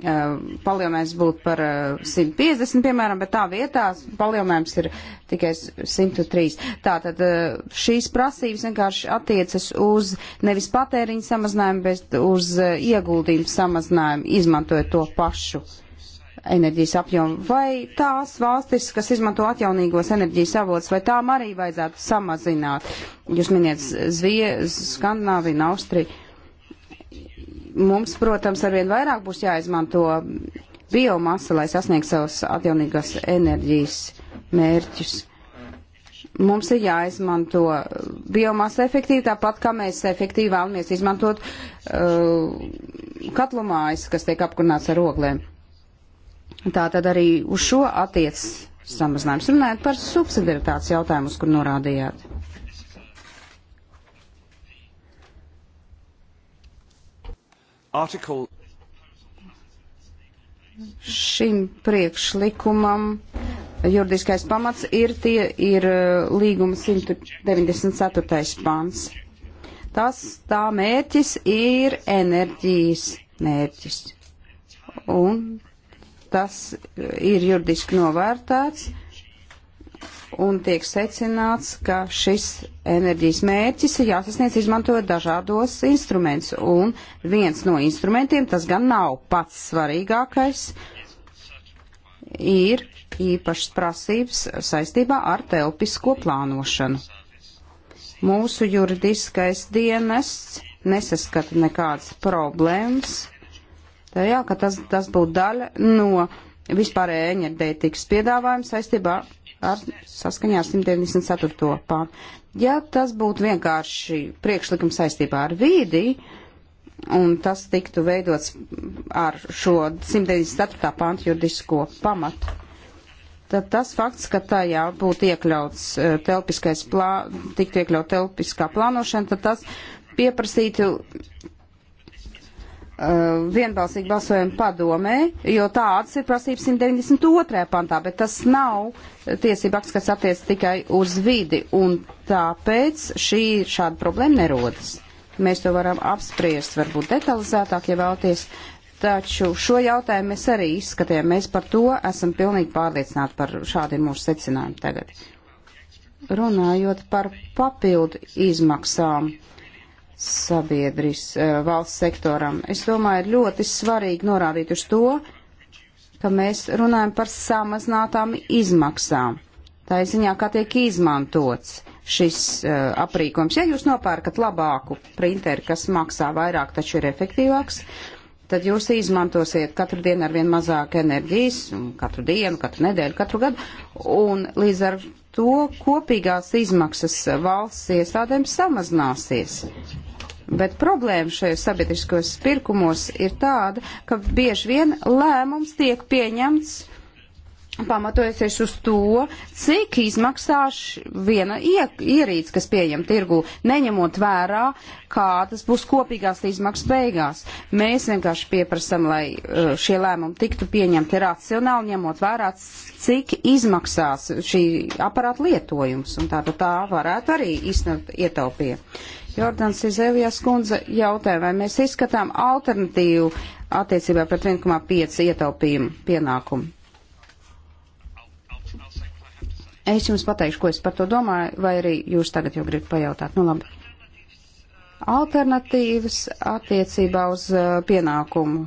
Eh, palielinājums būtu par 150, eh, piemēram, bet tā vietā palielinājums ir tikai 103. Tātad eh, šīs prasības vienkārši attiecas uz nevis patēriņu samazinājumu, bet uz ieguldījumu samazinājumu, izmantojot to pašu enerģijas apjomu. Vai tās valstis, kas izmanto atjaunīgos enerģijas avots, vai tām arī vajadzētu samazināt? Jūs miniet Zviedru, Skandināviju, Austriju mums, protams, arvien vairāk būs jāizmanto biomasa, lai sasniegtu savus atjaunīgās enerģijas mērķus. Mums ir jāizmanto biomasa efektīvi, tāpat kā mēs efektīvi vēlamies izmantot uh, katlumājas, kas tiek apkurināts ar oglēm. Tā tad arī uz šo attiec samazinājums. Runājot par subsidiaritātes jautājumus, kur norādījāt. Article... Šim priekšlikumam juridiskais pamats ir, tie, ir uh, līguma 194. pāns. Tas tā mērķis ir enerģijas mērķis. Un tas ir juridiski novērtēts un tiek secināts, ka šis enerģijas mērķis ir jāsasniedz izmantojot dažādos instrumentus, un viens no instrumentiem, tas gan nav pats svarīgākais, ir īpašas prasības saistībā ar telpisko plānošanu. Mūsu juridiskais dienests nesaskata nekādas problēmas, tajā, ka tas, tas būtu daļa no vispārējā enerģētikas piedāvājuma saistībā ar ar saskaņā ar 194. pāntu. Ja tas būtu vienkārši priekšlikums saistībā ar vīdi, un tas tiktu veidots ar šo 194. pāntu juridisko pamatu, tad tas fakts, ka tajā būtu iekļauts e, telpiskais plā, tiktu iekļaut telpiskā plānošana, tad tas pieprasītu Uh, vienbalsīgi balsojumu padomē, jo tāds ir prasības 192. pantā, bet tas nav tiesība akts, kas attiec tikai uz vidi, un tāpēc šī šāda problēma nerodas. Mēs to varam apspriest, varbūt detalizētāk, ja vēlaties, taču šo jautājumu mēs arī izskatījām. Mēs par to esam pilnīgi pārliecināti par šādiem mūsu secinājumiem tagad. Runājot par papildu izmaksām sabiedris eh, valsts sektoram. Es domāju, ir ļoti svarīgi norādīt uz to, ka mēs runājam par samazinātām izmaksām. Tā ir ziņā, kā tiek izmantots šis uh, aprīkojums. Ja jūs nopērkat labāku printeri, kas maksā vairāk, taču ir efektīvāks, tad jūs izmantosiet katru dienu ar vien mazāk enerģijas, katru dienu, katru nedēļu, katru gadu, un līdz ar to kopīgās izmaksas valsts iestādēm samazināsies. Bet problēma šajos sabiedriskos pirkumos ir tāda, ka bieži vien lēmums tiek pieņemts pamatojoties uz to, cik izmaksās viena ierīce, kas pieejama tirgu, neņemot vērā, kādas būs kopīgās izmaksas beigās. Mēs vienkārši pieprasam, lai uh, šie lēmumi tiktu pieņemti racionāli, ņemot vērā, cik izmaksās šī aparāta lietojums, un tātad tā varētu arī iznākt ietaupīt. Jordans Izēlijas kundze jautāja, vai mēs izskatām alternatīvu attiecībā pret 1,5 ietaupījumu pienākumu. Es jums pateikšu, ko es par to domāju, vai arī jūs tagad jau gribat pajautāt. Nu labi. Alternatīvas attiecībā uz uh, pienākumu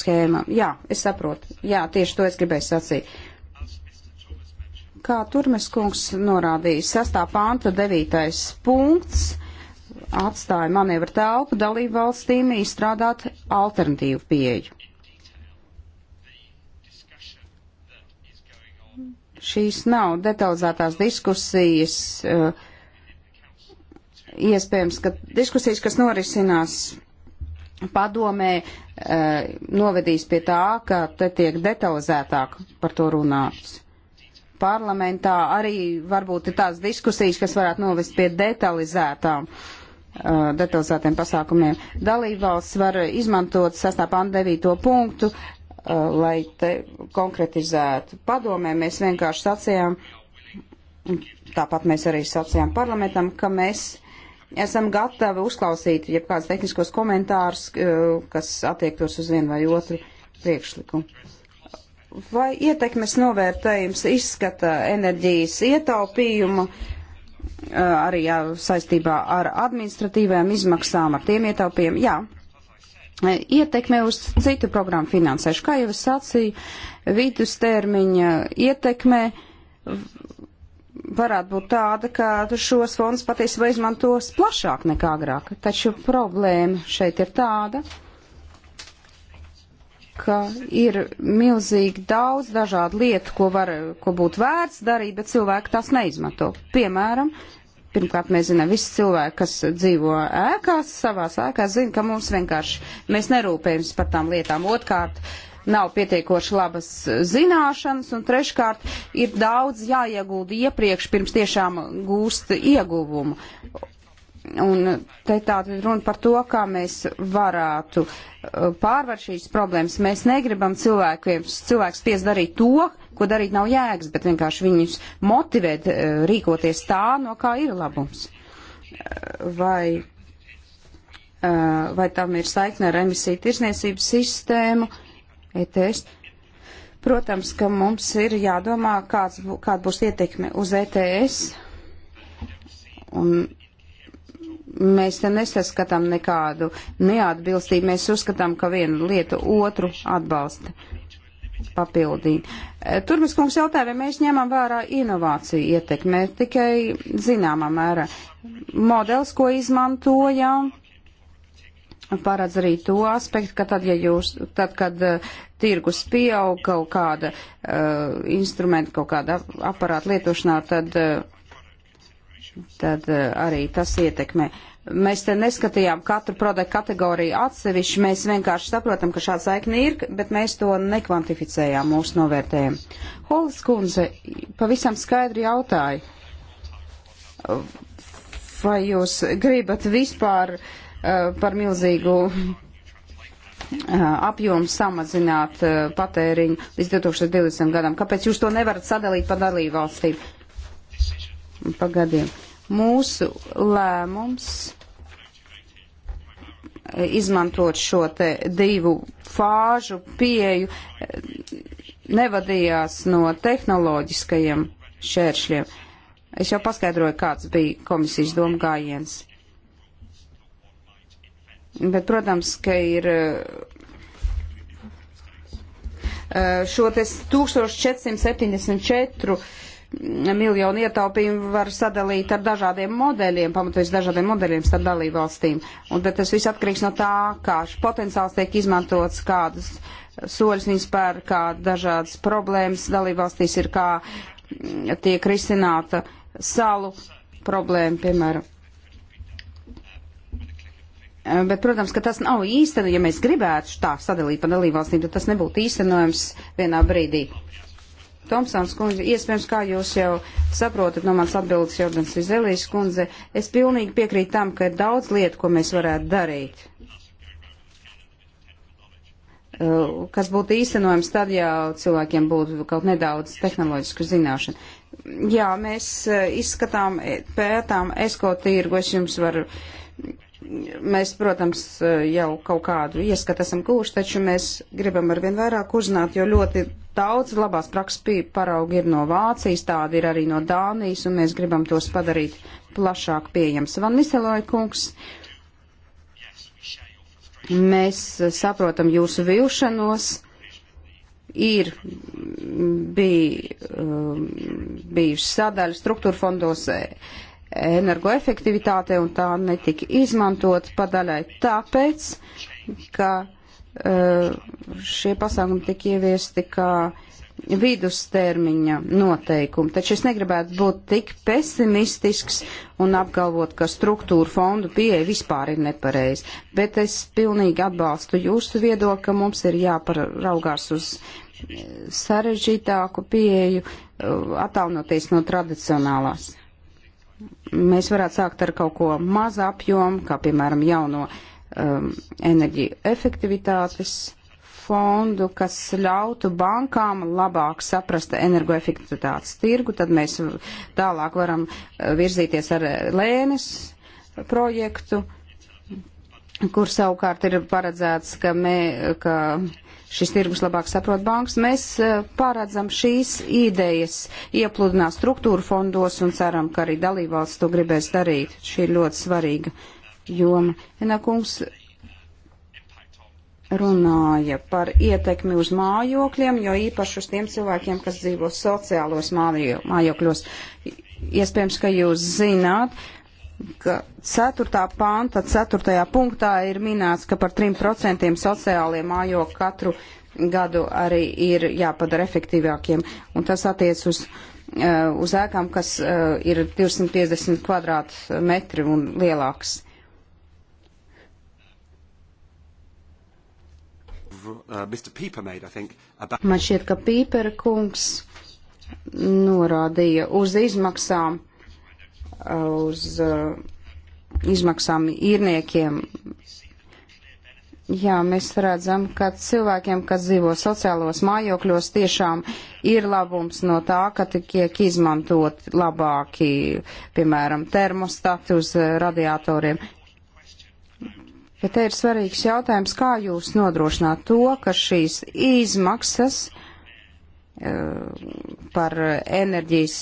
schēmām. Jā, es saprotu. Jā, tieši to es gribēju sacīt kā Turmes kungs norādīja, 6. panta 9. punkts atstāja manevru telpu dalību valstīm izstrādāt alternatīvu pieeju. Šīs nav detalizētās diskusijas. Eh, iespējams, ka diskusijas, kas norisinās padomē, eh, novedīs pie tā, ka te tiek detalizētāk par to runāts parlamentā arī varbūt ir tās diskusijas, kas varētu novest pie detalizētām Uh, detalizētiem pasākumiem. Dalībvalsts var izmantot 6. pantu 9. punktu, uh, lai te konkretizētu. Padomē mēs vienkārši sacījām, tāpat mēs arī sacījām parlamentam, ka mēs esam gatavi uzklausīt jebkādus tehniskos komentārus, uh, kas attiektos uz vienu vai otru priekšlikumu. Vai ietekmes novērtējums izskata enerģijas ietaupījumu? Uh, Eh, arī jā, saistībā ar administratīvajām izmaksām, ar tiem ietaupiem. Jā, eh, ietekme uz citu programmu finansēšu. Kā jau es sacīju, vidustermiņa ietekme varētu būt tāda, ka šos fondus patiesībā izmantos plašāk nekā agrāk. Taču problēma šeit ir tāda, ka ir milzīgi daudz dažādu lietu, ko, var, ko būtu vērts darīt, bet cilvēki tās neizmanto. Piemēram, pirmkārt, mēs zinām, visi cilvēki, kas dzīvo ēkās, savās ēkās, zina, ka mums vienkārši mēs nerūpējamies par tām lietām. Otkārt, nav pietiekoši labas zināšanas, un treškārt, ir daudz jāiegulda iepriekš, pirms tiešām gūst ieguvumu. Un te tātad runa par to, kā mēs varētu uh, pārvar šīs problēmas. Mēs negribam cilvēkiem, cilvēks spies darīt to, ko darīt nav jēgas, bet vienkārši viņus motivēt uh, rīkoties tā, no kā ir labums. Uh, vai, vai tam ir saikne ar emisiju tirsniecības sistēmu, ETS? Protams, ka mums ir jādomā, kāds, kāda būs ietekme uz ETS. Un Mēs te nesaskatām nekādu neatbilstību, mēs uzskatām, ka viena lieta otru atbalsta papildīt. E, Turmas kungs jautāja, vai mēs ņemam vērā inovāciju ietekmē tikai zināmā mērā. Modelis, ko izmantojam, paredz arī to aspektu, ka tad, ja jūs, tad, kad uh, tirgus pieaug kaut kāda uh, instrumenta, kaut kāda ap aparāta lietošanā, tad, uh, tad uh, arī tas ietekmē. Uh, Mēs te neskatījām katru produktu kategoriju atsevišķi, mēs vienkārši saprotam, ka šāda saikne ir, bet mēs to nekvantificējām mūsu novērtējumu. Holas kundze pavisam skaidri jautāja, vai jūs gribat vispār uh, par milzīgu eh, apjomu samazināt eh, patēriņu līdz 2020 gadam. Kāpēc jūs to nevarat sadalīt pa dalībvalstīm? Pagadiem. Mūsu lēmums eh, izmantot šo te divu fāžu pieju eh, nevadījās no tehnoloģiskajiem šēršļiem. Es jau paskaidroju, kāds bija komisijas domgājiens. Bet, protams, ka ir eh, šo te 1474 miljonu ietaupījumu var sadalīt ar dažādiem modeļiem, pamatoties dažādiem modeļiem starp dalībvalstīm. Un tad tas viss atkarīgs no tā, kā šis potenciāls tiek izmantots, kādas soļus viņi spēr, kā dažādas problēmas dalībvalstīs ir, kā tiek risināta salu problēma, piemēram. Bet, protams, ka tas nav īstenojams. Ja mēs gribētu tā sadalīt pa dalībvalstīm, tad tas nebūtu īstenojams vienā brīdī. Tomsons kundze, iespējams, kā jūs jau saprotat no manas atbildes Jordans Vizelijas kundze, es pilnīgi piekrītu tam, ka ir daudz lietu, ko mēs varētu darīt, uh, kas būtu īstenojams tad, ja cilvēkiem būtu kaut nedaudz tehnoloģisku zināšanu. Jā, mēs uh, izskatām, pētām esko tirgu, es jums varu Mēs, protams, jau kaut kādu ieskatu esam gūši, taču mēs gribam arvien vairāk uzzināt, jo ļoti daudz labās prakses paraugi ir no Vācijas, tādi ir arī no Dānijas, un mēs gribam tos padarīt plašāk pieejams. Van Niseloja kungs, mēs saprotam jūsu vilšanos ir bij, um, bijuši sadaļu struktūra fondos energoefektivitātei un tā netika izmantot padaļai tāpēc, ka eh, šie pasākumi tika ieviesti kā vidustermiņa noteikumi. Taču es negribētu būt tik pesimistisks un apgalvot, ka struktūra fondu pieeja vispār ir nepareiz. Bet es pilnīgi atbalstu jūsu viedokli, ka mums ir jāparaugās uz eh, sarežģītāku pieeju, eh, attālinoties no tradicionālās mēs varētu sākt ar kaut ko mazu apjomu, kā piemēram jauno um, enerģiju efektivitātes fondu, kas ļautu bankām labāk saprast energoefektivitātes tirgu, tad mēs tālāk varam uh, virzīties ar lēnes projektu, kur savukārt ir paredzēts, ka, mē, ka šis tirgus labāk saprot bankas. Mēs e, pārādzam šīs idejas iepludinā struktūru fondos un ceram, ka arī dalībvalsts to gribēs darīt. Šī ir ļoti svarīga joma. Enākums runāja par ietekmi uz mājokļiem, jo īpaši uz tiem cilvēkiem, kas dzīvo sociālos mājokļos. Iespējams, ka jūs zināt, ka 4. panta 4. punktā ir minēts, ka par 3% sociālajiem mājokļu katru gadu arī ir jāpadara efektīvākiem. Un tas attiec uz, eh, uz ēkām, kas eh, ir 250 kvadrātmetri un lielāks. Man šķiet, ka Pīpera kungs norādīja uz izmaksām uz uh, izmaksām īrniekiem. Jā, mēs redzam, ka cilvēkiem, kas dzīvo sociālos mājokļos, tiešām ir labums no tā, ka tiek izmantot labāki, piemēram, termostati uz uh, radiatoriem. Bet te ir svarīgs jautājums, kā jūs nodrošināt to, ka šīs izmaksas uh, par enerģijas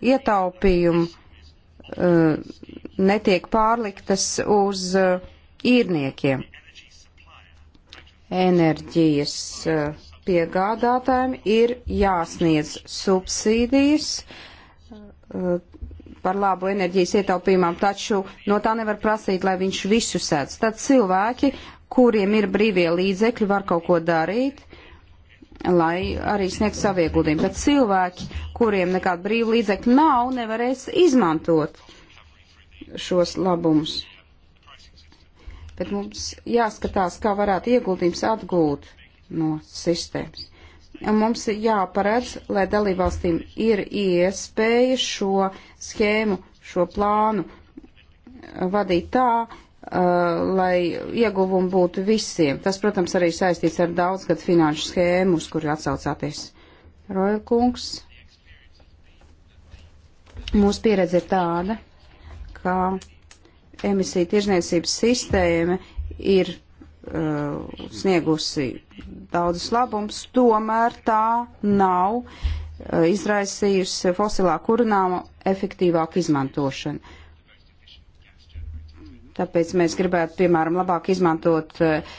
ietaupījumu Uh, netiek pārliktas uz uh, īrniekiem. Enerģijas uh, piegādātājiem ir jāsniedz subsīdijas par labu enerģijas ietaupījumam, taču no tā nevar prasīt, lai viņš visu sēdz. Tad cilvēki, kuriem ir brīvie līdzekļi, var kaut ko darīt, lai arī sniegtu savu ieguldījumu. Bet cilvēki, kuriem nekāda brīva līdzekļa nav, nevarēs izmantot šos labumus. Bet mums jāskatās, kā varētu ieguldījums atgūt no sistēmas. Un mums jāparedz, lai dalībvalstīm ir iespēja šo schēmu, šo plānu vadīt tā, Uh, lai ieguvumi būtu visiem. Tas, protams, arī saistīts ar daudzgad finanšu schēmu, uz kuru atsaucāties. Roja kungs, mūsu pieredze ir tāda, ka emisija tirzniecības sistēma ir uh, sniegusi daudzus labums, tomēr tā nav uh, izraisījusi fosilā kurināma efektīvāku izmantošanu Tāpēc mēs gribētu, piemēram, labāk izmantot eh,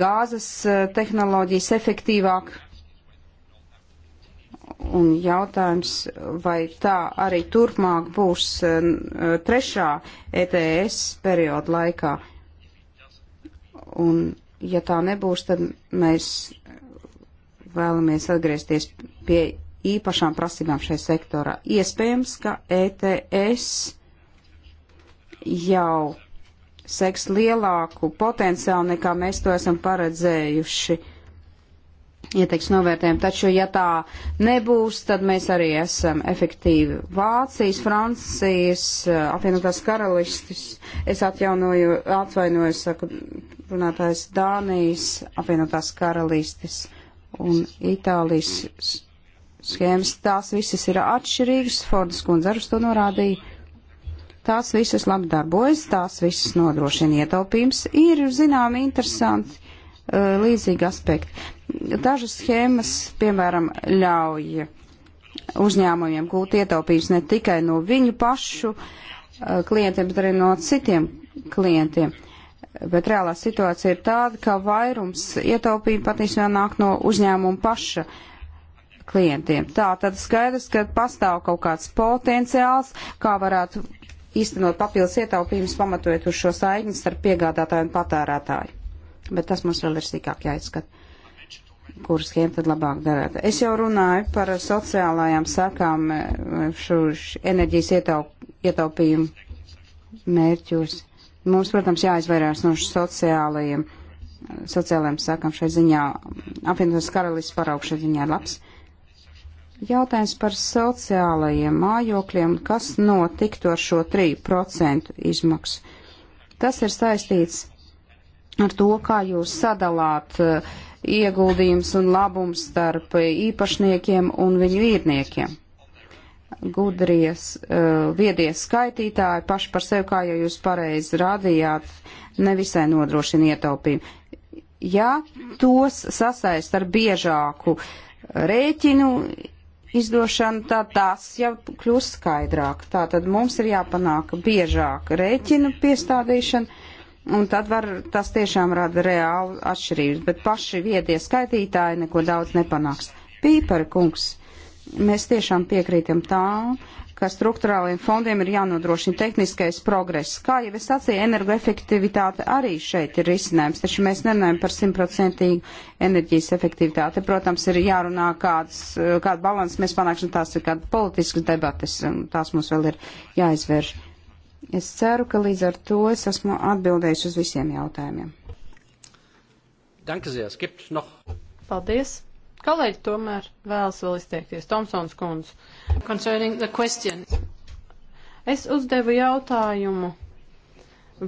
gāzes eh, tehnoloģijas efektīvāk. Un jautājums, vai tā arī turpmāk būs eh, trešā ETS perioda laikā. Un ja tā nebūs, tad mēs vēlamies atgriezties pie īpašām prasībām šajā sektorā. Iespējams, ka ETS jau seks lielāku potenciālu, nekā mēs to esam paredzējuši ieteiks novērtējumu. Taču, ja tā nebūs, tad mēs arī esam efektīvi. Vācijas, Francijas, eh, apvienotās karalistis, es atjaunoju, atvainojos, saku, runātājs Dānijas, apvienotās karalistis un Itālijas schēmas, tās visas ir atšķirīgas. Fordas kundze arī uz to norādīja. Tās visas labi darbojas, tās visas nodrošina ietaupījums. Ir, zinām, interesanti uh, līdzīgi aspekti. Dažas schēmas, piemēram, ļauj uzņēmumiem gūt ietaupījums ne tikai no viņu pašu uh, klientiem, bet arī no citiem klientiem. Bet reālā situācija ir tāda, ka vairums ietaupījumu patiesībā nāk no uzņēmuma paša klientiem. Tā tad skaidrs, ka pastāv kaut kāds potenciāls, kā varētu īstenot papildus ietaupījumus, pamatojot uz šo saikni starp piegādātāju un patērētāju. Bet tas mums vēl ir sīkāk jāizskata kuras schēma tad labāk darētu. Es jau runāju par sociālājām sakām eh, šo enerģijas ietaup, ietaupījumu mērķos. Mums, protams, jāizvairās no sociālajiem, sociālajiem sakām šai ziņā. Apvienotās karalists paraugšai ziņā ir labs. Jautājums par sociālajiem mājokļiem, kas notiktu ar šo 3% izmaksu. Tas ir saistīts ar to, kā jūs sadalāt eh, ieguldījums un labums starp eh, īpašniekiem un viņu īrniekiem. Gudries, eh, viedie skaitītāji paši par sevi, kā jau jūs pareizi rādījāt, nevisai nodrošina ietaupījumu. Ja tos sasaist ar biežāku rēķinu, izdošanu, tad tās jau kļūst skaidrāk. Tātad mums ir jāpanāk biežāk rēķinu piestādīšana, un tad var tas tiešām rada reālu atšķirības, bet paši viedie skaitītāji neko daudz nepanāks. Pīpara kungs, mēs tiešām piekrītam tā, ka struktūrāliem fondiem ir jānodrošina tehniskais progress. Kā jau es sacīju, energoefektivitāte arī šeit ir risinājums, taču mēs nerunājam par simtprocentīgu enerģijas efektivitāti. Protams, ir jārunā kāds, kāda balans mēs panāksim, tās ir kāda politiskas debates, un tās mums vēl ir jāizvērš. Es ceru, ka līdz ar to es esmu atbildējis uz visiem jautājumiem. Danke sehr. Es gibt noch. Paldies. Kolēģi tomēr vēlas vēl izteikties. Tomsons kundze. Concerning the question. Es uzdevu jautājumu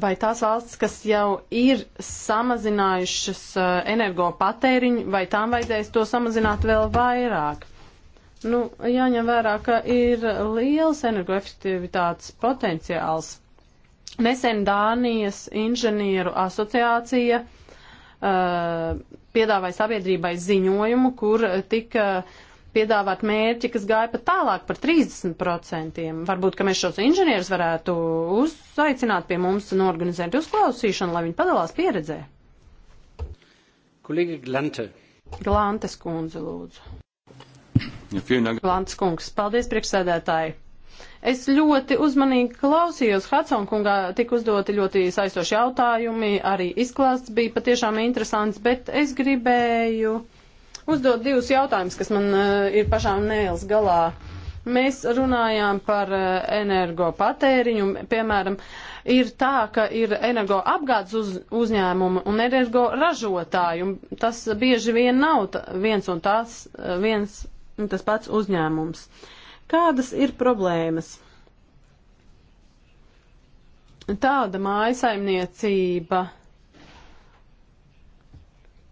vai tās valstis, kas jau ir samazinājušas uh, energopatēriņu, vai tām vajadzēs to samazināt vēl vairāk? Nu, jāņem vērā, ka ir liels energoefektivitātes potenciāls. Nesen Dānijas inženieru asociācija uh, piedāvāja sabiedrībai ziņojumu, kur tika piedāvāt mērķi, kas gāja pat tālāk par 30%. Varbūt, ka mēs šos inženierus varētu uzaicināt pie mums un organizēt uzklausīšanu, lai viņi padalās pieredzē. Kolēģi Glante. Glantes kundze, lūdzu. Ja, Glantes kungs, paldies priekšsēdētāji. Es ļoti uzmanīgi klausījos Hatsonkungā, tik uzdoti ļoti saistoši jautājumi, arī izklāsts bija patiešām interesants, bet es gribēju uzdot divus jautājumus, kas man uh, ir pašām nēls galā. Mēs runājām par uh, eh, energo patēriņu, piemēram, uh, ir tā, ka ir energoapgādes uz, uzņēmumi un energoražotāji, un tas bieži vien nav viens un tās, eh, viens un tas pats uzņēmums. Uh, Kādas ir problēmas? Tāda mājasaimniecība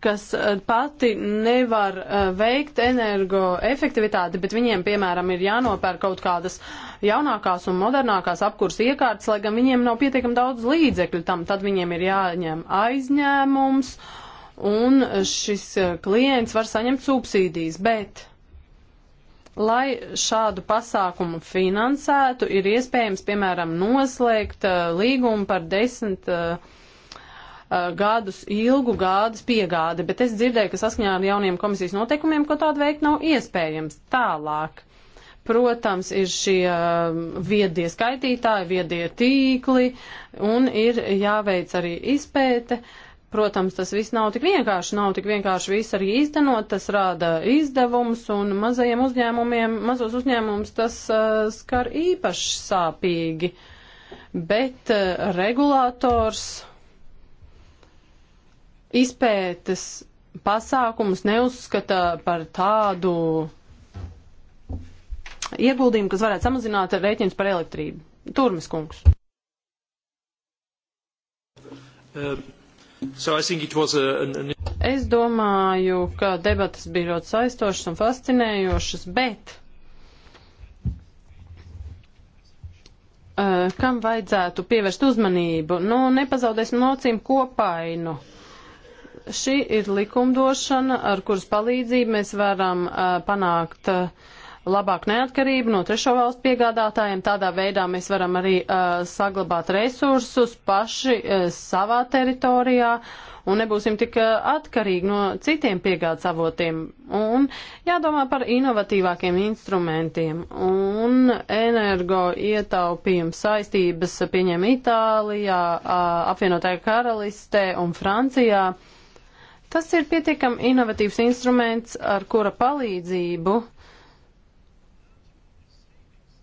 kas eh, pati nevar eh, veikt energoefektivitāti, bet viņiem, piemēram, ir jānopērk kaut kādas jaunākās un modernākās apkurs iekārtas, lai gan viņiem nav pietiekami daudz līdzekļu tam, tad viņiem ir jāņem aizņēmums un šis eh, klients var saņemt subsīdijas, bet Lai šādu pasākumu finansētu, ir iespējams, piemēram, noslēgt uh, līgumu par desmit uh, uh gadus ilgu gādas piegādi, bet es dzirdēju, ka saskaņā ar jauniem komisijas noteikumiem, ko tādu veikt nav iespējams. Tālāk, protams, ir šie uh, viedie skaitītāji, viedie tīkli un ir jāveic arī izpēte. Uh, Protams, tas viss nav tik vienkārši, nav tik vienkārši viss arī iztenot, tas rāda izdevums un mazajiem uzņēmumiem, mazos uzņēmumus tas uh, skar īpaši sāpīgi, bet uh, regulators izpētes pasākumus neuzskata par tādu ieguldījumu, kas varētu samazināt rēķins par elektrību. Turmes kungs. Uh. So a, an... Es domāju, ka debatas bija ļoti saistošas un fascinējošas, bet uh, kam vajadzētu pievērst uzmanību? Nu, nepazaudēsim nocīm kopainu. Šī ir likumdošana, ar kuras palīdzību mēs varam uh, panākt uh, labāku neatkarību no trešo valstu piegādātājiem. Tādā veidā mēs varam arī uh, saglabāt resursus paši uh, savā teritorijā un nebūsim tik uh, atkarīgi no citiem piegādes avotiem. Un jādomā par inovatīvākiem instrumentiem. Un energo ietaupījums saistības uh, pieņem Itālijā, uh, apvienotāja karalistē un Francijā. Tas ir pietiekami inovatīvs instruments, ar kura palīdzību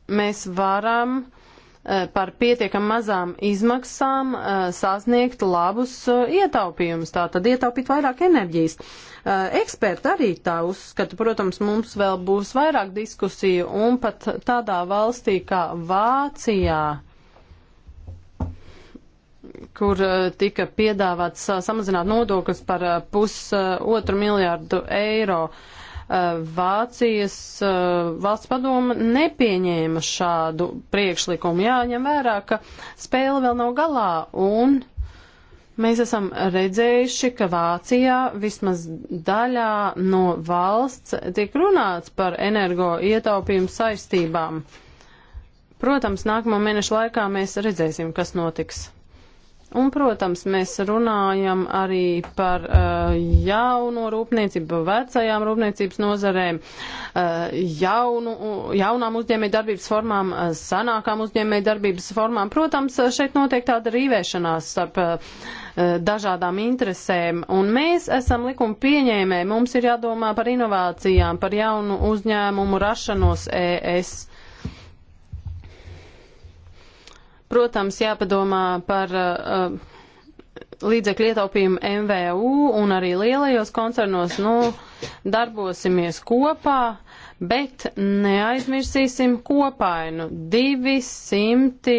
mēs varam eh, par pietiekam mazām izmaksām eh, sasniegt labus eh, ietaupījumus, tā tad ietaupīt vairāk enerģijas. Eksperti arī tā uzskata, protams, mums vēl būs vairāk diskusiju un pat tādā valstī kā Vācijā kur tika piedāvāts samazināt nodokļus par pusotru miljārdu eiro. Uh, Eh, Vācijas eh, valsts padoma nepieņēma šādu priekšlikumu. Jāņem vērā, ka spēle vēl nav galā un Mēs esam redzējuši, ka Vācijā vismaz daļā no valsts tiek runāts par energo ietaupījumu saistībām. Protams, nākamo mēnešu laikā mēs redzēsim, kas notiks. Un, protams, mēs runājam arī par uh, jauno rūpniecību, vecajām rūpniecības nozarēm, uh, jaunu, jaunām uzņēmējdarbības formām, uh, eh, sanākām uzņēmējdarbības formām. Protams, šeit notiek tāda rīvēšanās starp uh, dažādām interesēm, un mēs esam likuma pieņēmēji. Mums ir jādomā par inovācijām, par jaunu uzņēmumu rašanos ES. Protams, jāpadomā par uh, līdzekļu ietaupījumu MVU un arī lielajos koncernos. Nu, darbosimies kopā, bet neaizmirsīsim kopainu 200,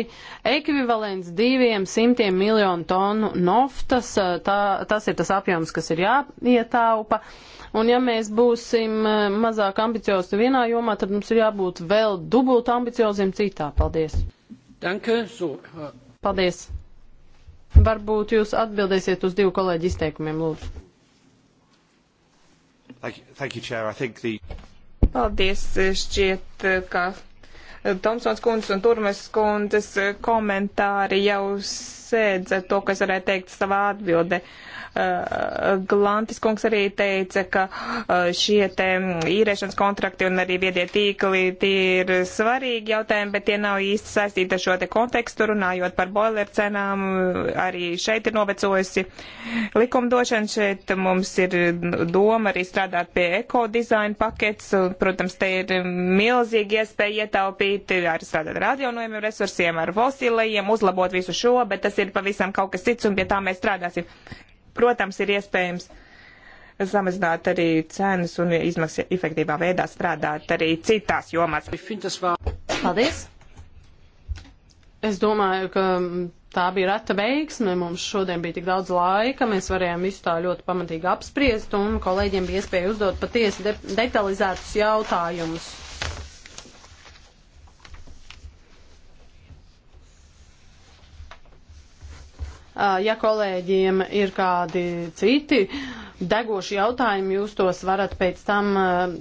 ekvivalents 200 miljonu tonu naftas, uh, tā, tas ir tas apjoms, kas ir jāietaupa. Un ja mēs būsim uh, mazāk ambiciozi vienā jomā, tad mums ir jābūt vēl dubult ambicioziem citā. Paldies! Danke, so. Paldies. Varbūt jūs atbildēsiet uz divu kolēģu izteikumiem, lūdzu. Thank you, thank you, Chair. I think the... Paldies, šķiet, ka Tomsons kundzes un Turmes kundzes komentāri jau sēdz to, ko es varēju teikt savā atbildē. Uh, Glantis kungs arī teica, ka uh, šie te īrēšanas kontrakti un arī viedie tīkli tie ir svarīgi jautājumi, bet tie nav īsti saistīti ar šo te kontekstu, runājot par boiler cenām. Arī šeit ir novecojusi likumdošana, šeit mums ir doma arī strādāt pie ekodizaina pakets. Protams, te ir milzīgi iespēja ietaupīt ar strādāt ar atjaunojumiem resursiem, ar fosilējiem, uzlabot visu šo, bet tas tas ir pavisam kaut kas cits, un pie tā mēs strādāsim. Protams, ir iespējams samazināt arī cenas un izmaksas efektīvā veidā strādāt arī citās jomās. Paldies! Es domāju, ka tā bija reta veiksme. Mums šodien bija tik daudz laika, mēs varējām visu tā ļoti pamatīgi apspriest, un kolēģiem bija iespēja uzdot patiesi de detalizētus jautājumus. Ja kolēģiem ir kādi citi degoši jautājumi, jūs tos varat pēc tam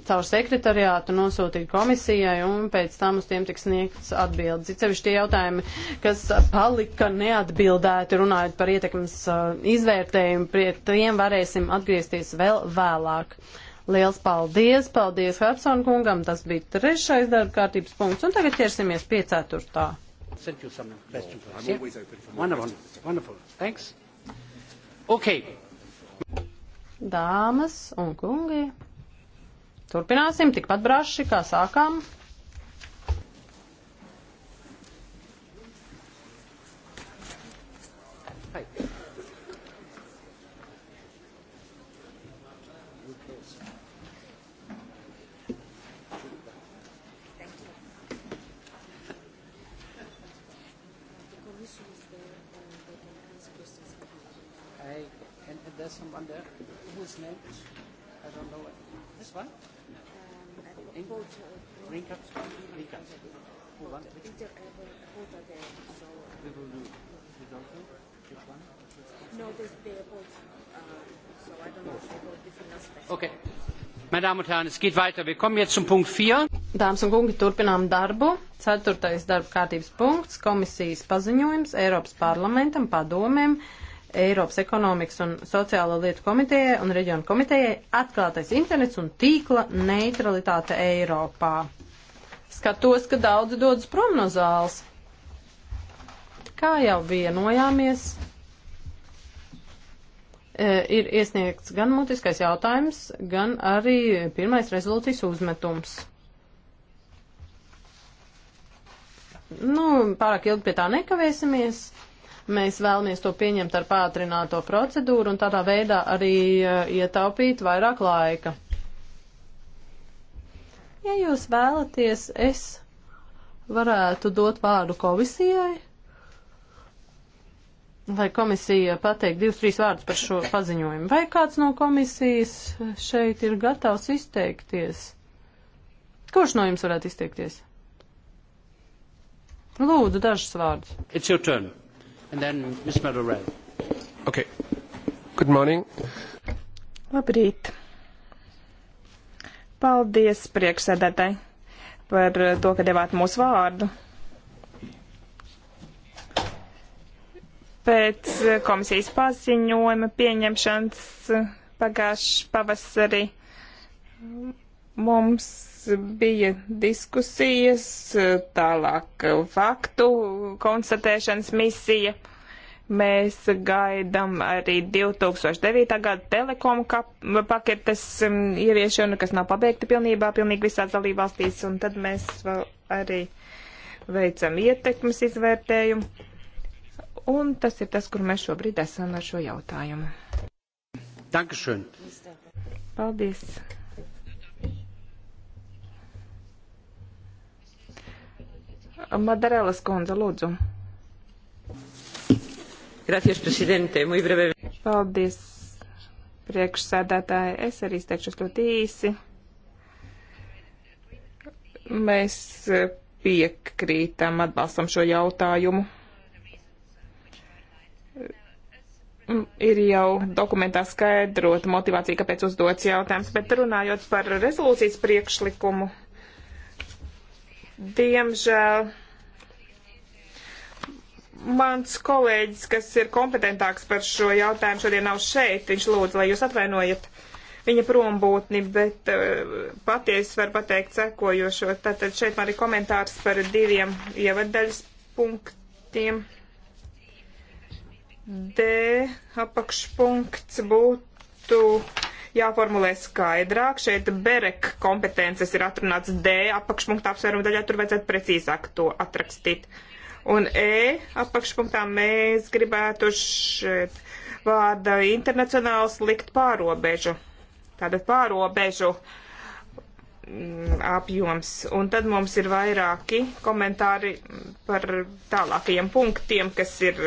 caur sekretariātu nosūtīt komisijai un pēc tam uz tiem tiks sniegts atbildes. Cevišķi tie jautājumi, kas palika neatbildēti runājot par ietekmes izvērtējumu, pie tiem varēsim atgriezties vēl vēlāk. Liels paldies! Paldies Hapsona kungam! Tas bija trešais darba kārtības punkts, un tagad ķersimies pie ceturtā. Send you some questions. No, I'm yeah. always open for more Wonderful. questions. Wonderful. Thanks. Ok. Dāmas un kungi, turpināsim tikpat braši, kā sākām. Hai. his name is? I don't know. This one? No. Um, I think both. Uh, Rinka? Rinka. Who won? Which one? Both are there. So, uh, we will do. You don't know? Which one? No, they, they are both. Uh, so I don't know if they both different aspects. Okay. Meine Damen und Herren, es geht weiter. Wir kommen jetzt zum Punkt 4. Dāmas un kungi, turpinām darbu. Ceturtais darba kārtības punkts - komisijas paziņojums Eiropas parlamentam, padomēm, uh, Eiropas ekonomikas un sociālo lietu komitejai un reģionu komitejai atklātais internets un tīkla neutralitāte Eiropā. Skatos, ka daudzi dodas prom no zāles. Kā jau vienojāmies, e, ir iesniegts gan mutiskais jautājums, gan arī pirmais rezolūcijas uzmetums. Nu, pārāk ilgi pie tā nekavēsimies. Uh, Mēs vēlamies to pieņemt ar pātrināto procedūru un tādā veidā arī eh, ietaupīt vairāk laika. Ja jūs vēlaties, es varētu dot vārdu komisijai. Vai komisija pateikt divus, trīs vārdus par šo paziņojumu? Vai kāds no komisijas šeit ir gatavs izteikties? Kurš no jums varētu izteikties? Lūdzu, dažus vārdus. It's your turn and then Ms. Madurell. Okay. Good morning. Labrīt. Paldies priekšsēdētāji par to, ka devāt mūsu vārdu. Pēc komisijas paziņojuma pieņemšanas pagājušā pavasarī Mums bija diskusijas, tālāk faktu konstatēšanas misija. Mēs gaidām arī 2009. gada telekomu paketes um, ieviešanu, kas nav pabeigta pilnībā, pilnīgi visās dalībvalstīs, un tad mēs vēl arī veicam ietekmes izvērtējumu. Un tas ir tas, kur mēs šobrīd esam ar šo jautājumu. Dankeschön. Paldies. Madarelas kundze, lūdzu. Gracias, prezidente. Muy breve. Paldies, priekšsēdētāji. Es arī izteikšos ļoti īsi. Mēs piekrītam, atbalstam šo jautājumu. Ir jau dokumentā skaidrota motivācija, kāpēc uzdots jautājums, bet runājot par rezolūcijas priekšlikumu Diemžēl mans kolēģis, kas ir kompetentāks par šo jautājumu, šodien nav šeit. Viņš lūdza, lai jūs atvainojat viņa prombūtni, bet uh, patiesi var pateikt sekojošo. Tātad šeit man ir komentārs par diviem ievadaļas punktiem. D apakšpunkts būtu jāformulē skaidrāk. Šeit berek kompetences ir atrunāts D apakšpunktā apsvērumu daļā, tur vajadzētu precīzāk to atrakstīt. Un E apakšpunktā mēs gribētu šeit vārda internacionāls likt pārobežu. Tātad pārobežu mm, apjoms. Un tad mums ir vairāki komentāri par tālākajiem punktiem, kas ir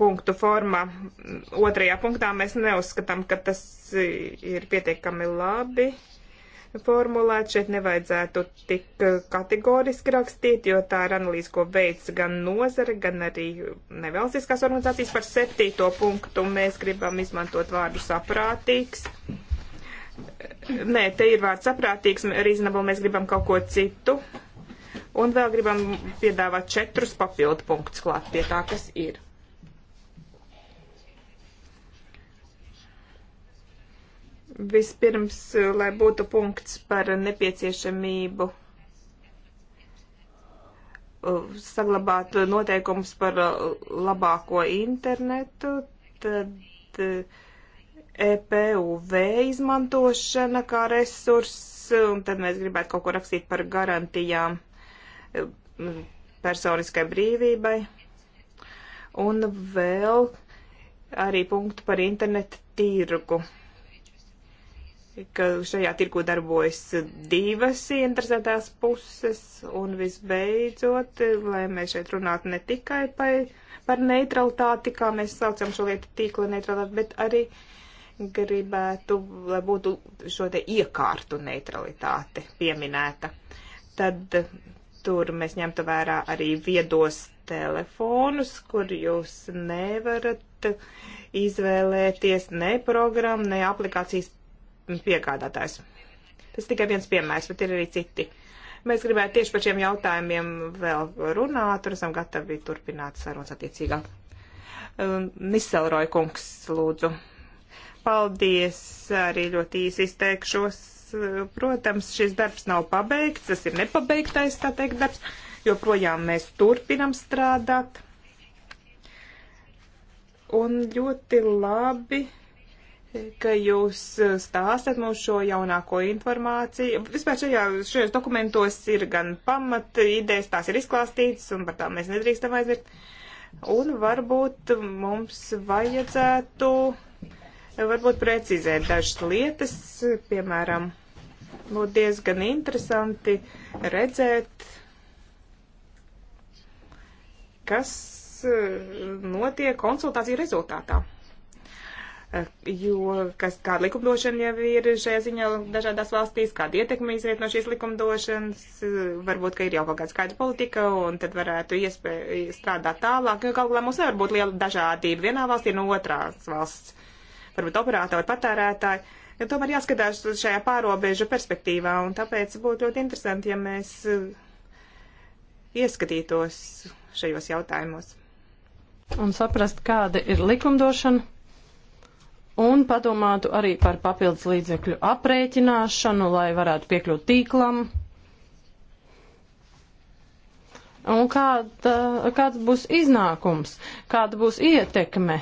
punktu formā. Otrajā punktā mēs neuzskatām, ka tas ir pietiekami labi formulēt. Šeit nevajadzētu tik kategoriski rakstīt, jo tā ir analīze, ko veids gan nozare, gan arī nevalstiskās organizācijas. Par septīto punktu mēs gribam izmantot vārdu saprātīgs. Nē, te ir vārds saprātīgs, reasonable, mēs gribam kaut ko citu. Un vēl gribam piedāvāt četrus papildu punktus klāt pie tā, kas ir. Vispirms, eh, lai būtu punkts par nepieciešamību eh, saglabāt noteikumus par eh, labāko internetu, tad EPUV e izmantošana kā resurss, un tad mēs gribētu kaut ko rakstīt par garantijām personiskai brīvībai. Un vēl arī punktu par internetu tirgu ka šajā tirgu darbojas divas interesētās puses, un visbeidzot, lai mēs šeit runātu ne tikai par, par neutralitāti, kā mēs saucam šo lietu tīkla neutralitāti, bet arī gribētu, lai būtu šo te iekārtu neutralitāte pieminēta. Tad tur mēs ņemtu vērā arī viedos telefonus, kur jūs nevarat izvēlēties ne programmu, ne aplikācijas Mm, piegādātājs. Tas tikai viens piemērs, bet ir arī citi. Mēs gribētu tieši par šiem jautājumiem vēl runāt un esam gatavi turpināt sarunas attiecīgāk. Um, Niselroja kungs, lūdzu. Paldies, arī ļoti īsi izteikšos. Protams, šis darbs nav pabeigts, tas ir nepabeigtais, tā teikt, darbs, joprojām mēs turpinam strādāt. Un ļoti labi ka jūs eh, stāstat mums šo jaunāko informāciju. Vispār šajā, šajos dokumentos ir gan pamata idejas, tās ir izklāstītas, un par tām mēs nedrīkstam aizmirst. Un varbūt mums vajadzētu, varbūt precizēt dažas lietas, piemēram, būtu diezgan interesanti redzēt, kas eh, notiek konsultāciju rezultātā jo kas, kāda likumdošana jau ir šajā ziņā dažādās valstīs, kāda ietekme izriet no šīs likumdošanas, varbūt, ka ir jau kaut kāda skaidra politika, un tad varētu iespēja strādāt tālāk, jo kaut kādā mums nevar būt liela dažādība vienā valstī no otrās valsts, varbūt operātori, patērētāji. Ja tomēr jāskatās šajā pārobežu perspektīvā, un tāpēc būtu ļoti interesanti, ja mēs eh, ieskatītos šajos jautājumos. Un saprast, kāda ir likumdošana un padomātu arī par papildus līdzekļu aprēķināšanu, lai varētu piekļūt tīklam. Un kāda, kāds būs iznākums, kāda būs ietekme?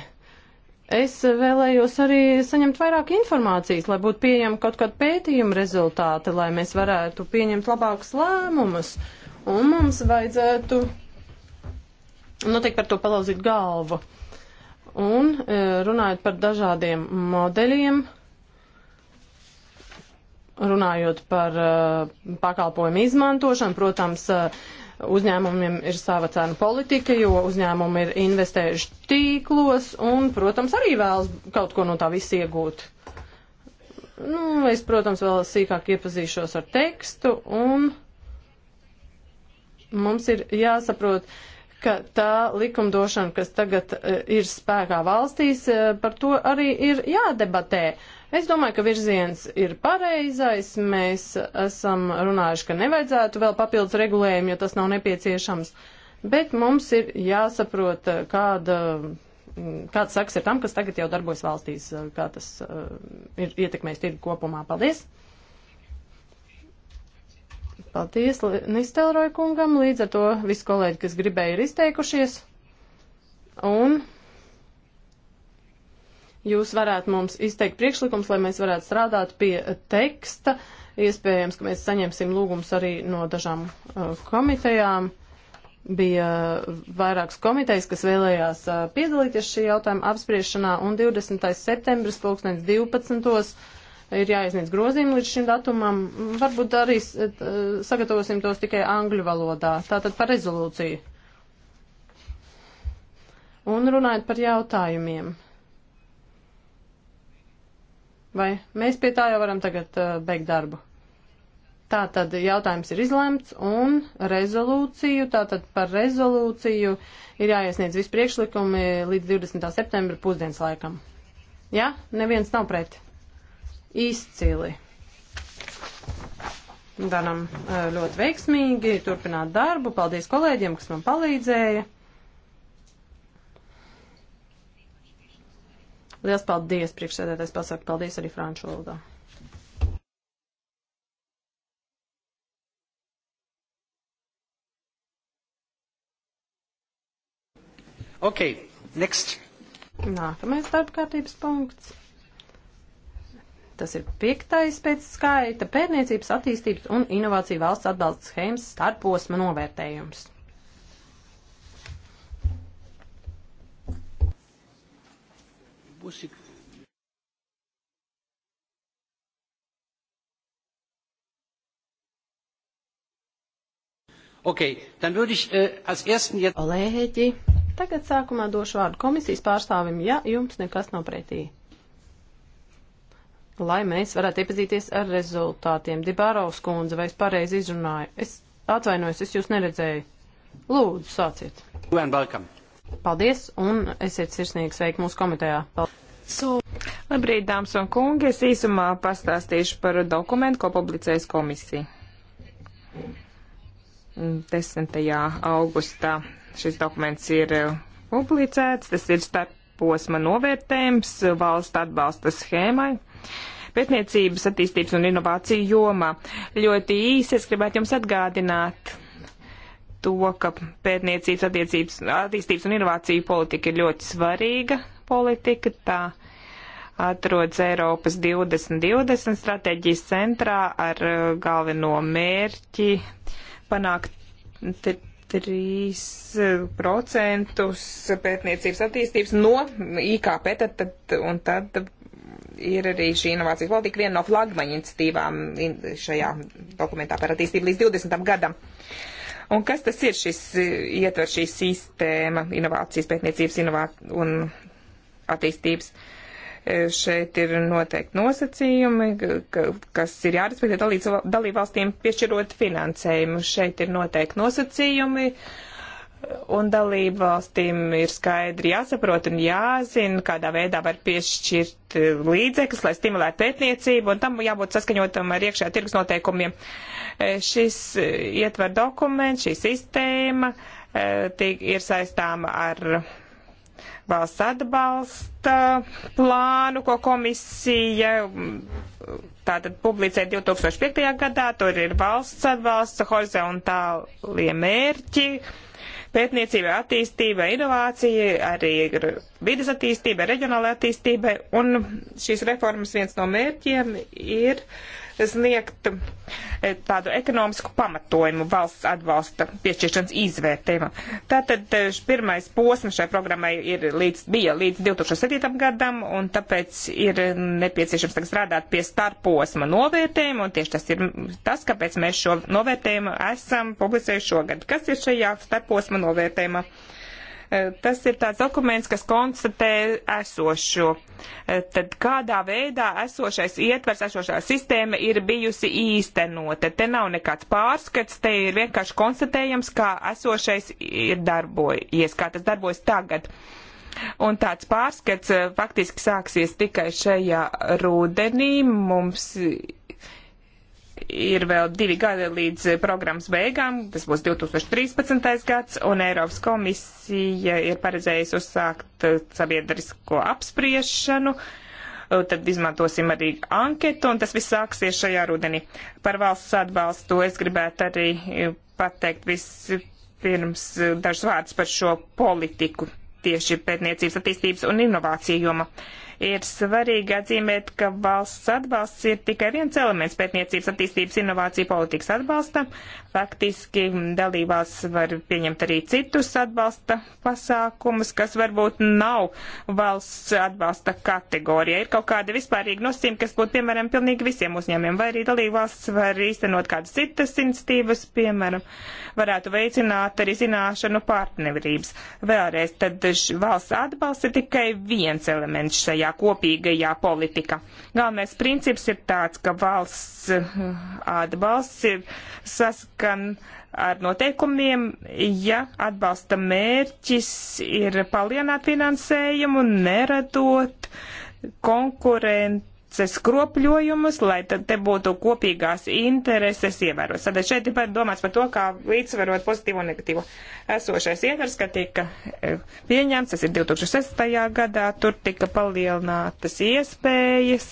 Es vēlējos arī saņemt vairāk informācijas, lai būtu pieejami kaut kādi pētījuma rezultāti, lai mēs varētu pieņemt labākus lēmumus. Un mums vajadzētu noteikti nu, par to palauzīt galvu. Un e, runājot par dažādiem modeļiem, runājot par e, pakalpojumu izmantošanu, protams, e, uzņēmumiem ir sava cena politika, jo uzņēmumi ir investējuši tīklos un, protams, arī vēlas kaut ko no tā visa iegūt. Nu, es, protams, vēl sīkāk iepazīšos ar tekstu un mums ir jāsaprot, uh, ka tā likumdošana, kas tagad e, ir spēkā valstīs, e, par to arī ir jādebatē. Es domāju, ka virziens ir pareizais. Mēs esam runājuši, ka nevajadzētu vēl papildus regulējumu, jo tas nav nepieciešams. Bet mums ir jāsaprot, e, kāda, kāds saks ir tam, kas tagad jau darbojas valstīs, kā tas uh, ir ietekmējis tirgu kopumā. Paldies! Paldies Nistelroja kungam, līdz ar to visi kolēģi, kas gribēja, ir izteikušies. Un jūs varētu mums izteikt priekšlikums, lai mēs varētu strādāt pie teksta. Iespējams, ka mēs saņemsim lūgums arī no dažām uh, komitejām bija vairākas komitejas, kas vēlējās uh, piedalīties šī jautājuma apspriešanā, un 20. septembris 2012 ir jāiesniedz grozījumi līdz šim datumam. Varbūt arī eh, sagatavosim tos tikai angļu valodā. Tātad par rezolūciju. Un runājot par jautājumiem. Vai mēs pie tā jau varam tagad eh, beigt darbu? Tā tad jautājums ir izlemts un rezolūciju, tātad par rezolūciju ir jāiesniedz visi priekšlikumi līdz 20. septembra pusdienas laikam. Ja? Neviens nav pret izcili. Varam eh, ļoti veiksmīgi turpināt darbu. Paldies kolēģiem, kas man palīdzēja. Liels paldies, priekšsēdētājs pasaka, paldies arī franču valodā. Ok, next. Nākamais darba kārtības punkts. Tas ir piektais pēc skaita pētniecības attīstības un inovāciju valsts atbalsta schēmas starposma novērtējums. Būsik. Okay, dann würde ich äh, als ersten jetzt. Kolēģi, tagad sākumā došu vārdu komisijas pārstāvim, ja jums nekas nav pretī lai mēs varētu iepazīties ar rezultātiem. Dibārovs kundze, vai es pareizi izrunāju? Es atvainojos, es jūs neredzēju. Lūdzu, sāciet. Paldies un esiet sirsnīgi sveiki mūsu komitejā. Paldies. So. Labrīt, dāmas un kungi, es īsumā pastāstīšu par dokumentu, ko publicējas komisija. 10. augustā šis dokuments ir eh, publicēts, tas ir starp posma novērtējums valsts atbalsta schēmai pētniecības, attīstības un inovāciju jomā. Ļoti īsi es gribētu jums atgādināt to, ka pētniecības, attīstības un inovāciju politika ir ļoti svarīga politika. Tā atrodas Eiropas 2020 stratēģijas centrā ar uh, galveno mērķi panākt 3% uh, pētniecības attīstības no IKP, tad, tad, un tad ir arī šī inovācijas politika viena no flagmaņa iniciatīvām šajā dokumentā par attīstību līdz 20. gadam. Un kas tas ir šis e, ietver šī sistēma inovācijas pētniecības inovā un attīstības? E, šeit ir noteikti nosacījumi, kas ir jārespektē dalībvalstīm piešķirot finansējumu. Šeit ir noteikti nosacījumi. Uh, un dalību valstīm ir skaidri jāsaprot un jāzina, kādā veidā var piešķirt eh, līdzekļus, lai stimulētu pētniecību, un tam jābūt saskaņotam ar iekšējā tirgus noteikumiem. Eh, šis eh, ietver dokuments, šī sistēma ir saistāma ar valsts atbalsta plānu, ko komisija mm, tātad publicē 2005. gadā. Tur ir valsts atbalsts, horizontālie mērķi pētniecībai, attīstībai, inovācijai, arī vidas attīstībai, reģionālajai attīstībai. Un šīs reformas viens no mērķiem ir uh, sniegt eh, tādu ekonomisku pamatojumu valsts atbalsta piešķiršanas izvērtējumam. Tātad eh, pirmais posms šai programmai ir līdz, bija līdz 2007. gadam, un tāpēc ir mm, nepieciešams tagad strādāt pie starposma novērtējuma, un tieši tas ir mm, tas, kāpēc mēs šo novērtējumu esam publicējuši šogad. Kas ir šajā starposma novērtējumā? Eh, tas ir tāds dokuments, kas konstatē esošo. Eh, tad kādā veidā esošais ietvers, esošā sistēma ir bijusi īstenota. Te nav nekāds pārskats, te ir vienkārši konstatējams, kā esošais ir darbojies, kā tas darbojas tagad. Un tāds pārskats eh, faktiski sāksies tikai šajā rudenī. Mums ir vēl divi gadi līdz eh, programmas beigām, tas būs 2013. gads, un Eiropas komisija ir paredzējusi uzsākt eh, sabiedrisko apspriešanu. Eh, tad izmantosim arī anketu, un tas viss sāksies šajā rudenī. Par valsts atbalstu es gribētu arī pateikt vispirms dažus vārdus par šo politiku tieši pētniecības attīstības un inovāciju jomā. Uh, Ir svarīgi atzīmēt, ka valsts atbalsts ir tikai viens elements pētniecības attīstības inovāciju politikas atbalstam. Faktiski dalībās var pieņemt arī citus atbalsta pasākumus, kas varbūt nav valsts atbalsta kategorija. Ir kaut kāda vispārīga nosīme, kas būtu, piemēram, pilnīgi visiem uzņēmiem, vai arī dalībvalsts var īstenot kādas citas institīvas, piemēram, varētu veicināt arī zināšanu partnerības. Vēlreiz, tad valsts atbalsts ir tikai viens elements šajā šajā kopīgajā politikā. Galvenais princips ir tāds, ka valsts eh, atbalsts ir saskan ar noteikumiem, ja atbalsta mērķis ir palielināt finansējumu, neradot konkurentu preces kropļojumus, lai tad te būtu kopīgās intereses ievērot. Tad šeit ir domāts par to, kā līdzsverot pozitīvo un negatīvo. Esošais ietvers, ka tika e, pieņemts, tas ir 2006. gadā, tur tika palielinātas iespējas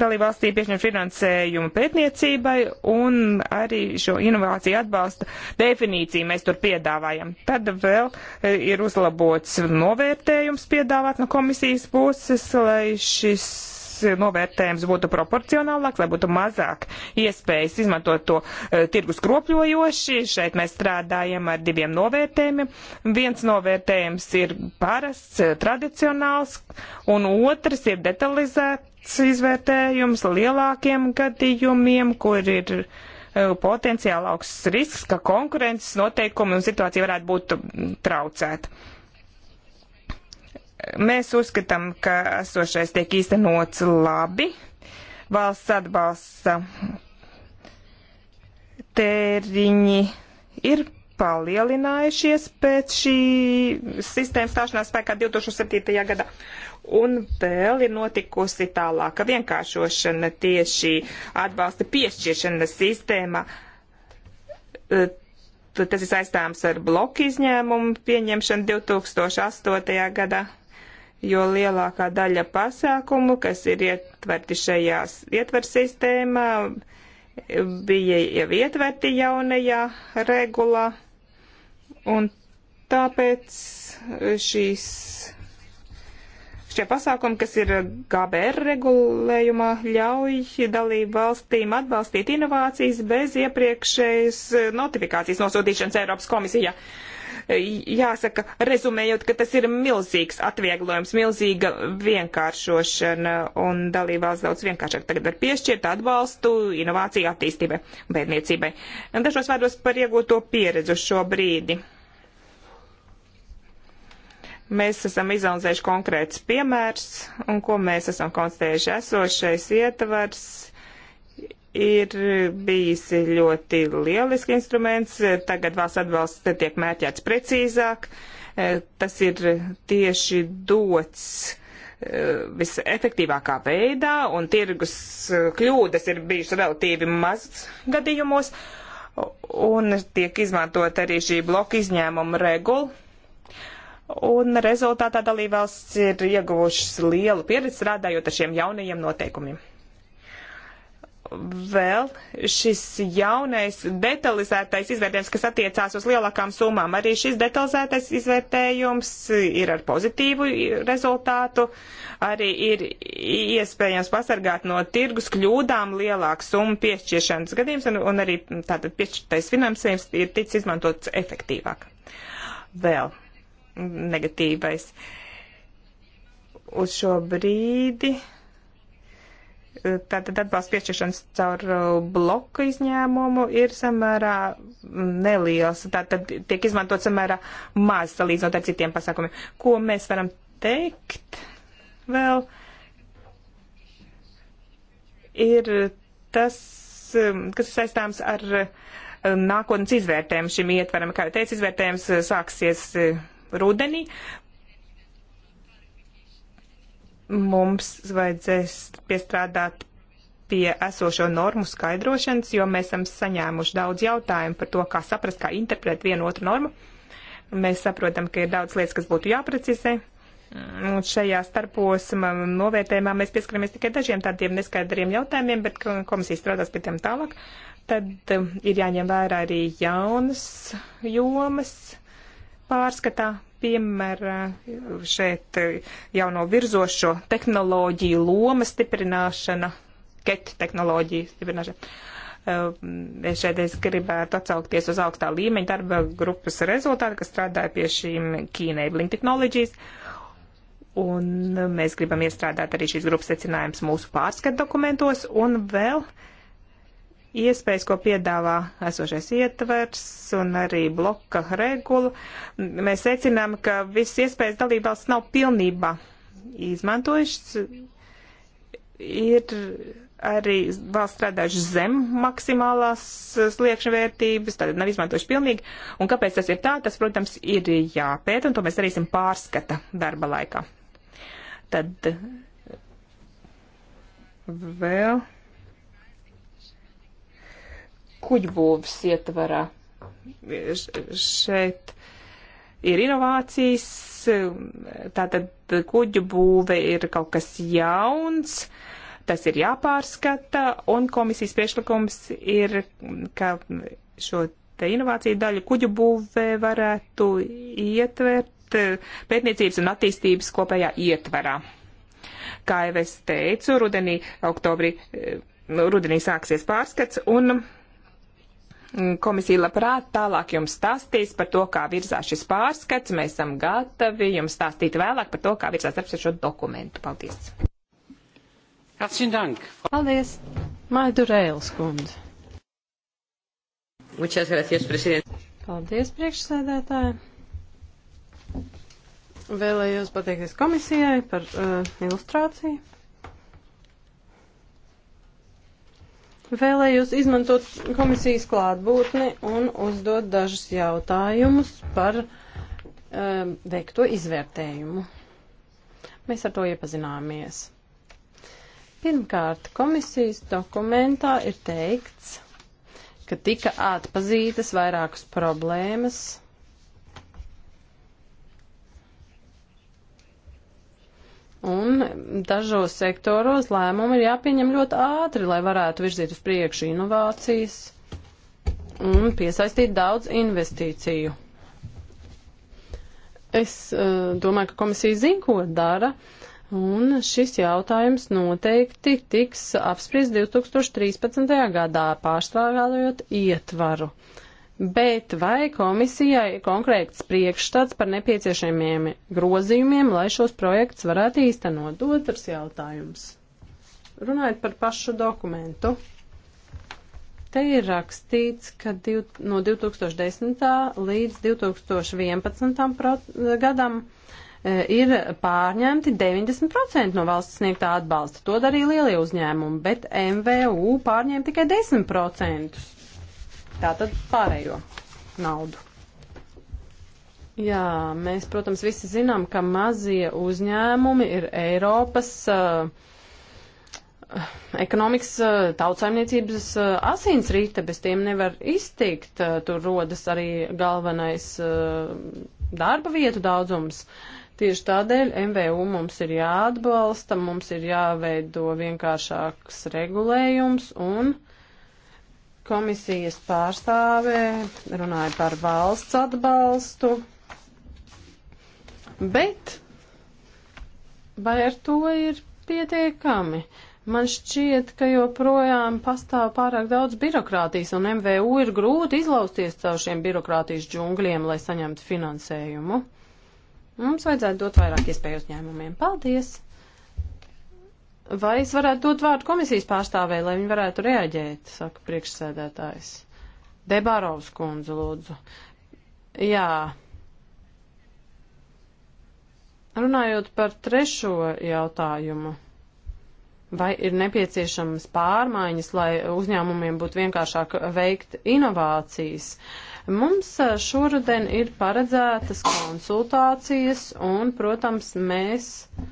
dalībvalstī piešķirt finansējumu pētniecībai un arī šo inovāciju atbalsta definīciju mēs tur piedāvājam. Tad vēl e, ir uzlabots novērtējums piedāvāt no komisijas puses, lai šis novērtējums būtu proporcionālāks, lai būtu mazāk iespējas izmantot to e, tirgus kropļojoši. Šeit mēs strādājam ar diviem novērtējumiem. Viens novērtējums ir parasts, e, tradicionāls, un otrs ir detalizēts izvērtējums lielākiem gadījumiem, kur ir e, potenciāli augsts risks, ka konkurences noteikumi un situācija varētu būt traucēta. Mēs uzskatām, ka esošais tiek īstenots labi. Valsts atbalsta tēriņi ir palielinājušies pēc šī sistēmas stāšanās spēkā 2007. gadā. Un vēl ir notikusi tālāka vienkāršošana tieši atbalsta piešķiršana sistēma. Tas ir saistāms ar bloku izņēmumu pieņemšanu 2008. gadā jo lielākā daļa pasākumu, kas ir ietverti šajās ietver sistēmā, bija jau ietverti jaunajā regulā, un tāpēc šīs, šie pasākumi, kas ir GBR regulējumā, ļauj dalību valstīm atbalstīt inovācijas bez iepriekšējas notifikācijas nosūtīšanas Eiropas komisijā. Uh, jāsaka, rezumējot, ka tas ir milzīgs atvieglojums, milzīga vienkāršošana un dalībvalsts daudz vienkāršāk tagad var piešķirt atbalstu inovāciju attīstībai un pētniecībai. Dažos vārdos par iegūto pieredzi uz šo brīdi. Mēs esam izanalizējuši konkrēts piemērs, un ko mēs esam konstatējuši esošais ietvars ir bijis ļoti lielisks instruments. Tagad valsts atbalsts tiek mērķēts precīzāk. E, tas ir tieši dots e, visefektīvākā veidā, un tirgus e, kļūdas ir bijušas relatīvi maz gadījumos, un tiek izmantot arī šī bloka izņēmuma regula. Un rezultātā dalībvalsts ir ieguvušas lielu pieredzi strādājot ar šiem jaunajiem noteikumiem vēl šis jaunais detalizētais izvērtējums, kas attiecās uz lielākām summām. Arī šis detalizētais izvērtējums ir ar pozitīvu rezultātu, arī ir iespējams pasargāt no tirgus kļūdām lielāku summu piešķiešanas gadījums, un, un arī tātad piešķirtais finansējums ir ticis izmantots efektīvāk. Vēl negatīvais. Uz šo brīdi Eh, tātad atbalsts piešķiršanas caur eh, bloku izņēmumu ir samērā mm, neliels, tātad tiek izmantot samērā maz salīdzinot ar citiem pasākumiem. Ko mēs varam teikt vēl? Ir tas, eh, kas ir saistāms ar nākotnes izvērtējumu šim ietveram. Kā jau teicu, izvērtējums sāksies rudenī, mums vajadzēs piestrādāt pie esošo normu skaidrošanas, jo mēs esam saņēmuši daudz jautājumu par to, kā saprast, kā interpretēt vienu otru normu. Mēs saprotam, ka ir daudz lietas, kas būtu jāprecizē. Un šajā starposma novērtējumā mēs pieskaramies tikai dažiem tādiem neskaidriem jautājumiem, bet komisija strādās pie tiem tālāk. Tad um, ir jāņem vērā arī jaunas jomas pārskatā, Piemēra šeit jauno virzošo tehnoloģiju loma stiprināšana, ket tehnoloģiju stiprināšana. Ehm, šeit es gribētu atsaukties uz augstā līmeņa darba grupas rezultātu, kas strādāja pie šīm Key Enabling Technologies. Un mēs gribam iestrādāt arī šīs grupas secinājumus mūsu pārskatu dokumentos. Un vēl uh, iespējas, ko piedāvā esošais ietvers un arī bloka regula, mēs secinām, ka visas iespējas dalībvalsts nav pilnībā izmantojušas. Ir arī valsts strādājuši zem maksimālās sliekšņa vērtības, tad nav izmantojuši pilnīgi. Un kāpēc tas ir tā, tas, protams, ir jāpēta, un to mēs darīsim pārskata darba laikā. Tad vēl. Well kuģbūvs ietvarā. Šeit ir inovācijas, tātad kuģu būve ir kaut kas jauns, tas ir jāpārskata, un komisijas priekšlikums ir, ka šo te inovāciju daļu kuģu būvē varētu ietvert pētniecības un attīstības kopējā ietverā. Kā jau es teicu, rudenī, oktobrī, eh, rudenī sāksies pārskats, un Komisija labprāt tālāk jums stāstīs par to, kā virzās šis pārskats. Mēs esam gatavi jums stāstīt vēlāk par to, kā virzās darbs ar šo dokumentu. Paldies! Paldies! Maidu Rēls kundze. Muchas gracias, presidente. Paldies, priekšsēdētāji. Vēlējos pateikties komisijai par uh, ilustrāciju. Vēlējos izmantot komisijas klātbūtni un uzdot dažus jautājumus par um, veikto izvērtējumu. Mēs ar to iepazināmies. Pirmkārt, komisijas dokumentā ir teikts, ka tika atpazītas vairākas problēmas Un dažos sektoros lēmumi ir jāpieņem ļoti ātri, lai varētu virzīt uz priekšu inovācijas un piesaistīt daudz investīciju. Es uh, domāju, ka komisija zina, ko dara, un šis jautājums noteikti tiks apspriests 2013. gadā, pārstrādājot ietvaru. Uh, bet vai komisijai ir konkrēts priekšstats par nepieciešamiem grozījumiem, lai šos projekts varētu īstenot? Otrs jautājums. Runājot par pašu dokumentu. Te ir rakstīts, ka div, no 2010. līdz 2011. Prot, gadam e, ir pārņemti 90% no valsts sniegtā atbalsta. To darīja lielie uzņēmumi, bet MVU pārņēma tikai 10% tātad pārējo naudu. Jā, mēs, protams, visi zinām, ka mazie uzņēmumi ir Eiropas uh, ekonomikas uh, tautsaimniecības uh, asins rīte, bez tiem nevar iztikt. Uh, tur rodas arī galvenais uh, darba vietu daudzums. Tieši tādēļ MVU mums ir jāatbalsta, mums ir jāveido vienkāršāks regulējums un uh, Komisijas pārstāvē runāja par valsts atbalstu, bet vai ar to ir pietiekami? Man šķiet, ka joprojām pastāv pārāk daudz birokrātijas, un MVU ir grūti izlausties caur šiem birokrātijas džungļiem, lai saņemtu finansējumu. Mums vajadzētu dot vairāk iespēju uzņēmumiem. Paldies! Vai es varētu dot vārdu komisijas pārstāvēju, lai viņi varētu reaģēt, saka priekšsēdētājs. Debārovs kundze, lūdzu. Jā. Runājot par trešo jautājumu, vai ir nepieciešamas pārmaiņas, lai uzņēmumiem būtu vienkāršāk veikt inovācijas? Mums eh, šoruden ir paredzētas konsultācijas un, protams, mēs. Uh,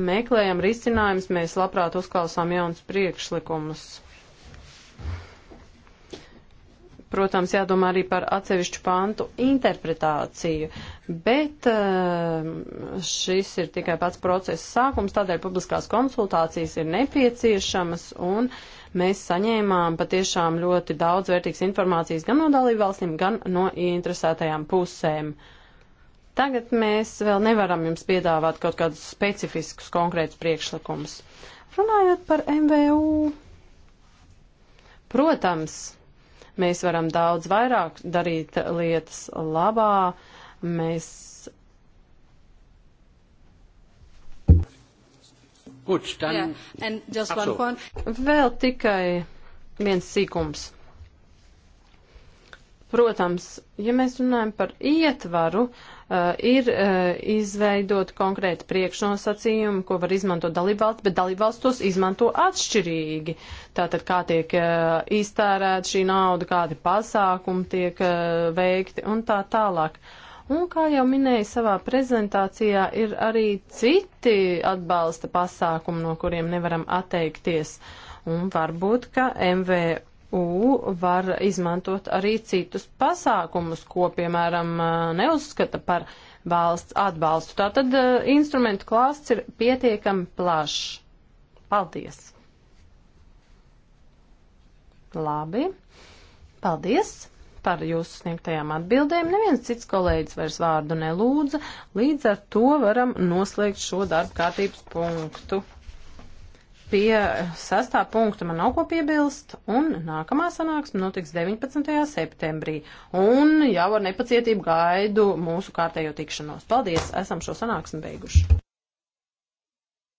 meklējam risinājumus, mēs labprāt uzklausām jaunas priekšlikumus. Protams, jādomā arī par atsevišķu pantu interpretāciju, bet ehm, šis ir tikai pats procesa sākums, tādēļ publiskās konsultācijas ir nepieciešamas un mēs saņēmām patiešām ļoti daudz vērtīgas informācijas gan no dalībvalstīm, gan no ieinteresētajām pusēm. Uh, Tagad mēs vēl nevaram jums piedāvāt kaut kādus specifiskus konkrētus priekšlikumus. Runājot par MVU, protams, mēs varam daudz vairāk darīt lietas labā. Mēs Good, then... yeah, Vēl tikai viens sīkums. Protams, ja mēs runājam par ietvaru, uh, Eh, ir eh, izveidot konkrēti priekšnosacījumi, ko var izmantot dalībvalsts, bet dalībvalsts tos izmanto atšķirīgi. Tātad, kā tiek eh, iztērēta šī nauda, kādi pasākumi tiek veikti un tā tālāk. Un, kā jau minēju savā prezentācijā, ir arī citi atbalsta pasākumi, no kuriem nevaram atteikties. Un varbūt, ka MVU MVU var izmantot arī citus pasākumus, ko, piemēram, eh, neuzskata par valsts atbalstu. Tātad eh, instrumentu klāsts ir pietiekami plašs. Paldies! Labi. Paldies par jūsu sniegtajām atbildēm. Neviens cits kolēģis vairs vārdu nelūdza, līdz ar to varam noslēgt šo darba kārtības punktu pie sastā punkta man nav ko piebilst, un nākamā sanāksme notiks 19. septembrī. Un jau ar nepacietību gaidu mūsu kārtējo tikšanos. Paldies, esam šo sanāksmi beiguši.